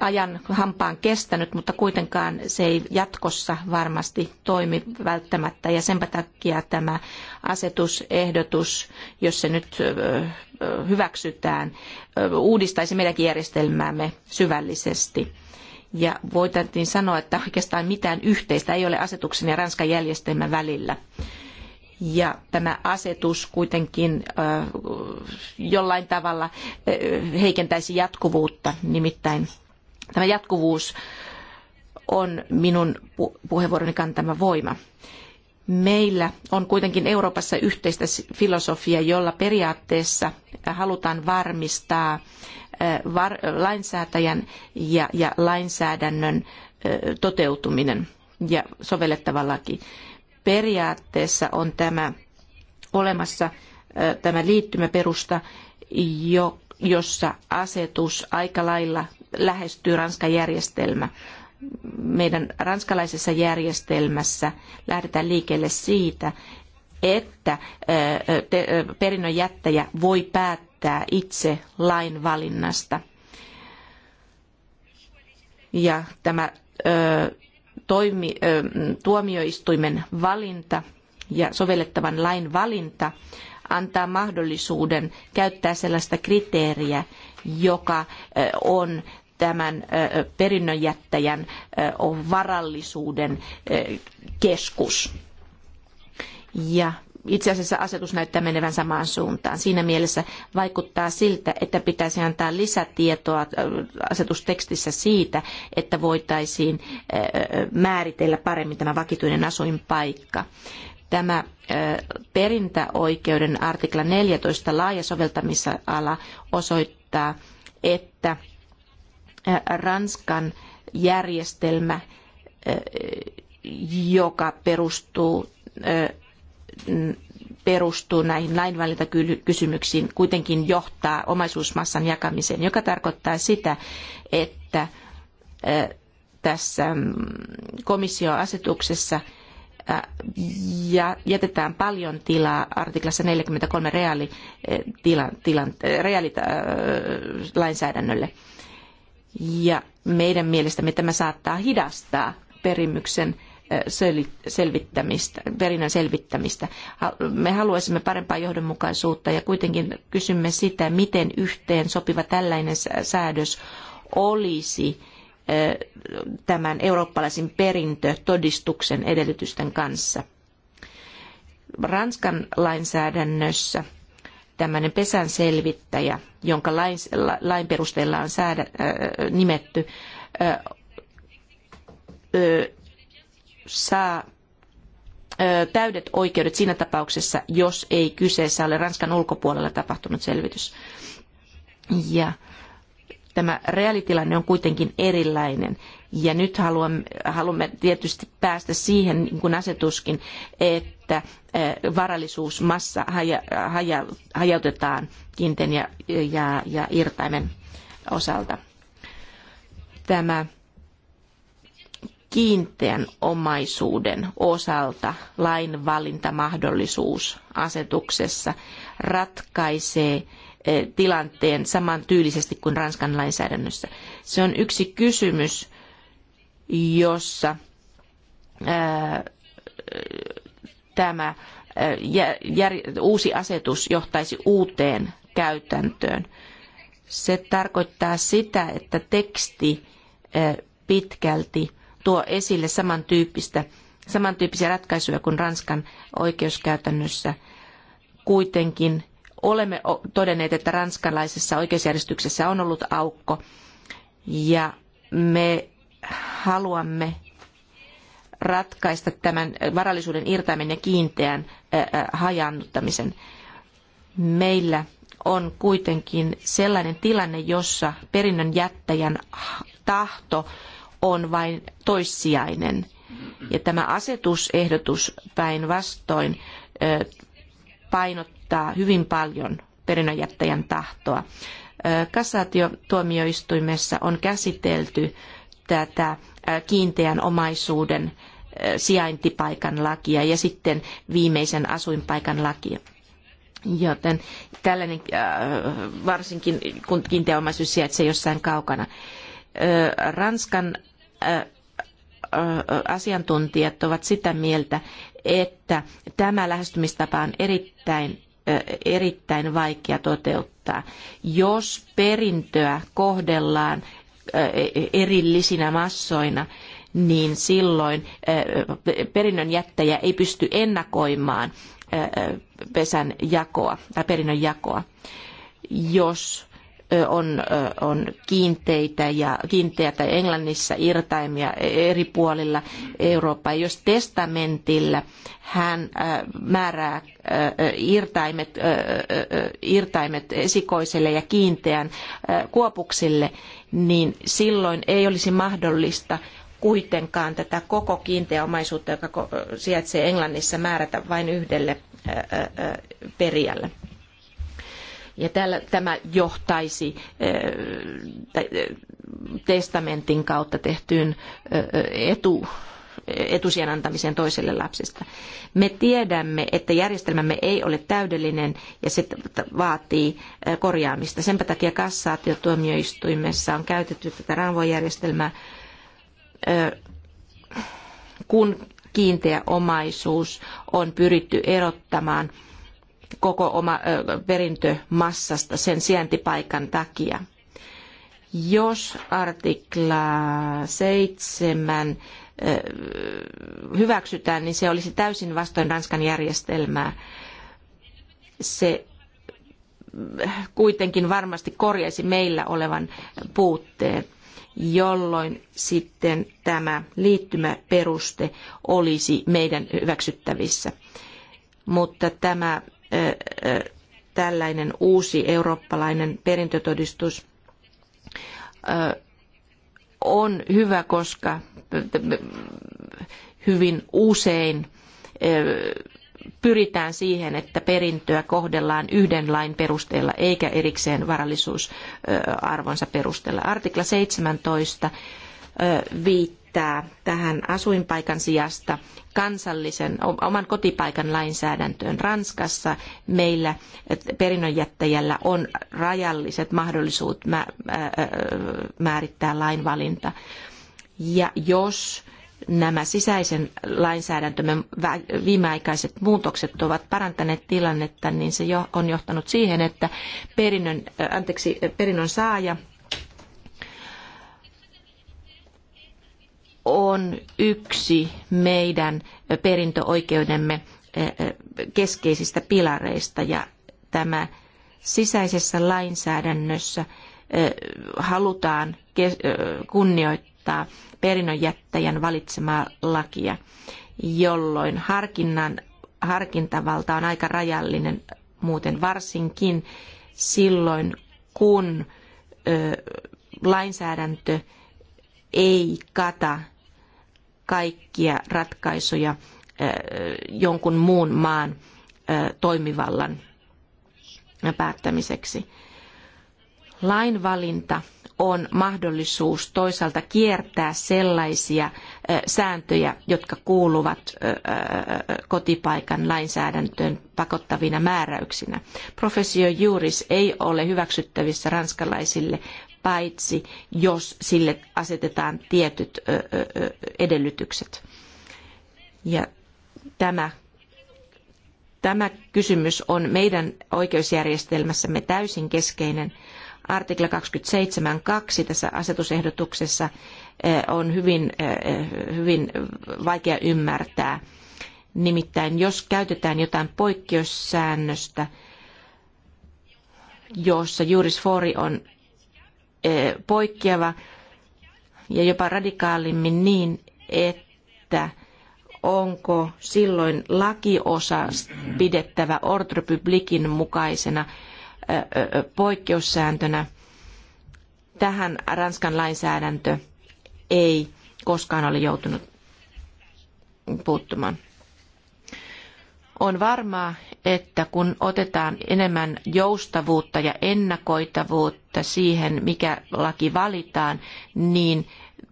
ajan hampaan kestänyt, mutta kuitenkaan se ei jatkossa varmasti toimi välttämättä. Ja sen takia tämä asetusehdotus, jos se nyt hyväksytään, uudistaisi meidänkin järjestelmäämme syvällisesti. Ja voitaisiin sanoa, että oikeastaan mitään yhteistä ei ole asetuksen ja Ranskan järjestelmän välillä. Ja tämä asetus kuitenkin jollain tavalla heikentäisi jatkuvuutta, nimittäin tämä jatkuvuus on minun puheenvuoroni kantama voima. Meillä on kuitenkin Euroopassa yhteistä filosofiaa, jolla periaatteessa halutaan varmistaa lainsäätäjän ja, ja lainsäädännön toteutuminen ja sovellettava laki. Periaatteessa on tämä olemassa tämä liittymäperusta, jo, jossa asetus aika lailla lähestyy Ranskan järjestelmä. Meidän ranskalaisessa järjestelmässä lähdetään liikkeelle siitä, että perinnön jättäjä voi päättää, päättää itse lain valinnasta. Ja tämä ö, toimi, ö, tuomioistuimen valinta ja sovellettavan lain valinta antaa mahdollisuuden käyttää sellaista kriteeriä, joka on tämän perinnönjättäjän varallisuuden keskus. Ja itse asiassa asetus näyttää menevän samaan suuntaan. Siinä mielessä vaikuttaa siltä, että pitäisi antaa lisätietoa äh, asetustekstissä siitä, että voitaisiin äh, määritellä paremmin tämä vakituinen asuinpaikka. Tämä äh, perintäoikeuden artikla 14 laaja soveltamisala osoittaa, että Ranskan järjestelmä, joka perustuu perustuu näihin lainvalintakysymyksiin, kuitenkin johtaa omaisuusmassan jakamiseen, joka tarkoittaa sitä, että tässä mm, komissioasetuksessa ja jätetään paljon tilaa artiklassa 43 reaali, tila, tilan, reaali, äh, lainsäädännölle. Ja meidän mielestämme tämä saattaa hidastaa perimyksen selvittämistä, perinnän selvittämistä. Me haluaisimme parempaa johdonmukaisuutta ja kuitenkin kysymme sitä, miten yhteen sopiva tällainen säädös olisi tämän eurooppalaisen perintötodistuksen edellytysten kanssa. Ranskan lainsäädännössä tämmöinen pesän selvittäjä, jonka lain, lain perusteella on säädä, äh, nimetty, äh, saa täydet oikeudet siinä tapauksessa, jos ei kyseessä ole Ranskan ulkopuolella tapahtunut selvitys. Ja tämä reaalitilanne on kuitenkin erilainen. Ja nyt haluamme, haluamme tietysti päästä siihen, niin kuin asetuskin, että varallisuusmassa haja, haja, hajautetaan kiinteän ja, ja, ja irtaimen osalta. Tämä kiinteän omaisuuden osalta lainvalintamahdollisuus asetuksessa ratkaisee eh, tilanteen samantyylisesti kuin Ranskan lainsäädännössä. Se on yksi kysymys, jossa ää, eh, tämä ää, eh, jär, uusi asetus johtaisi uuteen käytäntöön. Se tarkoittaa sitä, että teksti ää, pitkälti tuo esille samantyyppistä, samantyyppisiä ratkaisuja kuin Ranskan oikeuskäytännössä. Kuitenkin olemme todenneet, että ranskalaisessa oikeusjärjestyksessä on ollut aukko ja me haluamme ratkaista tämän varallisuuden irtaimen ja kiinteän hajaannuttamisen. Meillä on kuitenkin sellainen tilanne, jossa perinnön jättäjän tahto on vain toissijainen. Ja tämä asetusehdotus päinvastoin painottaa hyvin paljon perinnönjättäjän tahtoa. Kassaatiotuomioistuimessa on käsitelty tätä kiinteän omaisuuden sijaintipaikan lakia ja sitten viimeisen asuinpaikan lakia. Joten tällainen, varsinkin kun kiinteä omaisuus sijaitsee jossain kaukana. Ranskan asiantuntijat ovat sitä mieltä, että tämä lähestymistapa on erittäin, erittäin vaikea toteuttaa. Jos perintöä kohdellaan erillisinä massoina, niin silloin perinnön jättäjä ei pysty ennakoimaan pesän jakoa tai perinnön jakoa. Jos on, on kiinteitä ja kiinteitä Englannissa irtaimia eri puolilla Eurooppaa. Jos testamentilla hän määrää irtaimet, irtaimet esikoiselle ja kiinteän kuopuksille, niin silloin ei olisi mahdollista kuitenkaan tätä koko kiinteäomaisuutta, joka sijaitsee Englannissa, määrätä vain yhdelle perijälle. Ja tällä, tämä johtaisi testamentin kautta tehtyyn etu, etusijan antamiseen toiselle lapsesta. Me tiedämme, että järjestelmämme ei ole täydellinen ja se vaatii korjaamista. Senpä takia kassaatiotuomioistuimessa on käytetty tätä ranvojärjestelmää, kun kiinteä omaisuus on pyritty erottamaan – koko oma perintömassasta sen sijaintipaikan takia. Jos artikla 7 hyväksytään, niin se olisi täysin vastoin Ranskan järjestelmää. Se kuitenkin varmasti korjaisi meillä olevan puutteen, jolloin sitten tämä liittymäperuste olisi meidän hyväksyttävissä. Mutta tämä tällainen uusi eurooppalainen perintötodistus on hyvä, koska hyvin usein pyritään siihen, että perintöä kohdellaan yhden lain perusteella eikä erikseen varallisuusarvonsa perusteella. Artikla 17 viittaa liittää tähän asuinpaikan sijasta kansallisen oman kotipaikan lainsäädäntöön. Ranskassa meillä perinnönjättäjällä on rajalliset mahdollisuudet määrittää lainvalinta. Ja jos nämä sisäisen lainsäädäntömme viimeaikaiset muutokset ovat parantaneet tilannetta, niin se on johtanut siihen, että perinnön, anteeksi, perinnön saaja – on yksi meidän perintöoikeudemme eh, eh, keskeisistä pilareista ja tämä sisäisessä lainsäädännössä eh, halutaan kunnioittaa perinnönjättäjän valitsemaa lakia, jolloin harkinnan, harkintavalta on aika rajallinen muuten varsinkin silloin, kun lainsäädäntö ei kata kaikkia ratkaisuja jonkun muun maan toimivallan päättämiseksi. Lainvalinta on mahdollisuus toisaalta kiertää sellaisia sääntöjä, jotka kuuluvat kotipaikan lainsäädäntöön pakottavina määräyksinä. Professio Juris ei ole hyväksyttävissä ranskalaisille, paitsi jos sille asetetaan tietyt edellytykset. Ja tämä, tämä kysymys on meidän oikeusjärjestelmässämme täysin keskeinen. Artikla 27.2 tässä asetusehdotuksessa on hyvin, hyvin vaikea ymmärtää. Nimittäin jos käytetään jotain poikkeussäännöstä, jossa juris fori on Eh, poikkeava ja jopa radikaalimmin niin, että onko silloin lakiosa pidettävä ortrepublikin mukaisena eh, eh, poikkeussääntönä. Tähän Ranskan lainsäädäntö ei koskaan ole joutunut puuttumaan. On varmaa, että kun otetaan enemmän joustavuutta ja ennakoitavuutta siihen, mikä laki valitaan, niin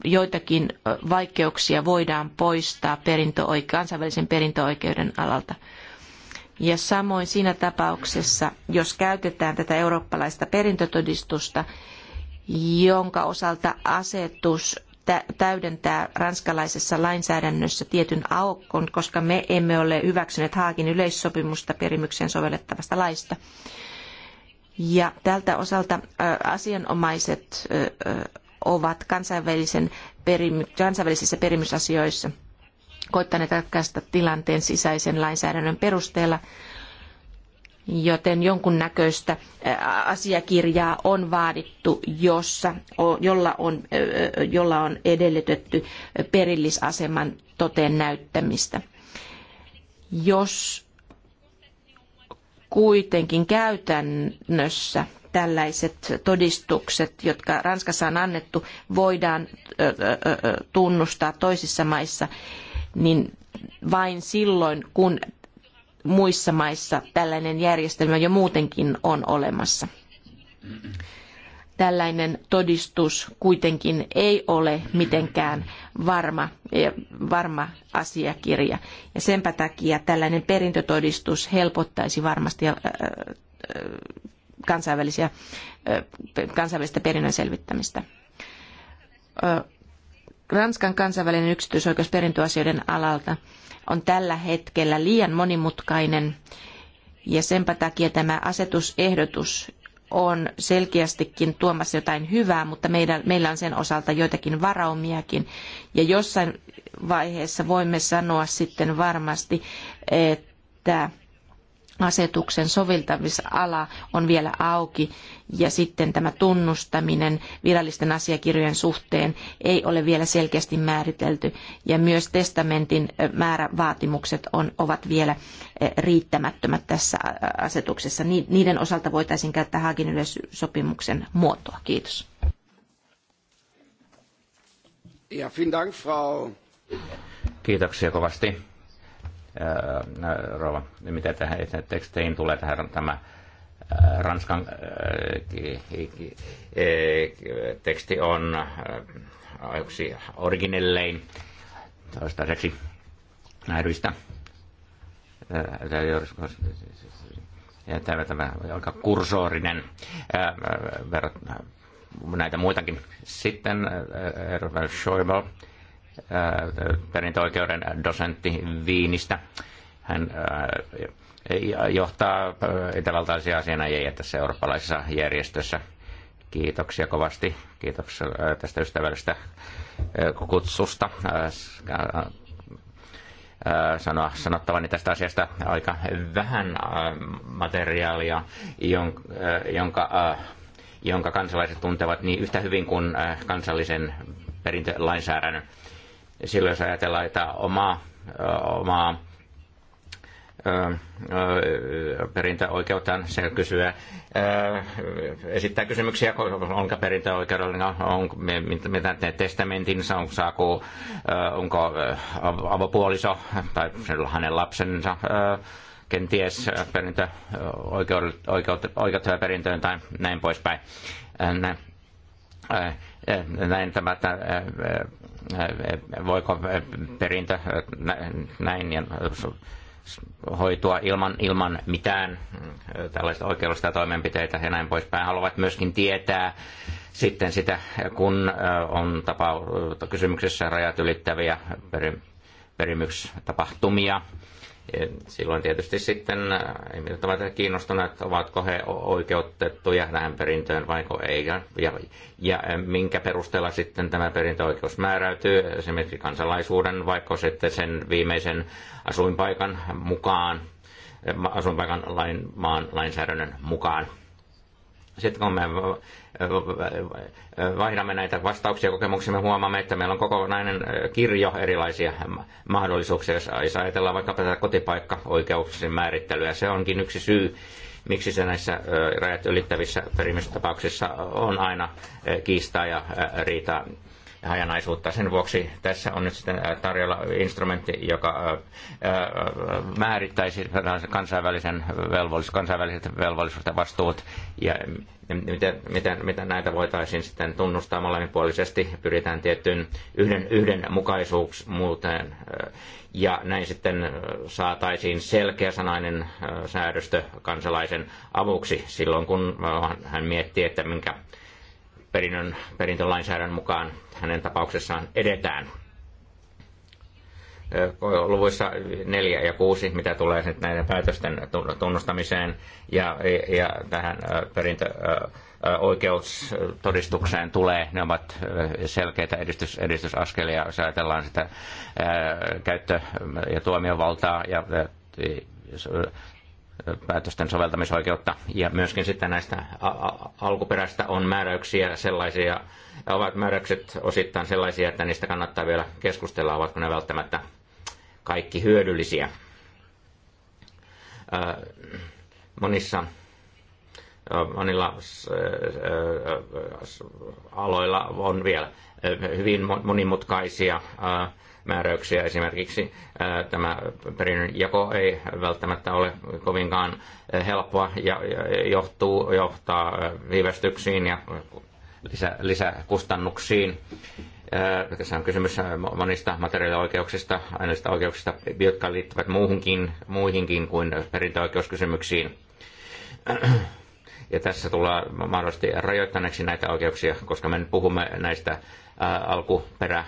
joitakin vaikeuksia voidaan poistaa perintöoike- kansainvälisen perintöoikeuden alalta. Ja samoin siinä tapauksessa, jos käytetään tätä eurooppalaista perintötodistusta, jonka osalta asetus täydentää ranskalaisessa lainsäädännössä tietyn aukon, koska me emme ole hyväksyneet Haagin yleissopimusta perimykseen sovellettavasta laista. Ja tältä osalta asianomaiset ovat kansainvälisen perimy, kansainvälisissä perimysasioissa koittaneet ratkaista tilanteen sisäisen lainsäädännön perusteella – joten jonkun näköistä asiakirjaa on vaadittu, jossa, jolla, on, jolla on edellytetty perillisaseman toteen näyttämistä. Jos kuitenkin käytännössä tällaiset todistukset, jotka Ranskassa on annettu, voidaan tunnustaa toisissa maissa, niin vain silloin, kun muissa maissa tällainen järjestelmä jo muutenkin on olemassa. Tällainen todistus kuitenkin ei ole mitenkään varma, e, varma asiakirja. Ja senpä takia tällainen perintötodistus helpottaisi varmasti kansainvälisiä, kansainvälistä perinnön selvittämistä. Ranskan kansainvälinen yksityisoikeus perintöasioiden alalta on tällä hetkellä liian monimutkainen ja senpä takia tämä asetusehdotus on selkeästikin tuomassa jotain hyvää, mutta meillä on sen osalta joitakin varaumiakin. Ja jossain vaiheessa voimme sanoa sitten varmasti, että asetuksen soveltamisala on vielä auki ja sitten tämä tunnustaminen virallisten asiakirjojen suhteen ei ole vielä selkeästi määritelty ja myös testamentin määrävaatimukset on, ovat vielä riittämättömät tässä asetuksessa. Niiden osalta voitaisiin käyttää Haagin yleissopimuksen muotoa. Kiitos. Ja, vielen Dank, Frau. Kiitoksia kovasti rouva, mitä tähän tekstiin tulee tähän tämä Ranskan e, teksti on yksi originellein toistaiseksi nähdyistä. tämä, tämä aika kursoorinen näitä muitakin. Sitten Erwin Schäuble Äh, perintöoikeuden dosentti Viinistä. Hän äh, johtaa itävaltaisia äh, asianajajia tässä eurooppalaisessa järjestössä. Kiitoksia kovasti. Kiitoksia tästä ystävällisestä kutsusta Sano, sanottavani tästä asiasta aika vähän materiaalia, jonka, jonka kansalaiset tuntevat niin yhtä hyvin kuin kansallisen perintölainsäädännön silloin jos ajatellaan että omaa, omaa perintöoikeuttaan se kysyä, esittää kysymyksiä, onko perintöoikeudellinen, onko, mitä ne testamentinsa, onko, saako, onko avopuoliso tai hänen lapsensa kenties perintöoikeutta oikeutta perintöön tai näin poispäin. Näin Eh, näin tämä, eh, eh, voiko perintö näin hoitua ilman, ilman mitään tällaista oikeudellista toimenpiteitä ja näin poispäin. Haluavat myöskin tietää sitten sitä, kun on tapa, kysymyksessä rajat ylittäviä perimyks Silloin tietysti sitten äh, ihmiset ovat kiinnostuneet, ovatko he oikeutettuja tähän perintöön vai ei, ja, ja, ja äh, minkä perusteella sitten tämä perintöoikeus määräytyy, esimerkiksi kansalaisuuden, vaikka sitten sen viimeisen asuinpaikan mukaan, äh, asuinpaikan lain, maan lainsäädännön mukaan sitten kun me eh, vaihdamme näitä vastauksia kokemuksia, me huomaamme, että meillä on kokonainen eh, kirjo erilaisia mahdollisuuksia, jos eh, ajatellaan vaikkapa tätä kotipaikka-oikeuksien määrittelyä. Se onkin yksi syy, miksi se näissä rajat ylittävissä perimistapauksissa on aina kiistaa ja riitaa hajanaisuutta. Sen vuoksi tässä on nyt sitten äh, tarjolla instrumentti, joka äh, äh, määrittäisi kansainvälisen velvollisuus, kansainväliset velvollisuudet ja vastuut ja miten, miten, miten näitä voitaisiin sitten tunnustaa molemminpuolisesti. Pyritään tiettyyn yhden, yhdenmukaisuuteen ja näin sitten saataisiin sanainen säädöstö kansalaisen avuksi silloin, kun hän miettii, että minkä perinnön, perintölainsäädännön mukaan hänen tapauksessaan edetään. Luvuissa 4 ja 6, mitä tulee sitten näiden päätösten tunnustamiseen ja, ja tähän oikeustodistukseen tulee, ne ovat selkeitä edistys, edistysaskelia, jos ajatellaan sitä ää, käyttö- ja tuomiovaltaa ja päätösten soveltamisoikeutta. Ja myöskin sitten näistä alkuperäistä on määräyksiä sellaisia, ovat määräykset osittain sellaisia, että niistä kannattaa vielä keskustella, ovatko ne välttämättä kaikki hyödyllisiä. Monissa monilla aloilla on vielä hyvin monimutkaisia määräyksiä. Esimerkiksi tämä perinnön jako ei välttämättä ole kovinkaan helppoa ja johtuu, johtaa viivästyksiin ja lisä, lisäkustannuksiin. Tässä on kysymys monista materiaalioikeuksista, aineellisista oikeuksista, jotka liittyvät muuhunkin, muihinkin kuin perintöoikeuskysymyksiin. Ja tässä tulee mahdollisesti rajoittaneeksi näitä oikeuksia, koska me nyt puhumme näistä alkuperä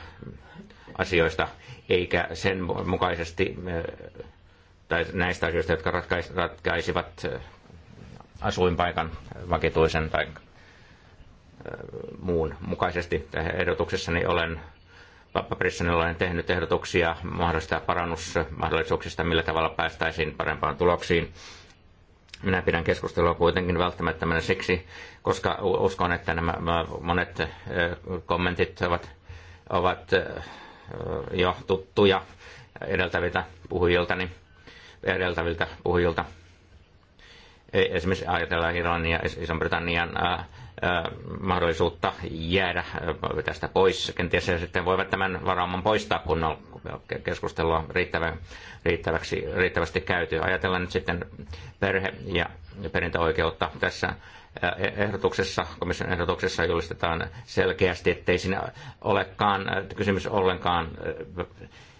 asioista, eikä sen mukaisesti tai näistä asioista, jotka ratkaisivat asuinpaikan vakituisen tai muun mukaisesti. Ehdotuksessani olen paperissani olen tehnyt ehdotuksia mahdollista parannusmahdollisuuksista, millä tavalla päästäisiin parempaan tuloksiin. Minä pidän keskustelua kuitenkin välttämättömänä siksi, koska uskon, että nämä monet kommentit ovat, ovat jo tuttuja edeltäviltä puhujilta, niin edeltäviltä puhujilta. E, esimerkiksi ajatellaan Irlannin ja Iso-Britannian mahdollisuutta jäädä tästä pois. Kenties he sitten voivat tämän varauman poistaa, kun on keskustelua riittäväksi, riittävästi käyty. Ajatellaan nyt sitten perhe- ja perintöoikeutta tässä ehdotuksessa, komission ehdotuksessa julistetaan selkeästi, ettei siinä olekaan äh, kysymys ollenkaan äh,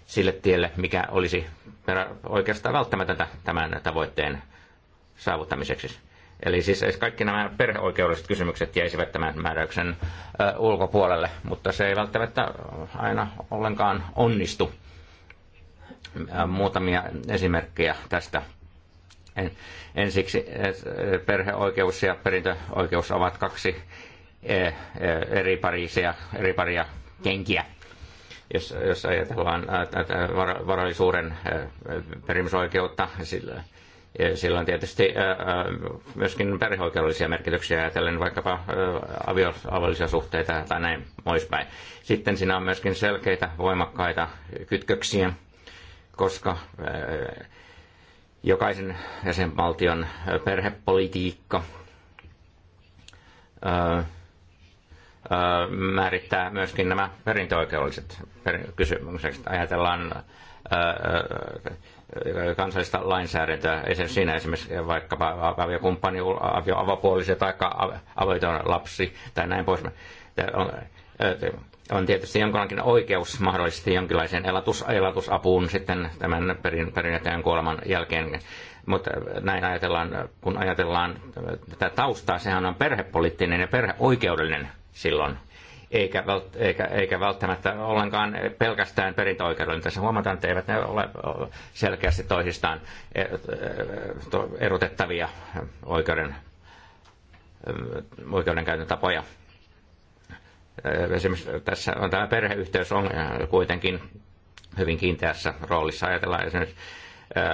sille tielle, mikä olisi oikeastaan välttämätöntä tämän tavoitteen saavuttamiseksi. Eli siis kaikki nämä perheoikeudelliset kysymykset jäisivät tämän määräyksen äh, ulkopuolelle, mutta se ei välttämättä aina ollenkaan onnistu. Muutamia esimerkkejä tästä Ensiksi eh, perheoikeus ja perintöoikeus ovat kaksi eh, eh, eri, parisia, eri paria kenkiä. Jos, jos ajatellaan varallisuuden perimisoikeutta, sillä, sillä on tietysti myöskin perheoikeudellisia merkityksiä ajatellen vaikkapa avioavallisia suhteita tai näin poispäin. Sitten siinä on myöskin selkeitä, voimakkaita kytköksiä, koska Jokaisen jäsenvaltion perhepolitiikka määrittää myöskin nämä perintöoikeudelliset kysymykset. Ajatellaan kansallista lainsäädäntöä. Siinä esimerkiksi vaikkapa aviokumppani, avio, avopuolisen tai avioton lapsi tai näin pois on tietysti jonkinlainen oikeus mahdollisesti jonkinlaiseen elatus, elatusapuun sitten tämän perin, kuoleman jälkeen. Mutta äh, näin ajatellaan, kun ajatellaan äh, tätä taustaa, sehän on perhepoliittinen ja perheoikeudellinen silloin, eikä, eikä, eikä välttämättä ollenkaan pelkästään perintöoikeudellinen. Tässä huomataan, että eivät ne ole selkeästi toisistaan e, e, erotettavia oikeuden, oikeudenkäytön tapoja Esimerkiksi tässä on tämä perheyhteys on kuitenkin hyvin kiinteässä roolissa. Ajatellaan esimerkiksi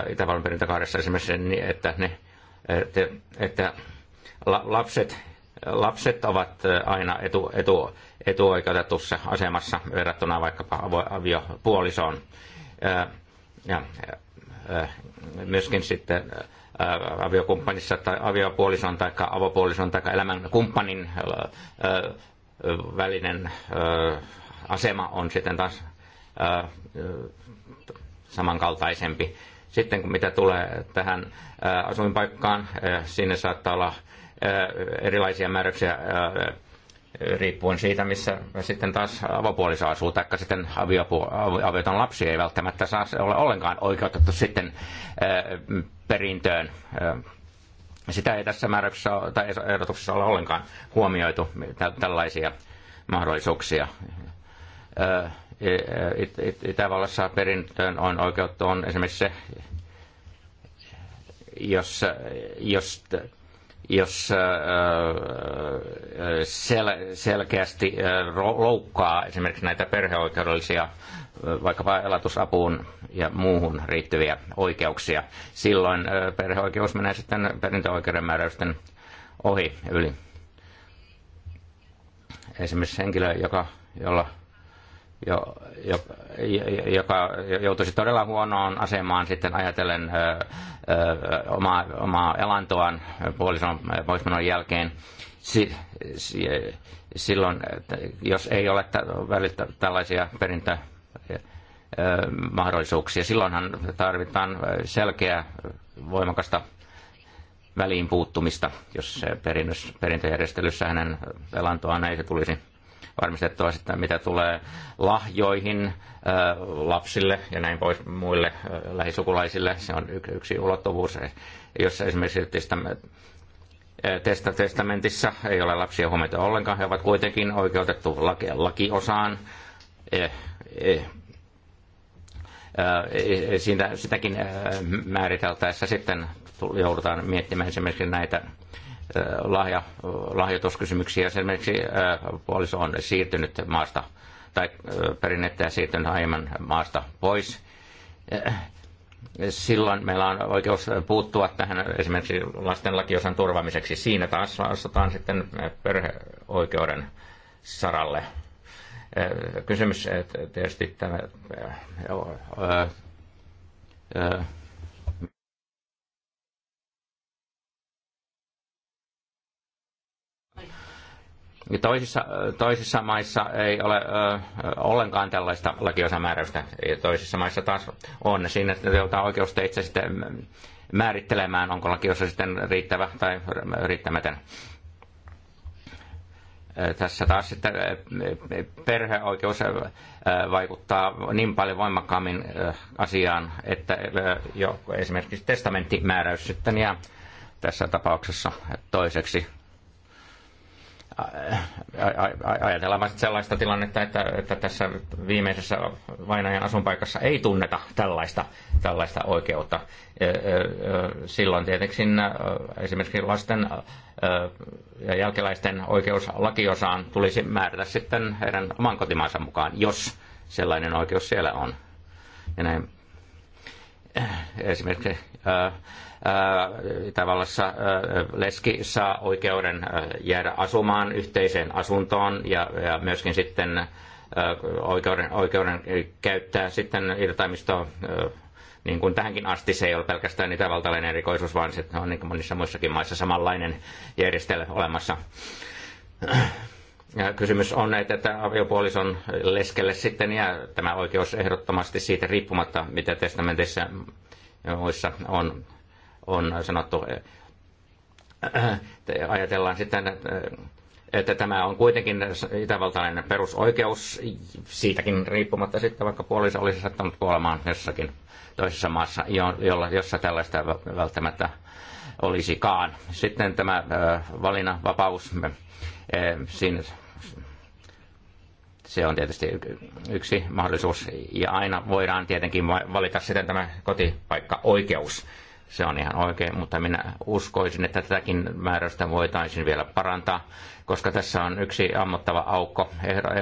Itävallan perintäkaaressa esimerkiksi niin, että, ne, että, että lapset, lapset ovat aina etu, etu, etuoikeutetussa asemassa verrattuna vaikkapa aviopuolisoon. Ja myöskin sitten aviokumppanissa tai aviopuolison tai avopuolison tai elämänkumppanin välinen asema on sitten taas samankaltaisempi. Sitten kun mitä tulee tähän asuinpaikkaan, sinne saattaa olla erilaisia määräyksiä riippuen siitä, missä sitten taas avopuoliso asuu, tai sitten avioton lapsi ei välttämättä saa olla ollenkaan oikeutettu sitten perintöön sitä ei tässä määräyksessä tai ehdotuksessa ole ollenkaan huomioitu tällaisia mahdollisuuksia. Itävallassa perintöön on oikeutta on esimerkiksi se, jos, jos, jos sel, selkeästi loukkaa esimerkiksi näitä perheoikeudellisia vaikkapa elatusapuun ja muuhun riittyviä oikeuksia. Silloin perheoikeus menee sitten perintöoikeuden määräysten ohi yli. Esimerkiksi henkilö, joka, jolla, jo, jo, joka joutuisi todella huonoon asemaan sitten ajatellen ö, ö, omaa, omaa elantoaan puolison poismenon jälkeen, si, si, silloin, jos ei ole tällaisia perintö Eh, mahdollisuuksia. Silloinhan tarvitaan selkeää, voimakasta väliin puuttumista, jos perinnös, perintöjärjestelyssä hänen elantoaan ei se tulisi varmistettua sitten, mitä tulee lahjoihin eh, lapsille ja näin pois muille eh, lähisukulaisille. Se on yksi ulottuvuus, jossa esimerkiksi testamentissa ei ole lapsia huomioita ollenkaan. He ovat kuitenkin oikeutettu lakiosaan Eh, eh, eh, siinä, sitäkin määriteltäessä sitten joudutaan miettimään esimerkiksi näitä lahja, lahjoituskysymyksiä. Esimerkiksi puoliso on siirtynyt maasta tai perinnettäjä siirtynyt aiemman maasta pois. Silloin meillä on oikeus puuttua tähän esimerkiksi lastenlakiosan lakiosan turvaamiseksi. Siinä taas astutaan sitten perheoikeuden saralle Kysymys tietysti tämä, Toisissa, toisissa maissa ei ole ö, ollenkaan tällaista lakiosamääräystä, toisissa maissa taas on. Siinä joutaa oikeusteitse sitten määrittelemään, onko lakiosa sitten riittävä tai riittämätön. Tässä taas sitten perheoikeus vaikuttaa niin paljon voimakkaammin asiaan, että jo esimerkiksi testamenttimääräys sitten jää tässä tapauksessa toiseksi ajatellaan sellaista tilannetta, että, että tässä viimeisessä vainajan asunpaikassa ei tunneta tällaista, tällaista oikeutta. Silloin tietenkin esimerkiksi lasten ja jälkeläisten oikeus tulisi määrätä sitten heidän oman kotimaansa mukaan, jos sellainen oikeus siellä on. Ja näin. Esimerkiksi Itävallassa leski saa oikeuden jäädä asumaan yhteiseen asuntoon ja, ja myöskin sitten oikeuden, oikeuden käyttää sitten irtaimistoa niin kuin tähänkin asti se ei ole pelkästään itävaltalainen erikoisuus, vaan se on niin kuin monissa muissakin maissa samanlainen järjestelmä olemassa. Ja kysymys on, että aviopuolison leskelle sitten jää tämä oikeus ehdottomasti siitä riippumatta, mitä testamentissa ja muissa on on sanottu. Eh, ajatellaan sitten, eh, että tämä on kuitenkin itävaltainen perusoikeus, siitäkin riippumatta sitten vaikka puoliso olisi saattanut kuolemaan jossakin toisessa maassa, jolla, jossa tällaista välttämättä olisikaan. Sitten tämä eh, valinnanvapaus, siinä se on tietysti yksi mahdollisuus. Ja aina voidaan tietenkin valita sitten tämä kotipaikka-oikeus se on ihan oikein, mutta minä uskoisin, että tätäkin määräystä voitaisiin vielä parantaa, koska tässä on yksi ammottava aukko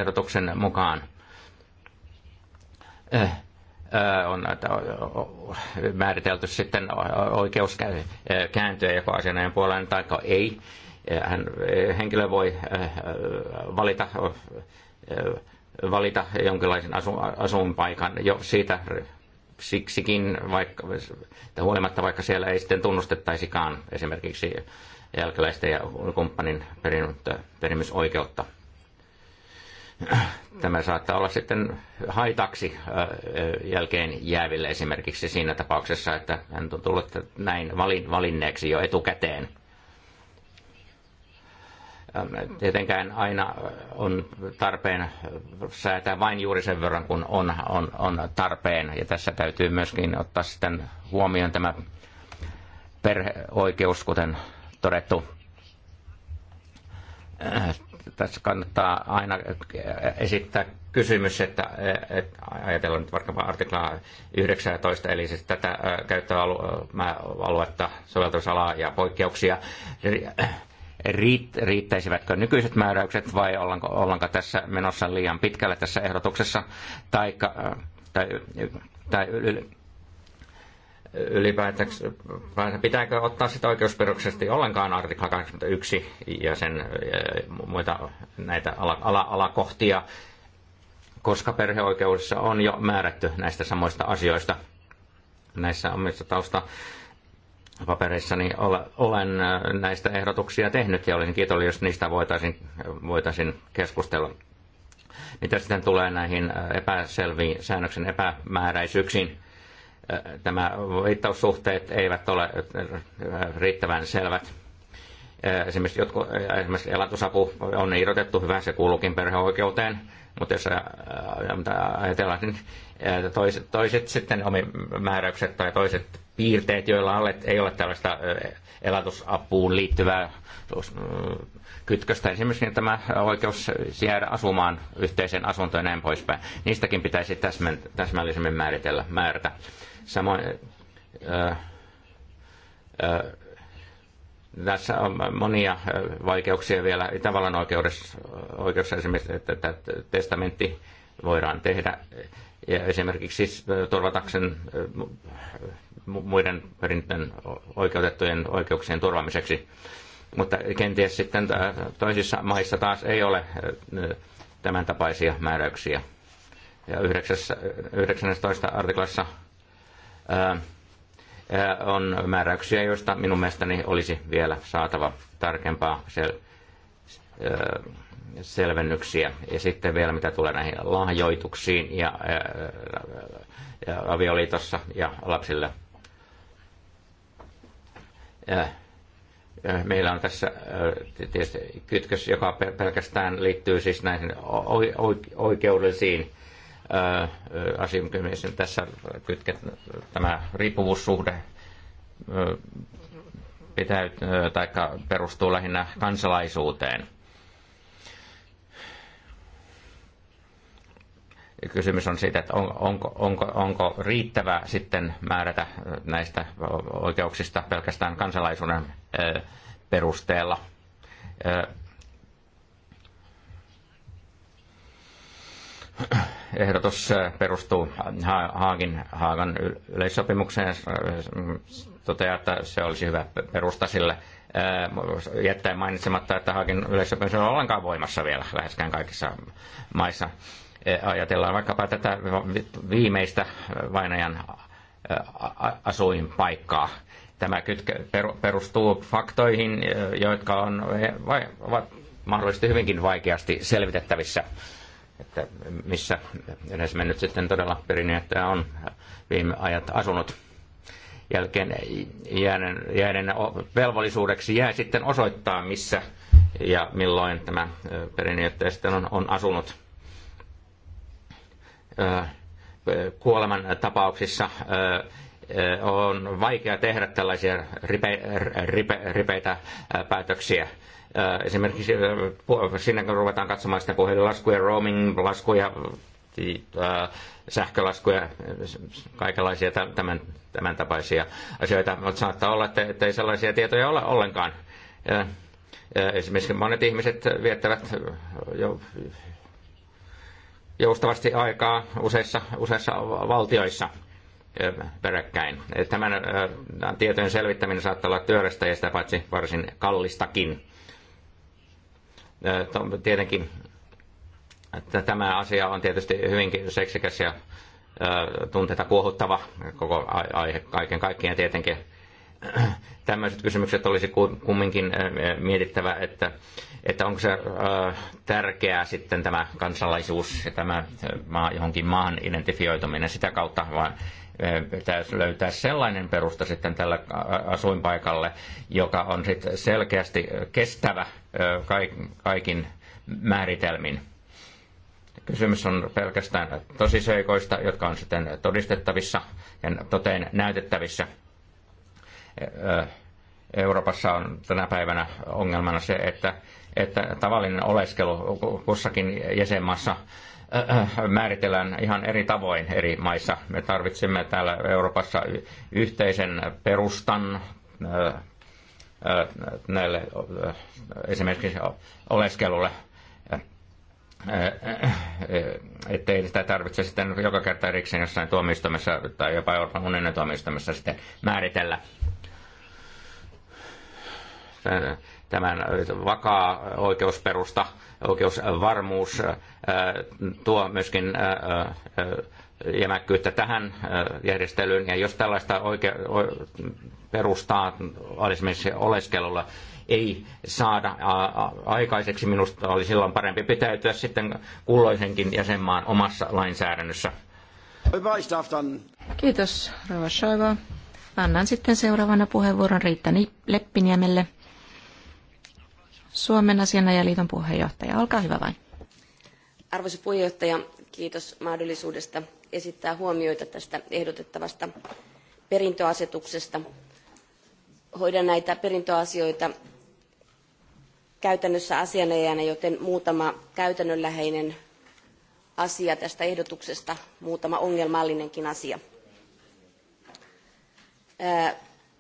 ehdotuksen mukaan. Eh, eh, on määritelty sitten oikeus kääntyä joko asianajan puoleen tai ei. Eh, hän, henkilö voi valita valita jonkinlaisen asu, asuinpaikan jo siitä siksikin, vaikka, huolimatta vaikka siellä ei sitten tunnustettaisikaan esimerkiksi jälkeläisten ja kumppanin perimysoikeutta. Tämä saattaa olla sitten haitaksi jälkeen jääville esimerkiksi siinä tapauksessa, että hän on tullut näin valinneeksi jo etukäteen – Tietenkään aina on tarpeen säätää vain juuri sen verran, kun on, on, on tarpeen. Ja tässä täytyy myöskin ottaa sitten huomioon tämä perheoikeus, kuten todettu. Tässä kannattaa aina esittää kysymys, että, että ajatellaan nyt vaikkapa artiklaa 19, eli siis tätä käyttöaluetta, soveltamisalaa ja poikkeuksia riitt, riittäisivätkö nykyiset määräykset vai ollaanko, ollaanko tässä menossa liian pitkälle tässä ehdotuksessa, tai tai, tai yl, ylipäätänsä pitääkö ottaa sitä oikeusperuksesti ollenkaan artikla 81 ja sen muita näitä ala, ala, alakohtia, koska perheoikeudessa on jo määrätty näistä samoista asioista näissä omissa tausta papereissani olen äh, näistä ehdotuksia tehnyt ja olin kiitollinen, jos niistä voitaisiin, voitaisiin keskustella. Mitä sitten tulee näihin äh, epäselviin säännöksen epämääräisyyksiin, äh, tämä viittaussuhteet eivät ole riittävän selvät. Esimerkiksi, jotkut, esimerkiksi elatusapu on irrotettu, hyvä se kuuluukin perheoikeuteen, mutta jos ajatellaan, niin toiset, toiset sitten omi määräykset tai toiset piirteet, joilla ei ole tällaista elatusapuun liittyvää kytköstä. Esimerkiksi tämä oikeus jäädä asumaan yhteiseen asuntoon ja näin poispäin. Niistäkin pitäisi täsmällisemmin määritellä, määrätä. Samoin ää, ää, tässä on monia vaikeuksia vielä Itävallan oikeudessa, oikeudessa esimerkiksi, että testamentti voidaan tehdä ja esimerkiksi siis turvatakseen muiden perinten oikeutettujen oikeuksien turvaamiseksi. Mutta kenties sitten toisissa maissa taas ei ole tämän tapaisia määräyksiä. Ja 19. artiklassa on määräyksiä, joista minun mielestäni olisi vielä saatava tarkempaa sel- selvennyksiä. Ja sitten vielä mitä tulee näihin lahjoituksiin ja, ja, ja avioliitossa ja lapsille Äh, äh, meillä on tässä äh, tietysti kytkös, joka pelkästään liittyy siis näihin oikeudellisiin asiakymisiin. Tässä kytket, tämä riippuvuussuhde pitäyt, taikka perustuu lähinnä kansalaisuuteen. kysymys on siitä, että on, onko, onko, onko riittävää sitten määrätä äh, näistä oikeuksista pelkästään kansalaisuuden äh, perusteella. Äh, ehdotus perustuu Haagin, Haagan yleissopimukseen. Toteaa, että se olisi hyvä perusta sille jättäen mainitsematta, että Haagin yleissopimus on ollenkaan voimassa vielä läheskään kaikissa maissa. Eh, ajatellaan vaikkapa tätä viimeistä eh, vainajan eh, asuinpaikkaa. Tämä kytke, perustuu faktoihin, jotka on, vai, ovat mahdollisesti hyvinkin vaikeasti selvitettävissä, että missä edes mennyt sitten todella perinnettä on viime ajat asunut. Jälkeen jäinen, jäinen velvollisuudeksi jää sitten osoittaa, missä ja milloin tämä perinnettä sitten on, on asunut kuoleman tapauksissa on vaikea tehdä tällaisia ripe, ripe, ripeitä päätöksiä. Esimerkiksi sinne kun ruvetaan katsomaan sitä puhelinlaskuja, roaming-laskuja, sähkölaskuja, kaikenlaisia tämän, tämän tapaisia asioita, mutta saattaa olla, että, että ei sellaisia tietoja ole ollenkaan. Esimerkiksi monet ihmiset viettävät jo joustavasti aikaa useissa, useissa valtioissa peräkkäin. Tämän tietojen selvittäminen saattaa olla työrestä ja sitä paitsi varsin kallistakin. Tietenkin että tämä asia on tietysti hyvinkin seksikäs ja tunteita kuohuttava koko aihe kaiken kaikkiaan tietenkin [CLEARS THROAT] tämmöiset kysymykset olisi kumminkin mietittävä, että, että onko se tärkeää sitten tämä kansalaisuus ja tämä maa, johonkin maan identifioituminen sitä kautta, vaan pitäisi löytää sellainen perusta sitten tällä asuinpaikalle, joka on sitten selkeästi kestävä kaikin määritelmin. Kysymys on pelkästään tosiseikoista, jotka on sitten todistettavissa ja toteen näytettävissä – Euroopassa on tänä päivänä ongelmana se, että, että tavallinen oleskelu kussakin jäsenmaassa määritellään ihan eri tavoin eri maissa. Me tarvitsemme täällä Euroopassa yhteisen perustan näille esimerkiksi oleskelulle, ettei sitä tarvitse sitten joka kerta erikseen jossain tuomioistuimessa tai jopa Euroopan unionin tuomioistuimessa sitten määritellä tämän vakaa oikeusperusta, oikeusvarmuus äh, tuo myöskin äh, äh, jämäkkyyttä tähän järjestelyyn. Ja jos tällaista oike- perustaa esimerkiksi oleskelulla ei saada aikaiseksi, minusta oli silloin parempi pitäytyä sitten kulloisenkin jäsenmaan omassa lainsäädännössä. Kiitos, Rova Annan sitten seuraavana puheenvuoron Riitta Leppiniemelle, Suomen asianajaliiton puheenjohtaja. Olkaa hyvä vain. Arvoisa puheenjohtaja, kiitos mahdollisuudesta esittää huomioita tästä ehdotettavasta perintöasetuksesta. Hoidan näitä perintöasioita käytännössä asianajajana, joten muutama käytännönläheinen asia tästä ehdotuksesta, muutama ongelmallinenkin asia.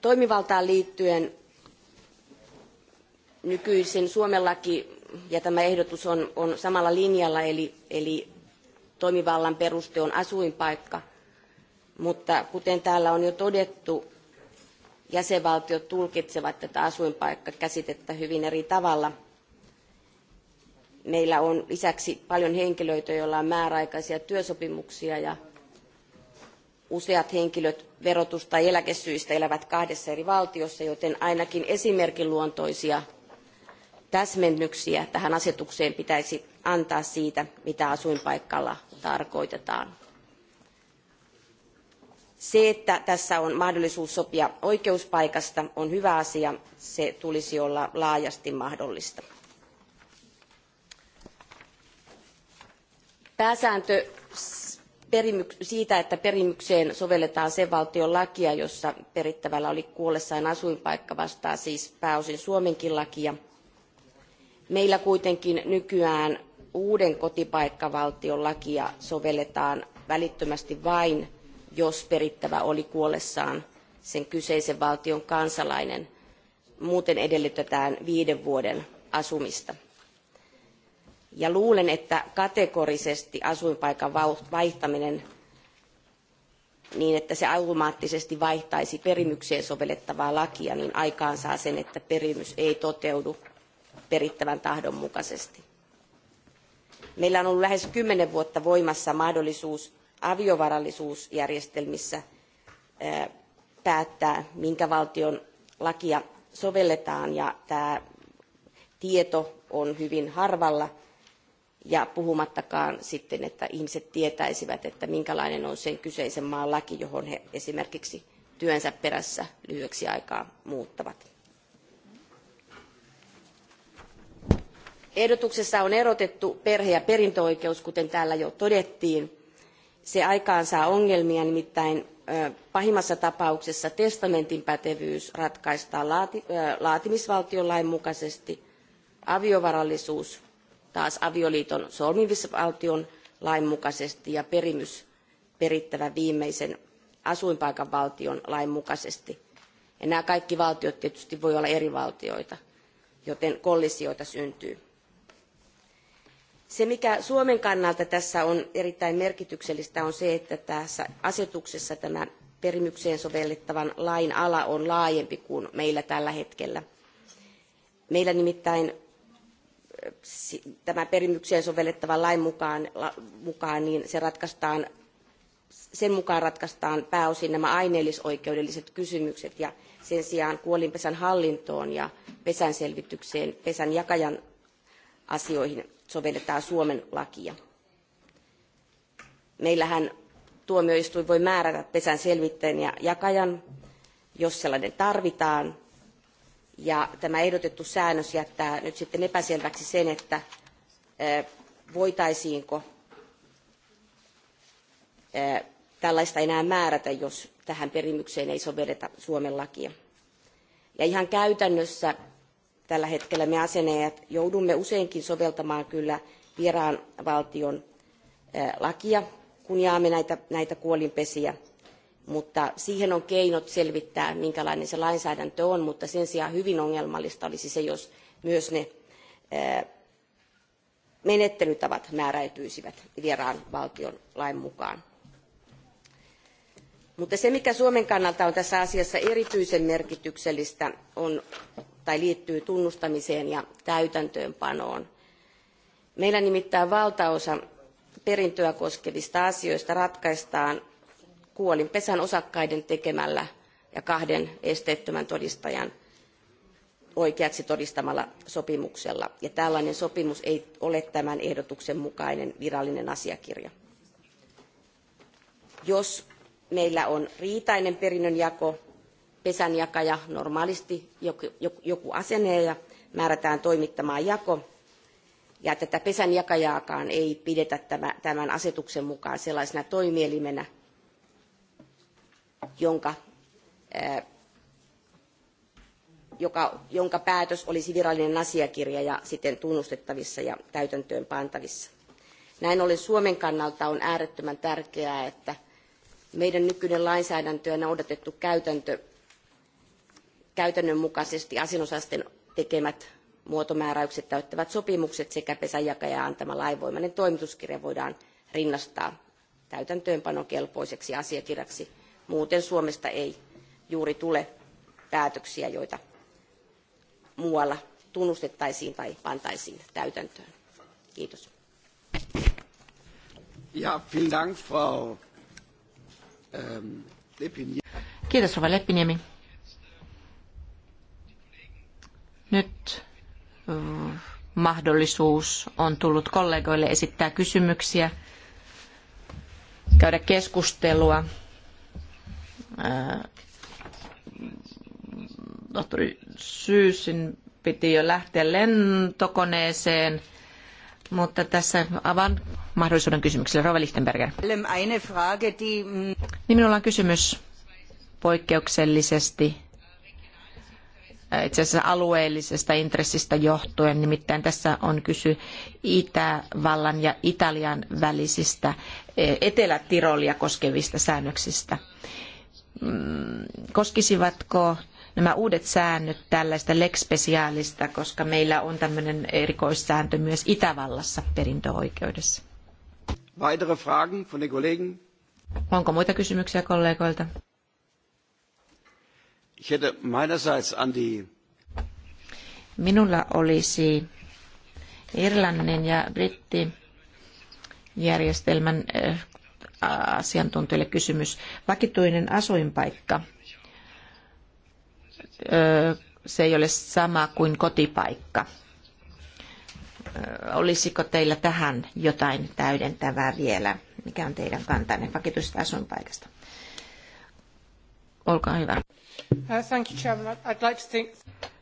Toimivaltaan liittyen nykyisin Suomen laki ja tämä ehdotus on, on samalla linjalla, eli, eli toimivallan peruste on asuinpaikka. Mutta kuten täällä on jo todettu, jäsenvaltiot tulkitsevat tätä asuinpaikkakäsitettä hyvin eri tavalla. Meillä on lisäksi paljon henkilöitä, joilla on määräaikaisia työsopimuksia ja useat henkilöt verotus- tai eläkesyistä elävät kahdessa eri valtiossa, joten ainakin esimerkin luontoisia täsmennyksiä tähän asetukseen pitäisi antaa siitä, mitä asuinpaikalla tarkoitetaan. Se, että tässä on mahdollisuus sopia oikeuspaikasta, on hyvä asia. Se tulisi olla laajasti mahdollista. Pääsääntö siitä, että perimykseen sovelletaan sen valtion lakia, jossa perittävällä oli kuollessaan asuinpaikka, vastaa siis pääosin Suomenkin lakia – Meillä kuitenkin nykyään uuden kotipaikkavaltion lakia sovelletaan välittömästi vain, jos perittävä oli kuollessaan sen kyseisen valtion kansalainen. Muuten edellytetään viiden vuoden asumista. Ja luulen, että kategorisesti asuinpaikan vaihtaminen niin, että se automaattisesti vaihtaisi perimykseen sovellettavaa lakia, niin aikaan saa sen, että perimys ei toteudu perittävän tahdon mukaisesti. Meillä on ollut lähes kymmenen vuotta voimassa mahdollisuus aviovarallisuusjärjestelmissä päättää, minkä valtion lakia sovelletaan ja tämä tieto on hyvin harvalla ja puhumattakaan sitten, että ihmiset tietäisivät, että minkälainen on sen kyseisen maan laki, johon he esimerkiksi työnsä perässä lyhyeksi aikaa muuttavat. Ehdotuksessa on erotettu perhe- ja perintöoikeus, kuten täällä jo todettiin. Se aikaansaa ongelmia, nimittäin pahimmassa tapauksessa testamentin pätevyys ratkaistaan laati, lain mukaisesti, aviovarallisuus taas avioliiton solmimisvaltion lain mukaisesti ja perimys perittävä viimeisen asuinpaikan valtion lain mukaisesti. Ja nämä kaikki valtiot tietysti voi olla eri valtioita, joten kollisioita syntyy. Se, mikä Suomen kannalta tässä on erittäin merkityksellistä, on se, että tässä asetuksessa tämä perimykseen sovellettavan lain ala on laajempi kuin meillä tällä hetkellä. Meillä nimittäin tämä perimykseen sovellettavan lain mukaan, mukaan niin se ratkaistaan, sen mukaan ratkaistaan pääosin nämä aineellisoikeudelliset kysymykset ja sen sijaan kuolinpesän hallintoon ja pesän selvitykseen, pesän jakajan asioihin sovelletaan Suomen lakia. Meillähän tuomioistuin voi määrätä pesän selvittäjän ja jakajan, jos sellainen tarvitaan. Ja tämä ehdotettu säännös jättää nyt sitten epäselväksi sen, että voitaisiinko tällaista enää määrätä, jos tähän perimykseen ei sovelleta Suomen lakia. Ja ihan käytännössä tällä hetkellä me asenajat joudumme useinkin soveltamaan kyllä vieraan valtion lakia, kun jaamme näitä, näitä kuolinpesiä. Mutta siihen on keinot selvittää, minkälainen se lainsäädäntö on, mutta sen sijaan hyvin ongelmallista olisi se, jos myös ne menettelytavat määräytyisivät vieraan valtion lain mukaan. Mutta se, mikä Suomen kannalta on tässä asiassa erityisen merkityksellistä, on, tai liittyy tunnustamiseen ja täytäntöönpanoon. Meillä nimittäin valtaosa perintöä koskevista asioista ratkaistaan kuolinpesän osakkaiden tekemällä ja kahden esteettömän todistajan oikeaksi todistamalla sopimuksella. Ja tällainen sopimus ei ole tämän ehdotuksen mukainen virallinen asiakirja. Jos meillä on riitainen perinnönjako, pesänjakaja normaalisti joku, joku asenee ja määrätään toimittamaan jako. Ja tätä pesänjakajaakaan ei pidetä tämän asetuksen mukaan sellaisena toimielimenä, jonka, ää, joka, jonka päätös olisi virallinen asiakirja ja siten tunnustettavissa ja täytäntöön pantavissa. Näin ollen Suomen kannalta on äärettömän tärkeää, että meidän nykyinen lainsäädäntö ja noudatettu käytäntö käytännön mukaisesti asianosaisten tekemät muotomääräykset täyttävät sopimukset sekä pesänjakaja antama lainvoimainen toimituskirja voidaan rinnastaa täytäntöönpanokelpoiseksi asiakirjaksi. Muuten Suomesta ei juuri tule päätöksiä, joita muualla tunnustettaisiin tai pantaisiin täytäntöön. Kiitos. Ja, vielen Dank, Frau Kiitos Rova Leppiniemi. Nyt mm, mahdollisuus on tullut kollegoille esittää kysymyksiä, käydä keskustelua. Äh, mm, tohtori Syysin piti jo lähteä lentokoneeseen – mutta tässä avaan mahdollisuuden kysymykselle. Rova Lichtenberger. Niin minulla on kysymys poikkeuksellisesti äh, itse asiassa alueellisesta intressistä johtuen. Nimittäin tässä on kysy Itävallan ja Italian välisistä äh, Etelä-Tirolia koskevista säännöksistä. Mm, koskisivatko nämä uudet säännöt tällaista lex specialista, koska meillä on tämmöinen erikoissääntö myös Itävallassa perintöoikeudessa. Weitere Fragen von den Kollegen? Onko muita kysymyksiä kollegoilta? Ich hätte meinerseits an die Minulla olisi Irlannin ja brittijärjestelmän äh, asiantuntijoille kysymys. Vakituinen asuinpaikka se ei ole sama kuin kotipaikka. Olisiko teillä tähän jotain täydentävää vielä? Mikä on teidän kantanne vakituisesta asuinpaikasta? Olkaa hyvä. Uh,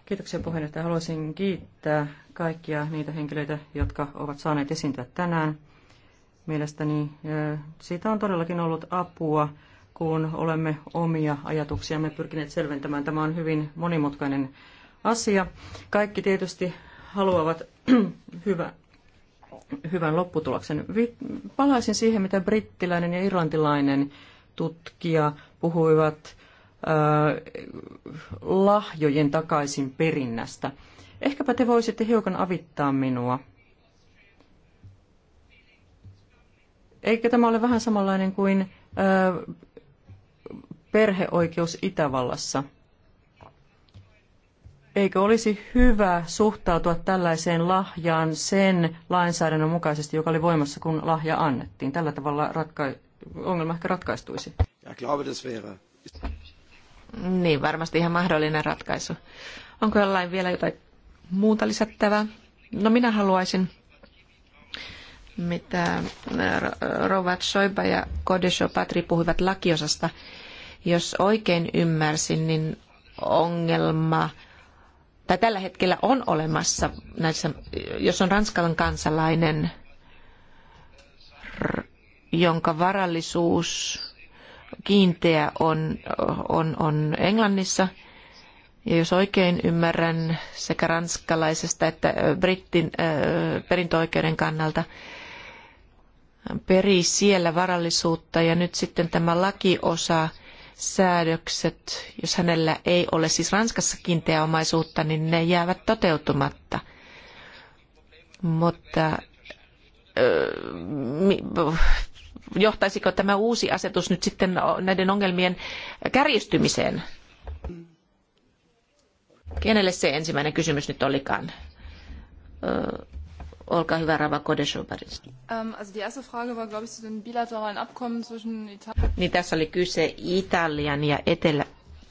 Kiitoksia puheenjohtaja. Haluaisin kiittää kaikkia niitä henkilöitä, jotka ovat saaneet esiintyä tänään. Mielestäni siitä on todellakin ollut apua kun olemme omia ajatuksiamme pyrkineet selventämään. Tämä on hyvin monimutkainen asia. Kaikki tietysti haluavat [CLEARS THROAT] hyvä, hyvän lopputuloksen. Palaisin siihen, mitä brittiläinen ja irlantilainen tutkija puhuivat lahjojen takaisin perinnästä. Ehkäpä te voisitte hiukan avittaa minua. Eikö tämä ole vähän samanlainen kuin perheoikeus Itävallassa. Eikö olisi hyvä suhtautua tällaiseen lahjaan sen lainsäädännön mukaisesti, joka oli voimassa, kun lahja annettiin? Tällä tavalla ratka- ongelma ehkä ratkaistuisi. Niin, varmasti ihan mahdollinen ratkaisu. Onko jollain vielä jotain muuta lisättävää? No minä haluaisin, mitä äh, Rovat Soiba ja Kodesho Patri puhuivat lakiosasta, jos oikein ymmärsin, niin ongelma tai tällä hetkellä on olemassa näissä, jos on ranskalan kansalainen, jonka varallisuus kiinteä on, on, on Englannissa, ja jos oikein ymmärrän sekä ranskalaisesta että brittin äh, perintöoikeuden kannalta, perii siellä varallisuutta ja nyt sitten tämä lakiosa säädökset, jos hänellä ei ole siis Ranskassa kiinteää omaisuutta, niin ne jäävät toteutumatta. Mutta johtaisiko tämä uusi asetus nyt sitten näiden ongelmien kärjistymiseen? Kenelle se ensimmäinen kysymys nyt olikaan? hyvä, Rava Kodeshobaris. Niin tässä oli kyse Italian ja Etelä,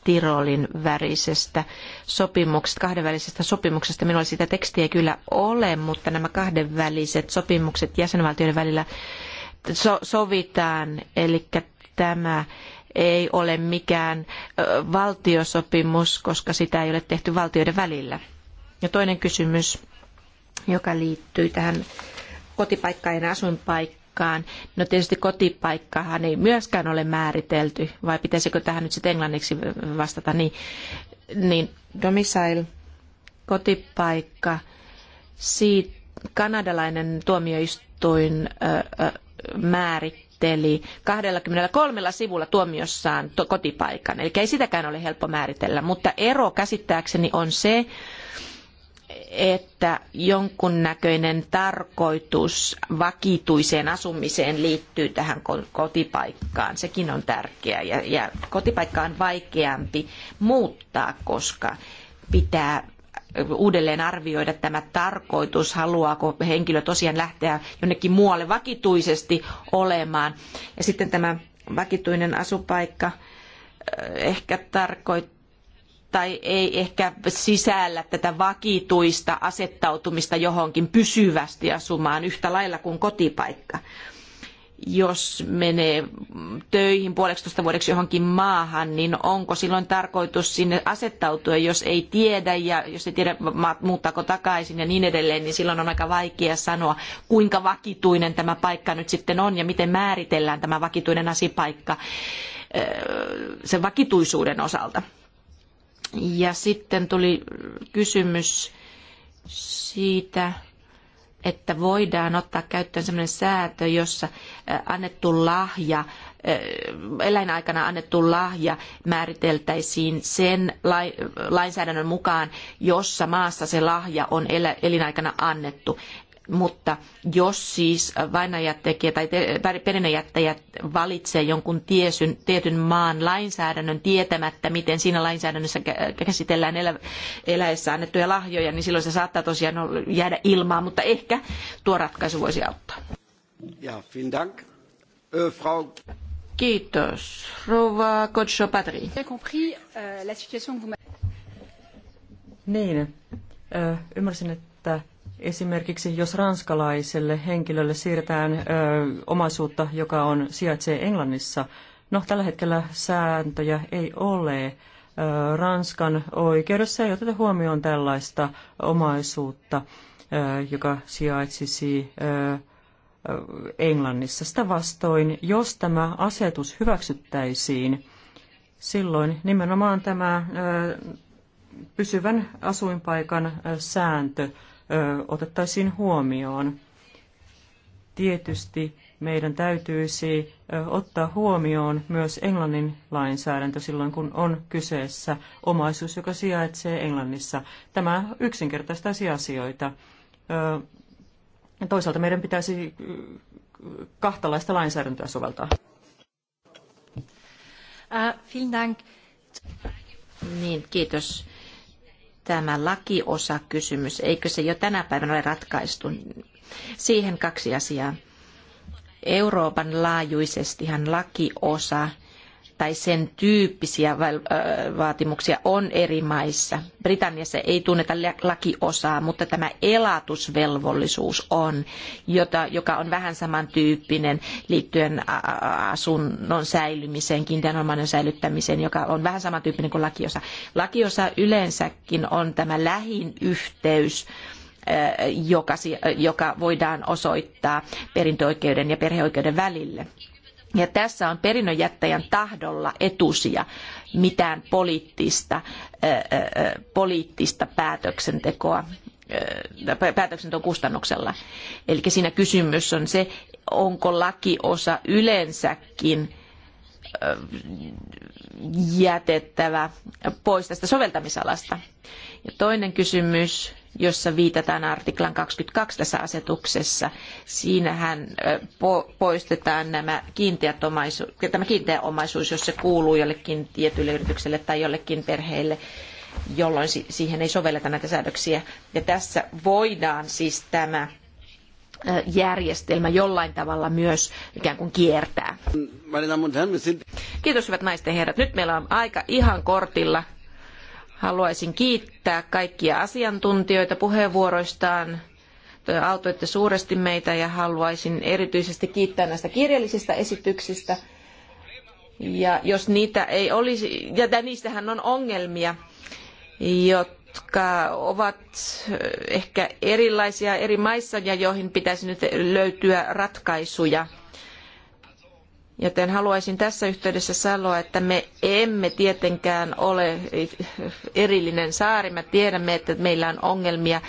Tirolin värisestä sopimuksesta, kahdenvälisestä sopimuksesta. Minulla sitä tekstiä kyllä ole, mutta nämä kahdenväliset sopimukset jäsenvaltioiden välillä so- sovitaan, eli tämä ei ole mikään valtiosopimus, koska sitä ei ole tehty valtioiden välillä. Ja toinen kysymys joka liittyy tähän kotipaikkaan ja asuinpaikkaan. No tietysti kotipaikkaahan ei myöskään ole määritelty, vai pitäisikö tähän nyt sitten englanniksi vastata, niin, niin domicile, kotipaikka, siitä kanadalainen tuomioistuin määritteli 23 sivulla tuomiossaan kotipaikan, eli ei sitäkään ole helppo määritellä, mutta ero käsittääkseni on se, että näköinen tarkoitus vakituiseen asumiseen liittyy tähän kotipaikkaan. Sekin on tärkeää. Ja, ja kotipaikka on vaikeampi muuttaa, koska pitää uudelleen arvioida tämä tarkoitus, haluaako henkilö tosiaan lähteä jonnekin muualle vakituisesti olemaan. Ja sitten tämä vakituinen asupaikka eh, ehkä tarkoittaa, tai ei ehkä sisällä tätä vakituista asettautumista johonkin pysyvästi asumaan yhtä lailla kuin kotipaikka. Jos menee töihin puoleksitoista vuodeksi johonkin maahan, niin onko silloin tarkoitus sinne asettautua, jos ei tiedä ja jos ei tiedä muuttaako takaisin ja niin edelleen, niin silloin on aika vaikea sanoa, kuinka vakituinen tämä paikka nyt sitten on ja miten määritellään tämä vakituinen asipaikka sen vakituisuuden osalta ja sitten tuli kysymys siitä, että voidaan ottaa käyttöön sellainen säätö, jossa annettu lahja, eläinaikana annettu lahja määriteltäisiin sen lainsäädännön mukaan, jossa maassa se lahja on elinaikana annettu. Mutta jos siis vainajättäjä tai perinnönjättäjä valitsee jonkun tiesyn, tietyn maan lainsäädännön tietämättä, miten siinä lainsäädännössä käsitellään elä, eläessä annettuja lahjoja, niin silloin se saattaa tosiaan jäädä ilmaan, mutta ehkä tuo ratkaisu voisi auttaa. Ja, vielen dank. Ö, Frau... Kiitos. Rouva Kotsopatri. Euh, niin, ymmärsin, että Esimerkiksi jos ranskalaiselle henkilölle siirretään ö, omaisuutta, joka on sijaitsee Englannissa, no tällä hetkellä sääntöjä ei ole. Ö, Ranskan oikeudessa ei oteta huomioon tällaista omaisuutta, ö, joka sijaitsisi ö, Englannissa. Sitä vastoin, jos tämä asetus hyväksyttäisiin, silloin nimenomaan tämä pysyvän asuinpaikan sääntö otettaisiin huomioon. Tietysti meidän täytyisi ottaa huomioon myös Englannin lainsäädäntö silloin, kun on kyseessä omaisuus, joka sijaitsee Englannissa. Tämä yksinkertaistaisi asioita. Toisaalta meidän pitäisi kahtalaista lainsäädäntöä soveltaa. Äh, vielen Dank. Niin, kiitos tämä lakiosakysymys, eikö se jo tänä päivänä ole ratkaistu? Siihen kaksi asiaa. Euroopan laajuisestihan lakiosa tai sen tyyppisiä vaatimuksia on eri maissa. Britanniassa ei tunneta lakiosaa, mutta tämä elatusvelvollisuus on, jota, joka on vähän samantyyppinen liittyen asunnon säilymiseen, kiinteän säilyttämiseen, joka on vähän samantyyppinen kuin lakiosa. Lakiosa yleensäkin on tämä lähin yhteys joka, joka voidaan osoittaa perintöoikeuden ja perheoikeuden välille ja tässä on perinnönjättäjän tahdolla etusija mitään poliittista, ää, ää, poliittista päätöksentekoa päätöksenteon kustannuksella. Eli siinä kysymys on se, onko lakiosa yleensäkin jätettävä pois tästä soveltamisalasta. Ja toinen kysymys jossa viitataan artiklan 22 tässä asetuksessa. Siinähän poistetaan nämä kiinteät omaisu, tämä kiinteä omaisuus, jos se kuuluu jollekin tietylle yritykselle tai jollekin perheelle jolloin siihen ei sovelleta näitä säädöksiä. Ja tässä voidaan siis tämä järjestelmä jollain tavalla myös ikään kuin kiertää. Kiitos hyvät naisten herrat. Nyt meillä on aika ihan kortilla. Haluaisin kiittää kaikkia asiantuntijoita puheenvuoroistaan. Te autoitte suuresti meitä ja haluaisin erityisesti kiittää näistä kirjallisista esityksistä. Ja jos niitä ei olisi, ja niistähän on ongelmia, jotka ovat eh, ehkä erilaisia eri maissa ja joihin pitäisi nyt löytyä ratkaisuja Joten haluaisin tässä yhteydessä sanoa, että me emme tietenkään ole erillinen saari. Me tiedämme, että meillä on ongelmia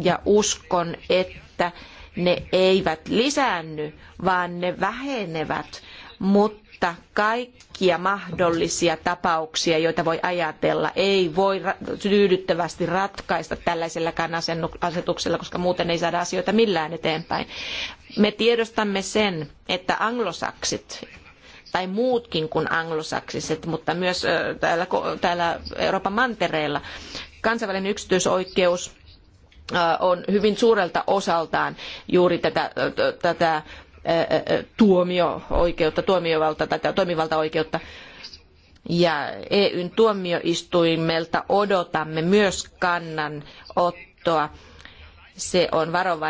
ja uskon, että ne eivät lisäänny, vaan ne vähenevät. Mutta mutta kaikkia mahdollisia tapauksia, joita voi ajatella, ei voi tyydyttävästi ratkaista tällaisellakaan asetuksella, koska muuten ei saada asioita millään eteenpäin. Me tiedostamme sen, että anglosaksit tai muutkin kuin anglosaksiset, mutta myös täällä, täällä Euroopan mantereella kansainvälinen yksityisoikeus on hyvin suurelta osaltaan juuri tätä, tätä tuomio-oikeutta, tuomiovalta tai toimivaltaoikeutta. Ja EUn tuomioistuimelta odotamme myös kannanottoa. Se on varovainen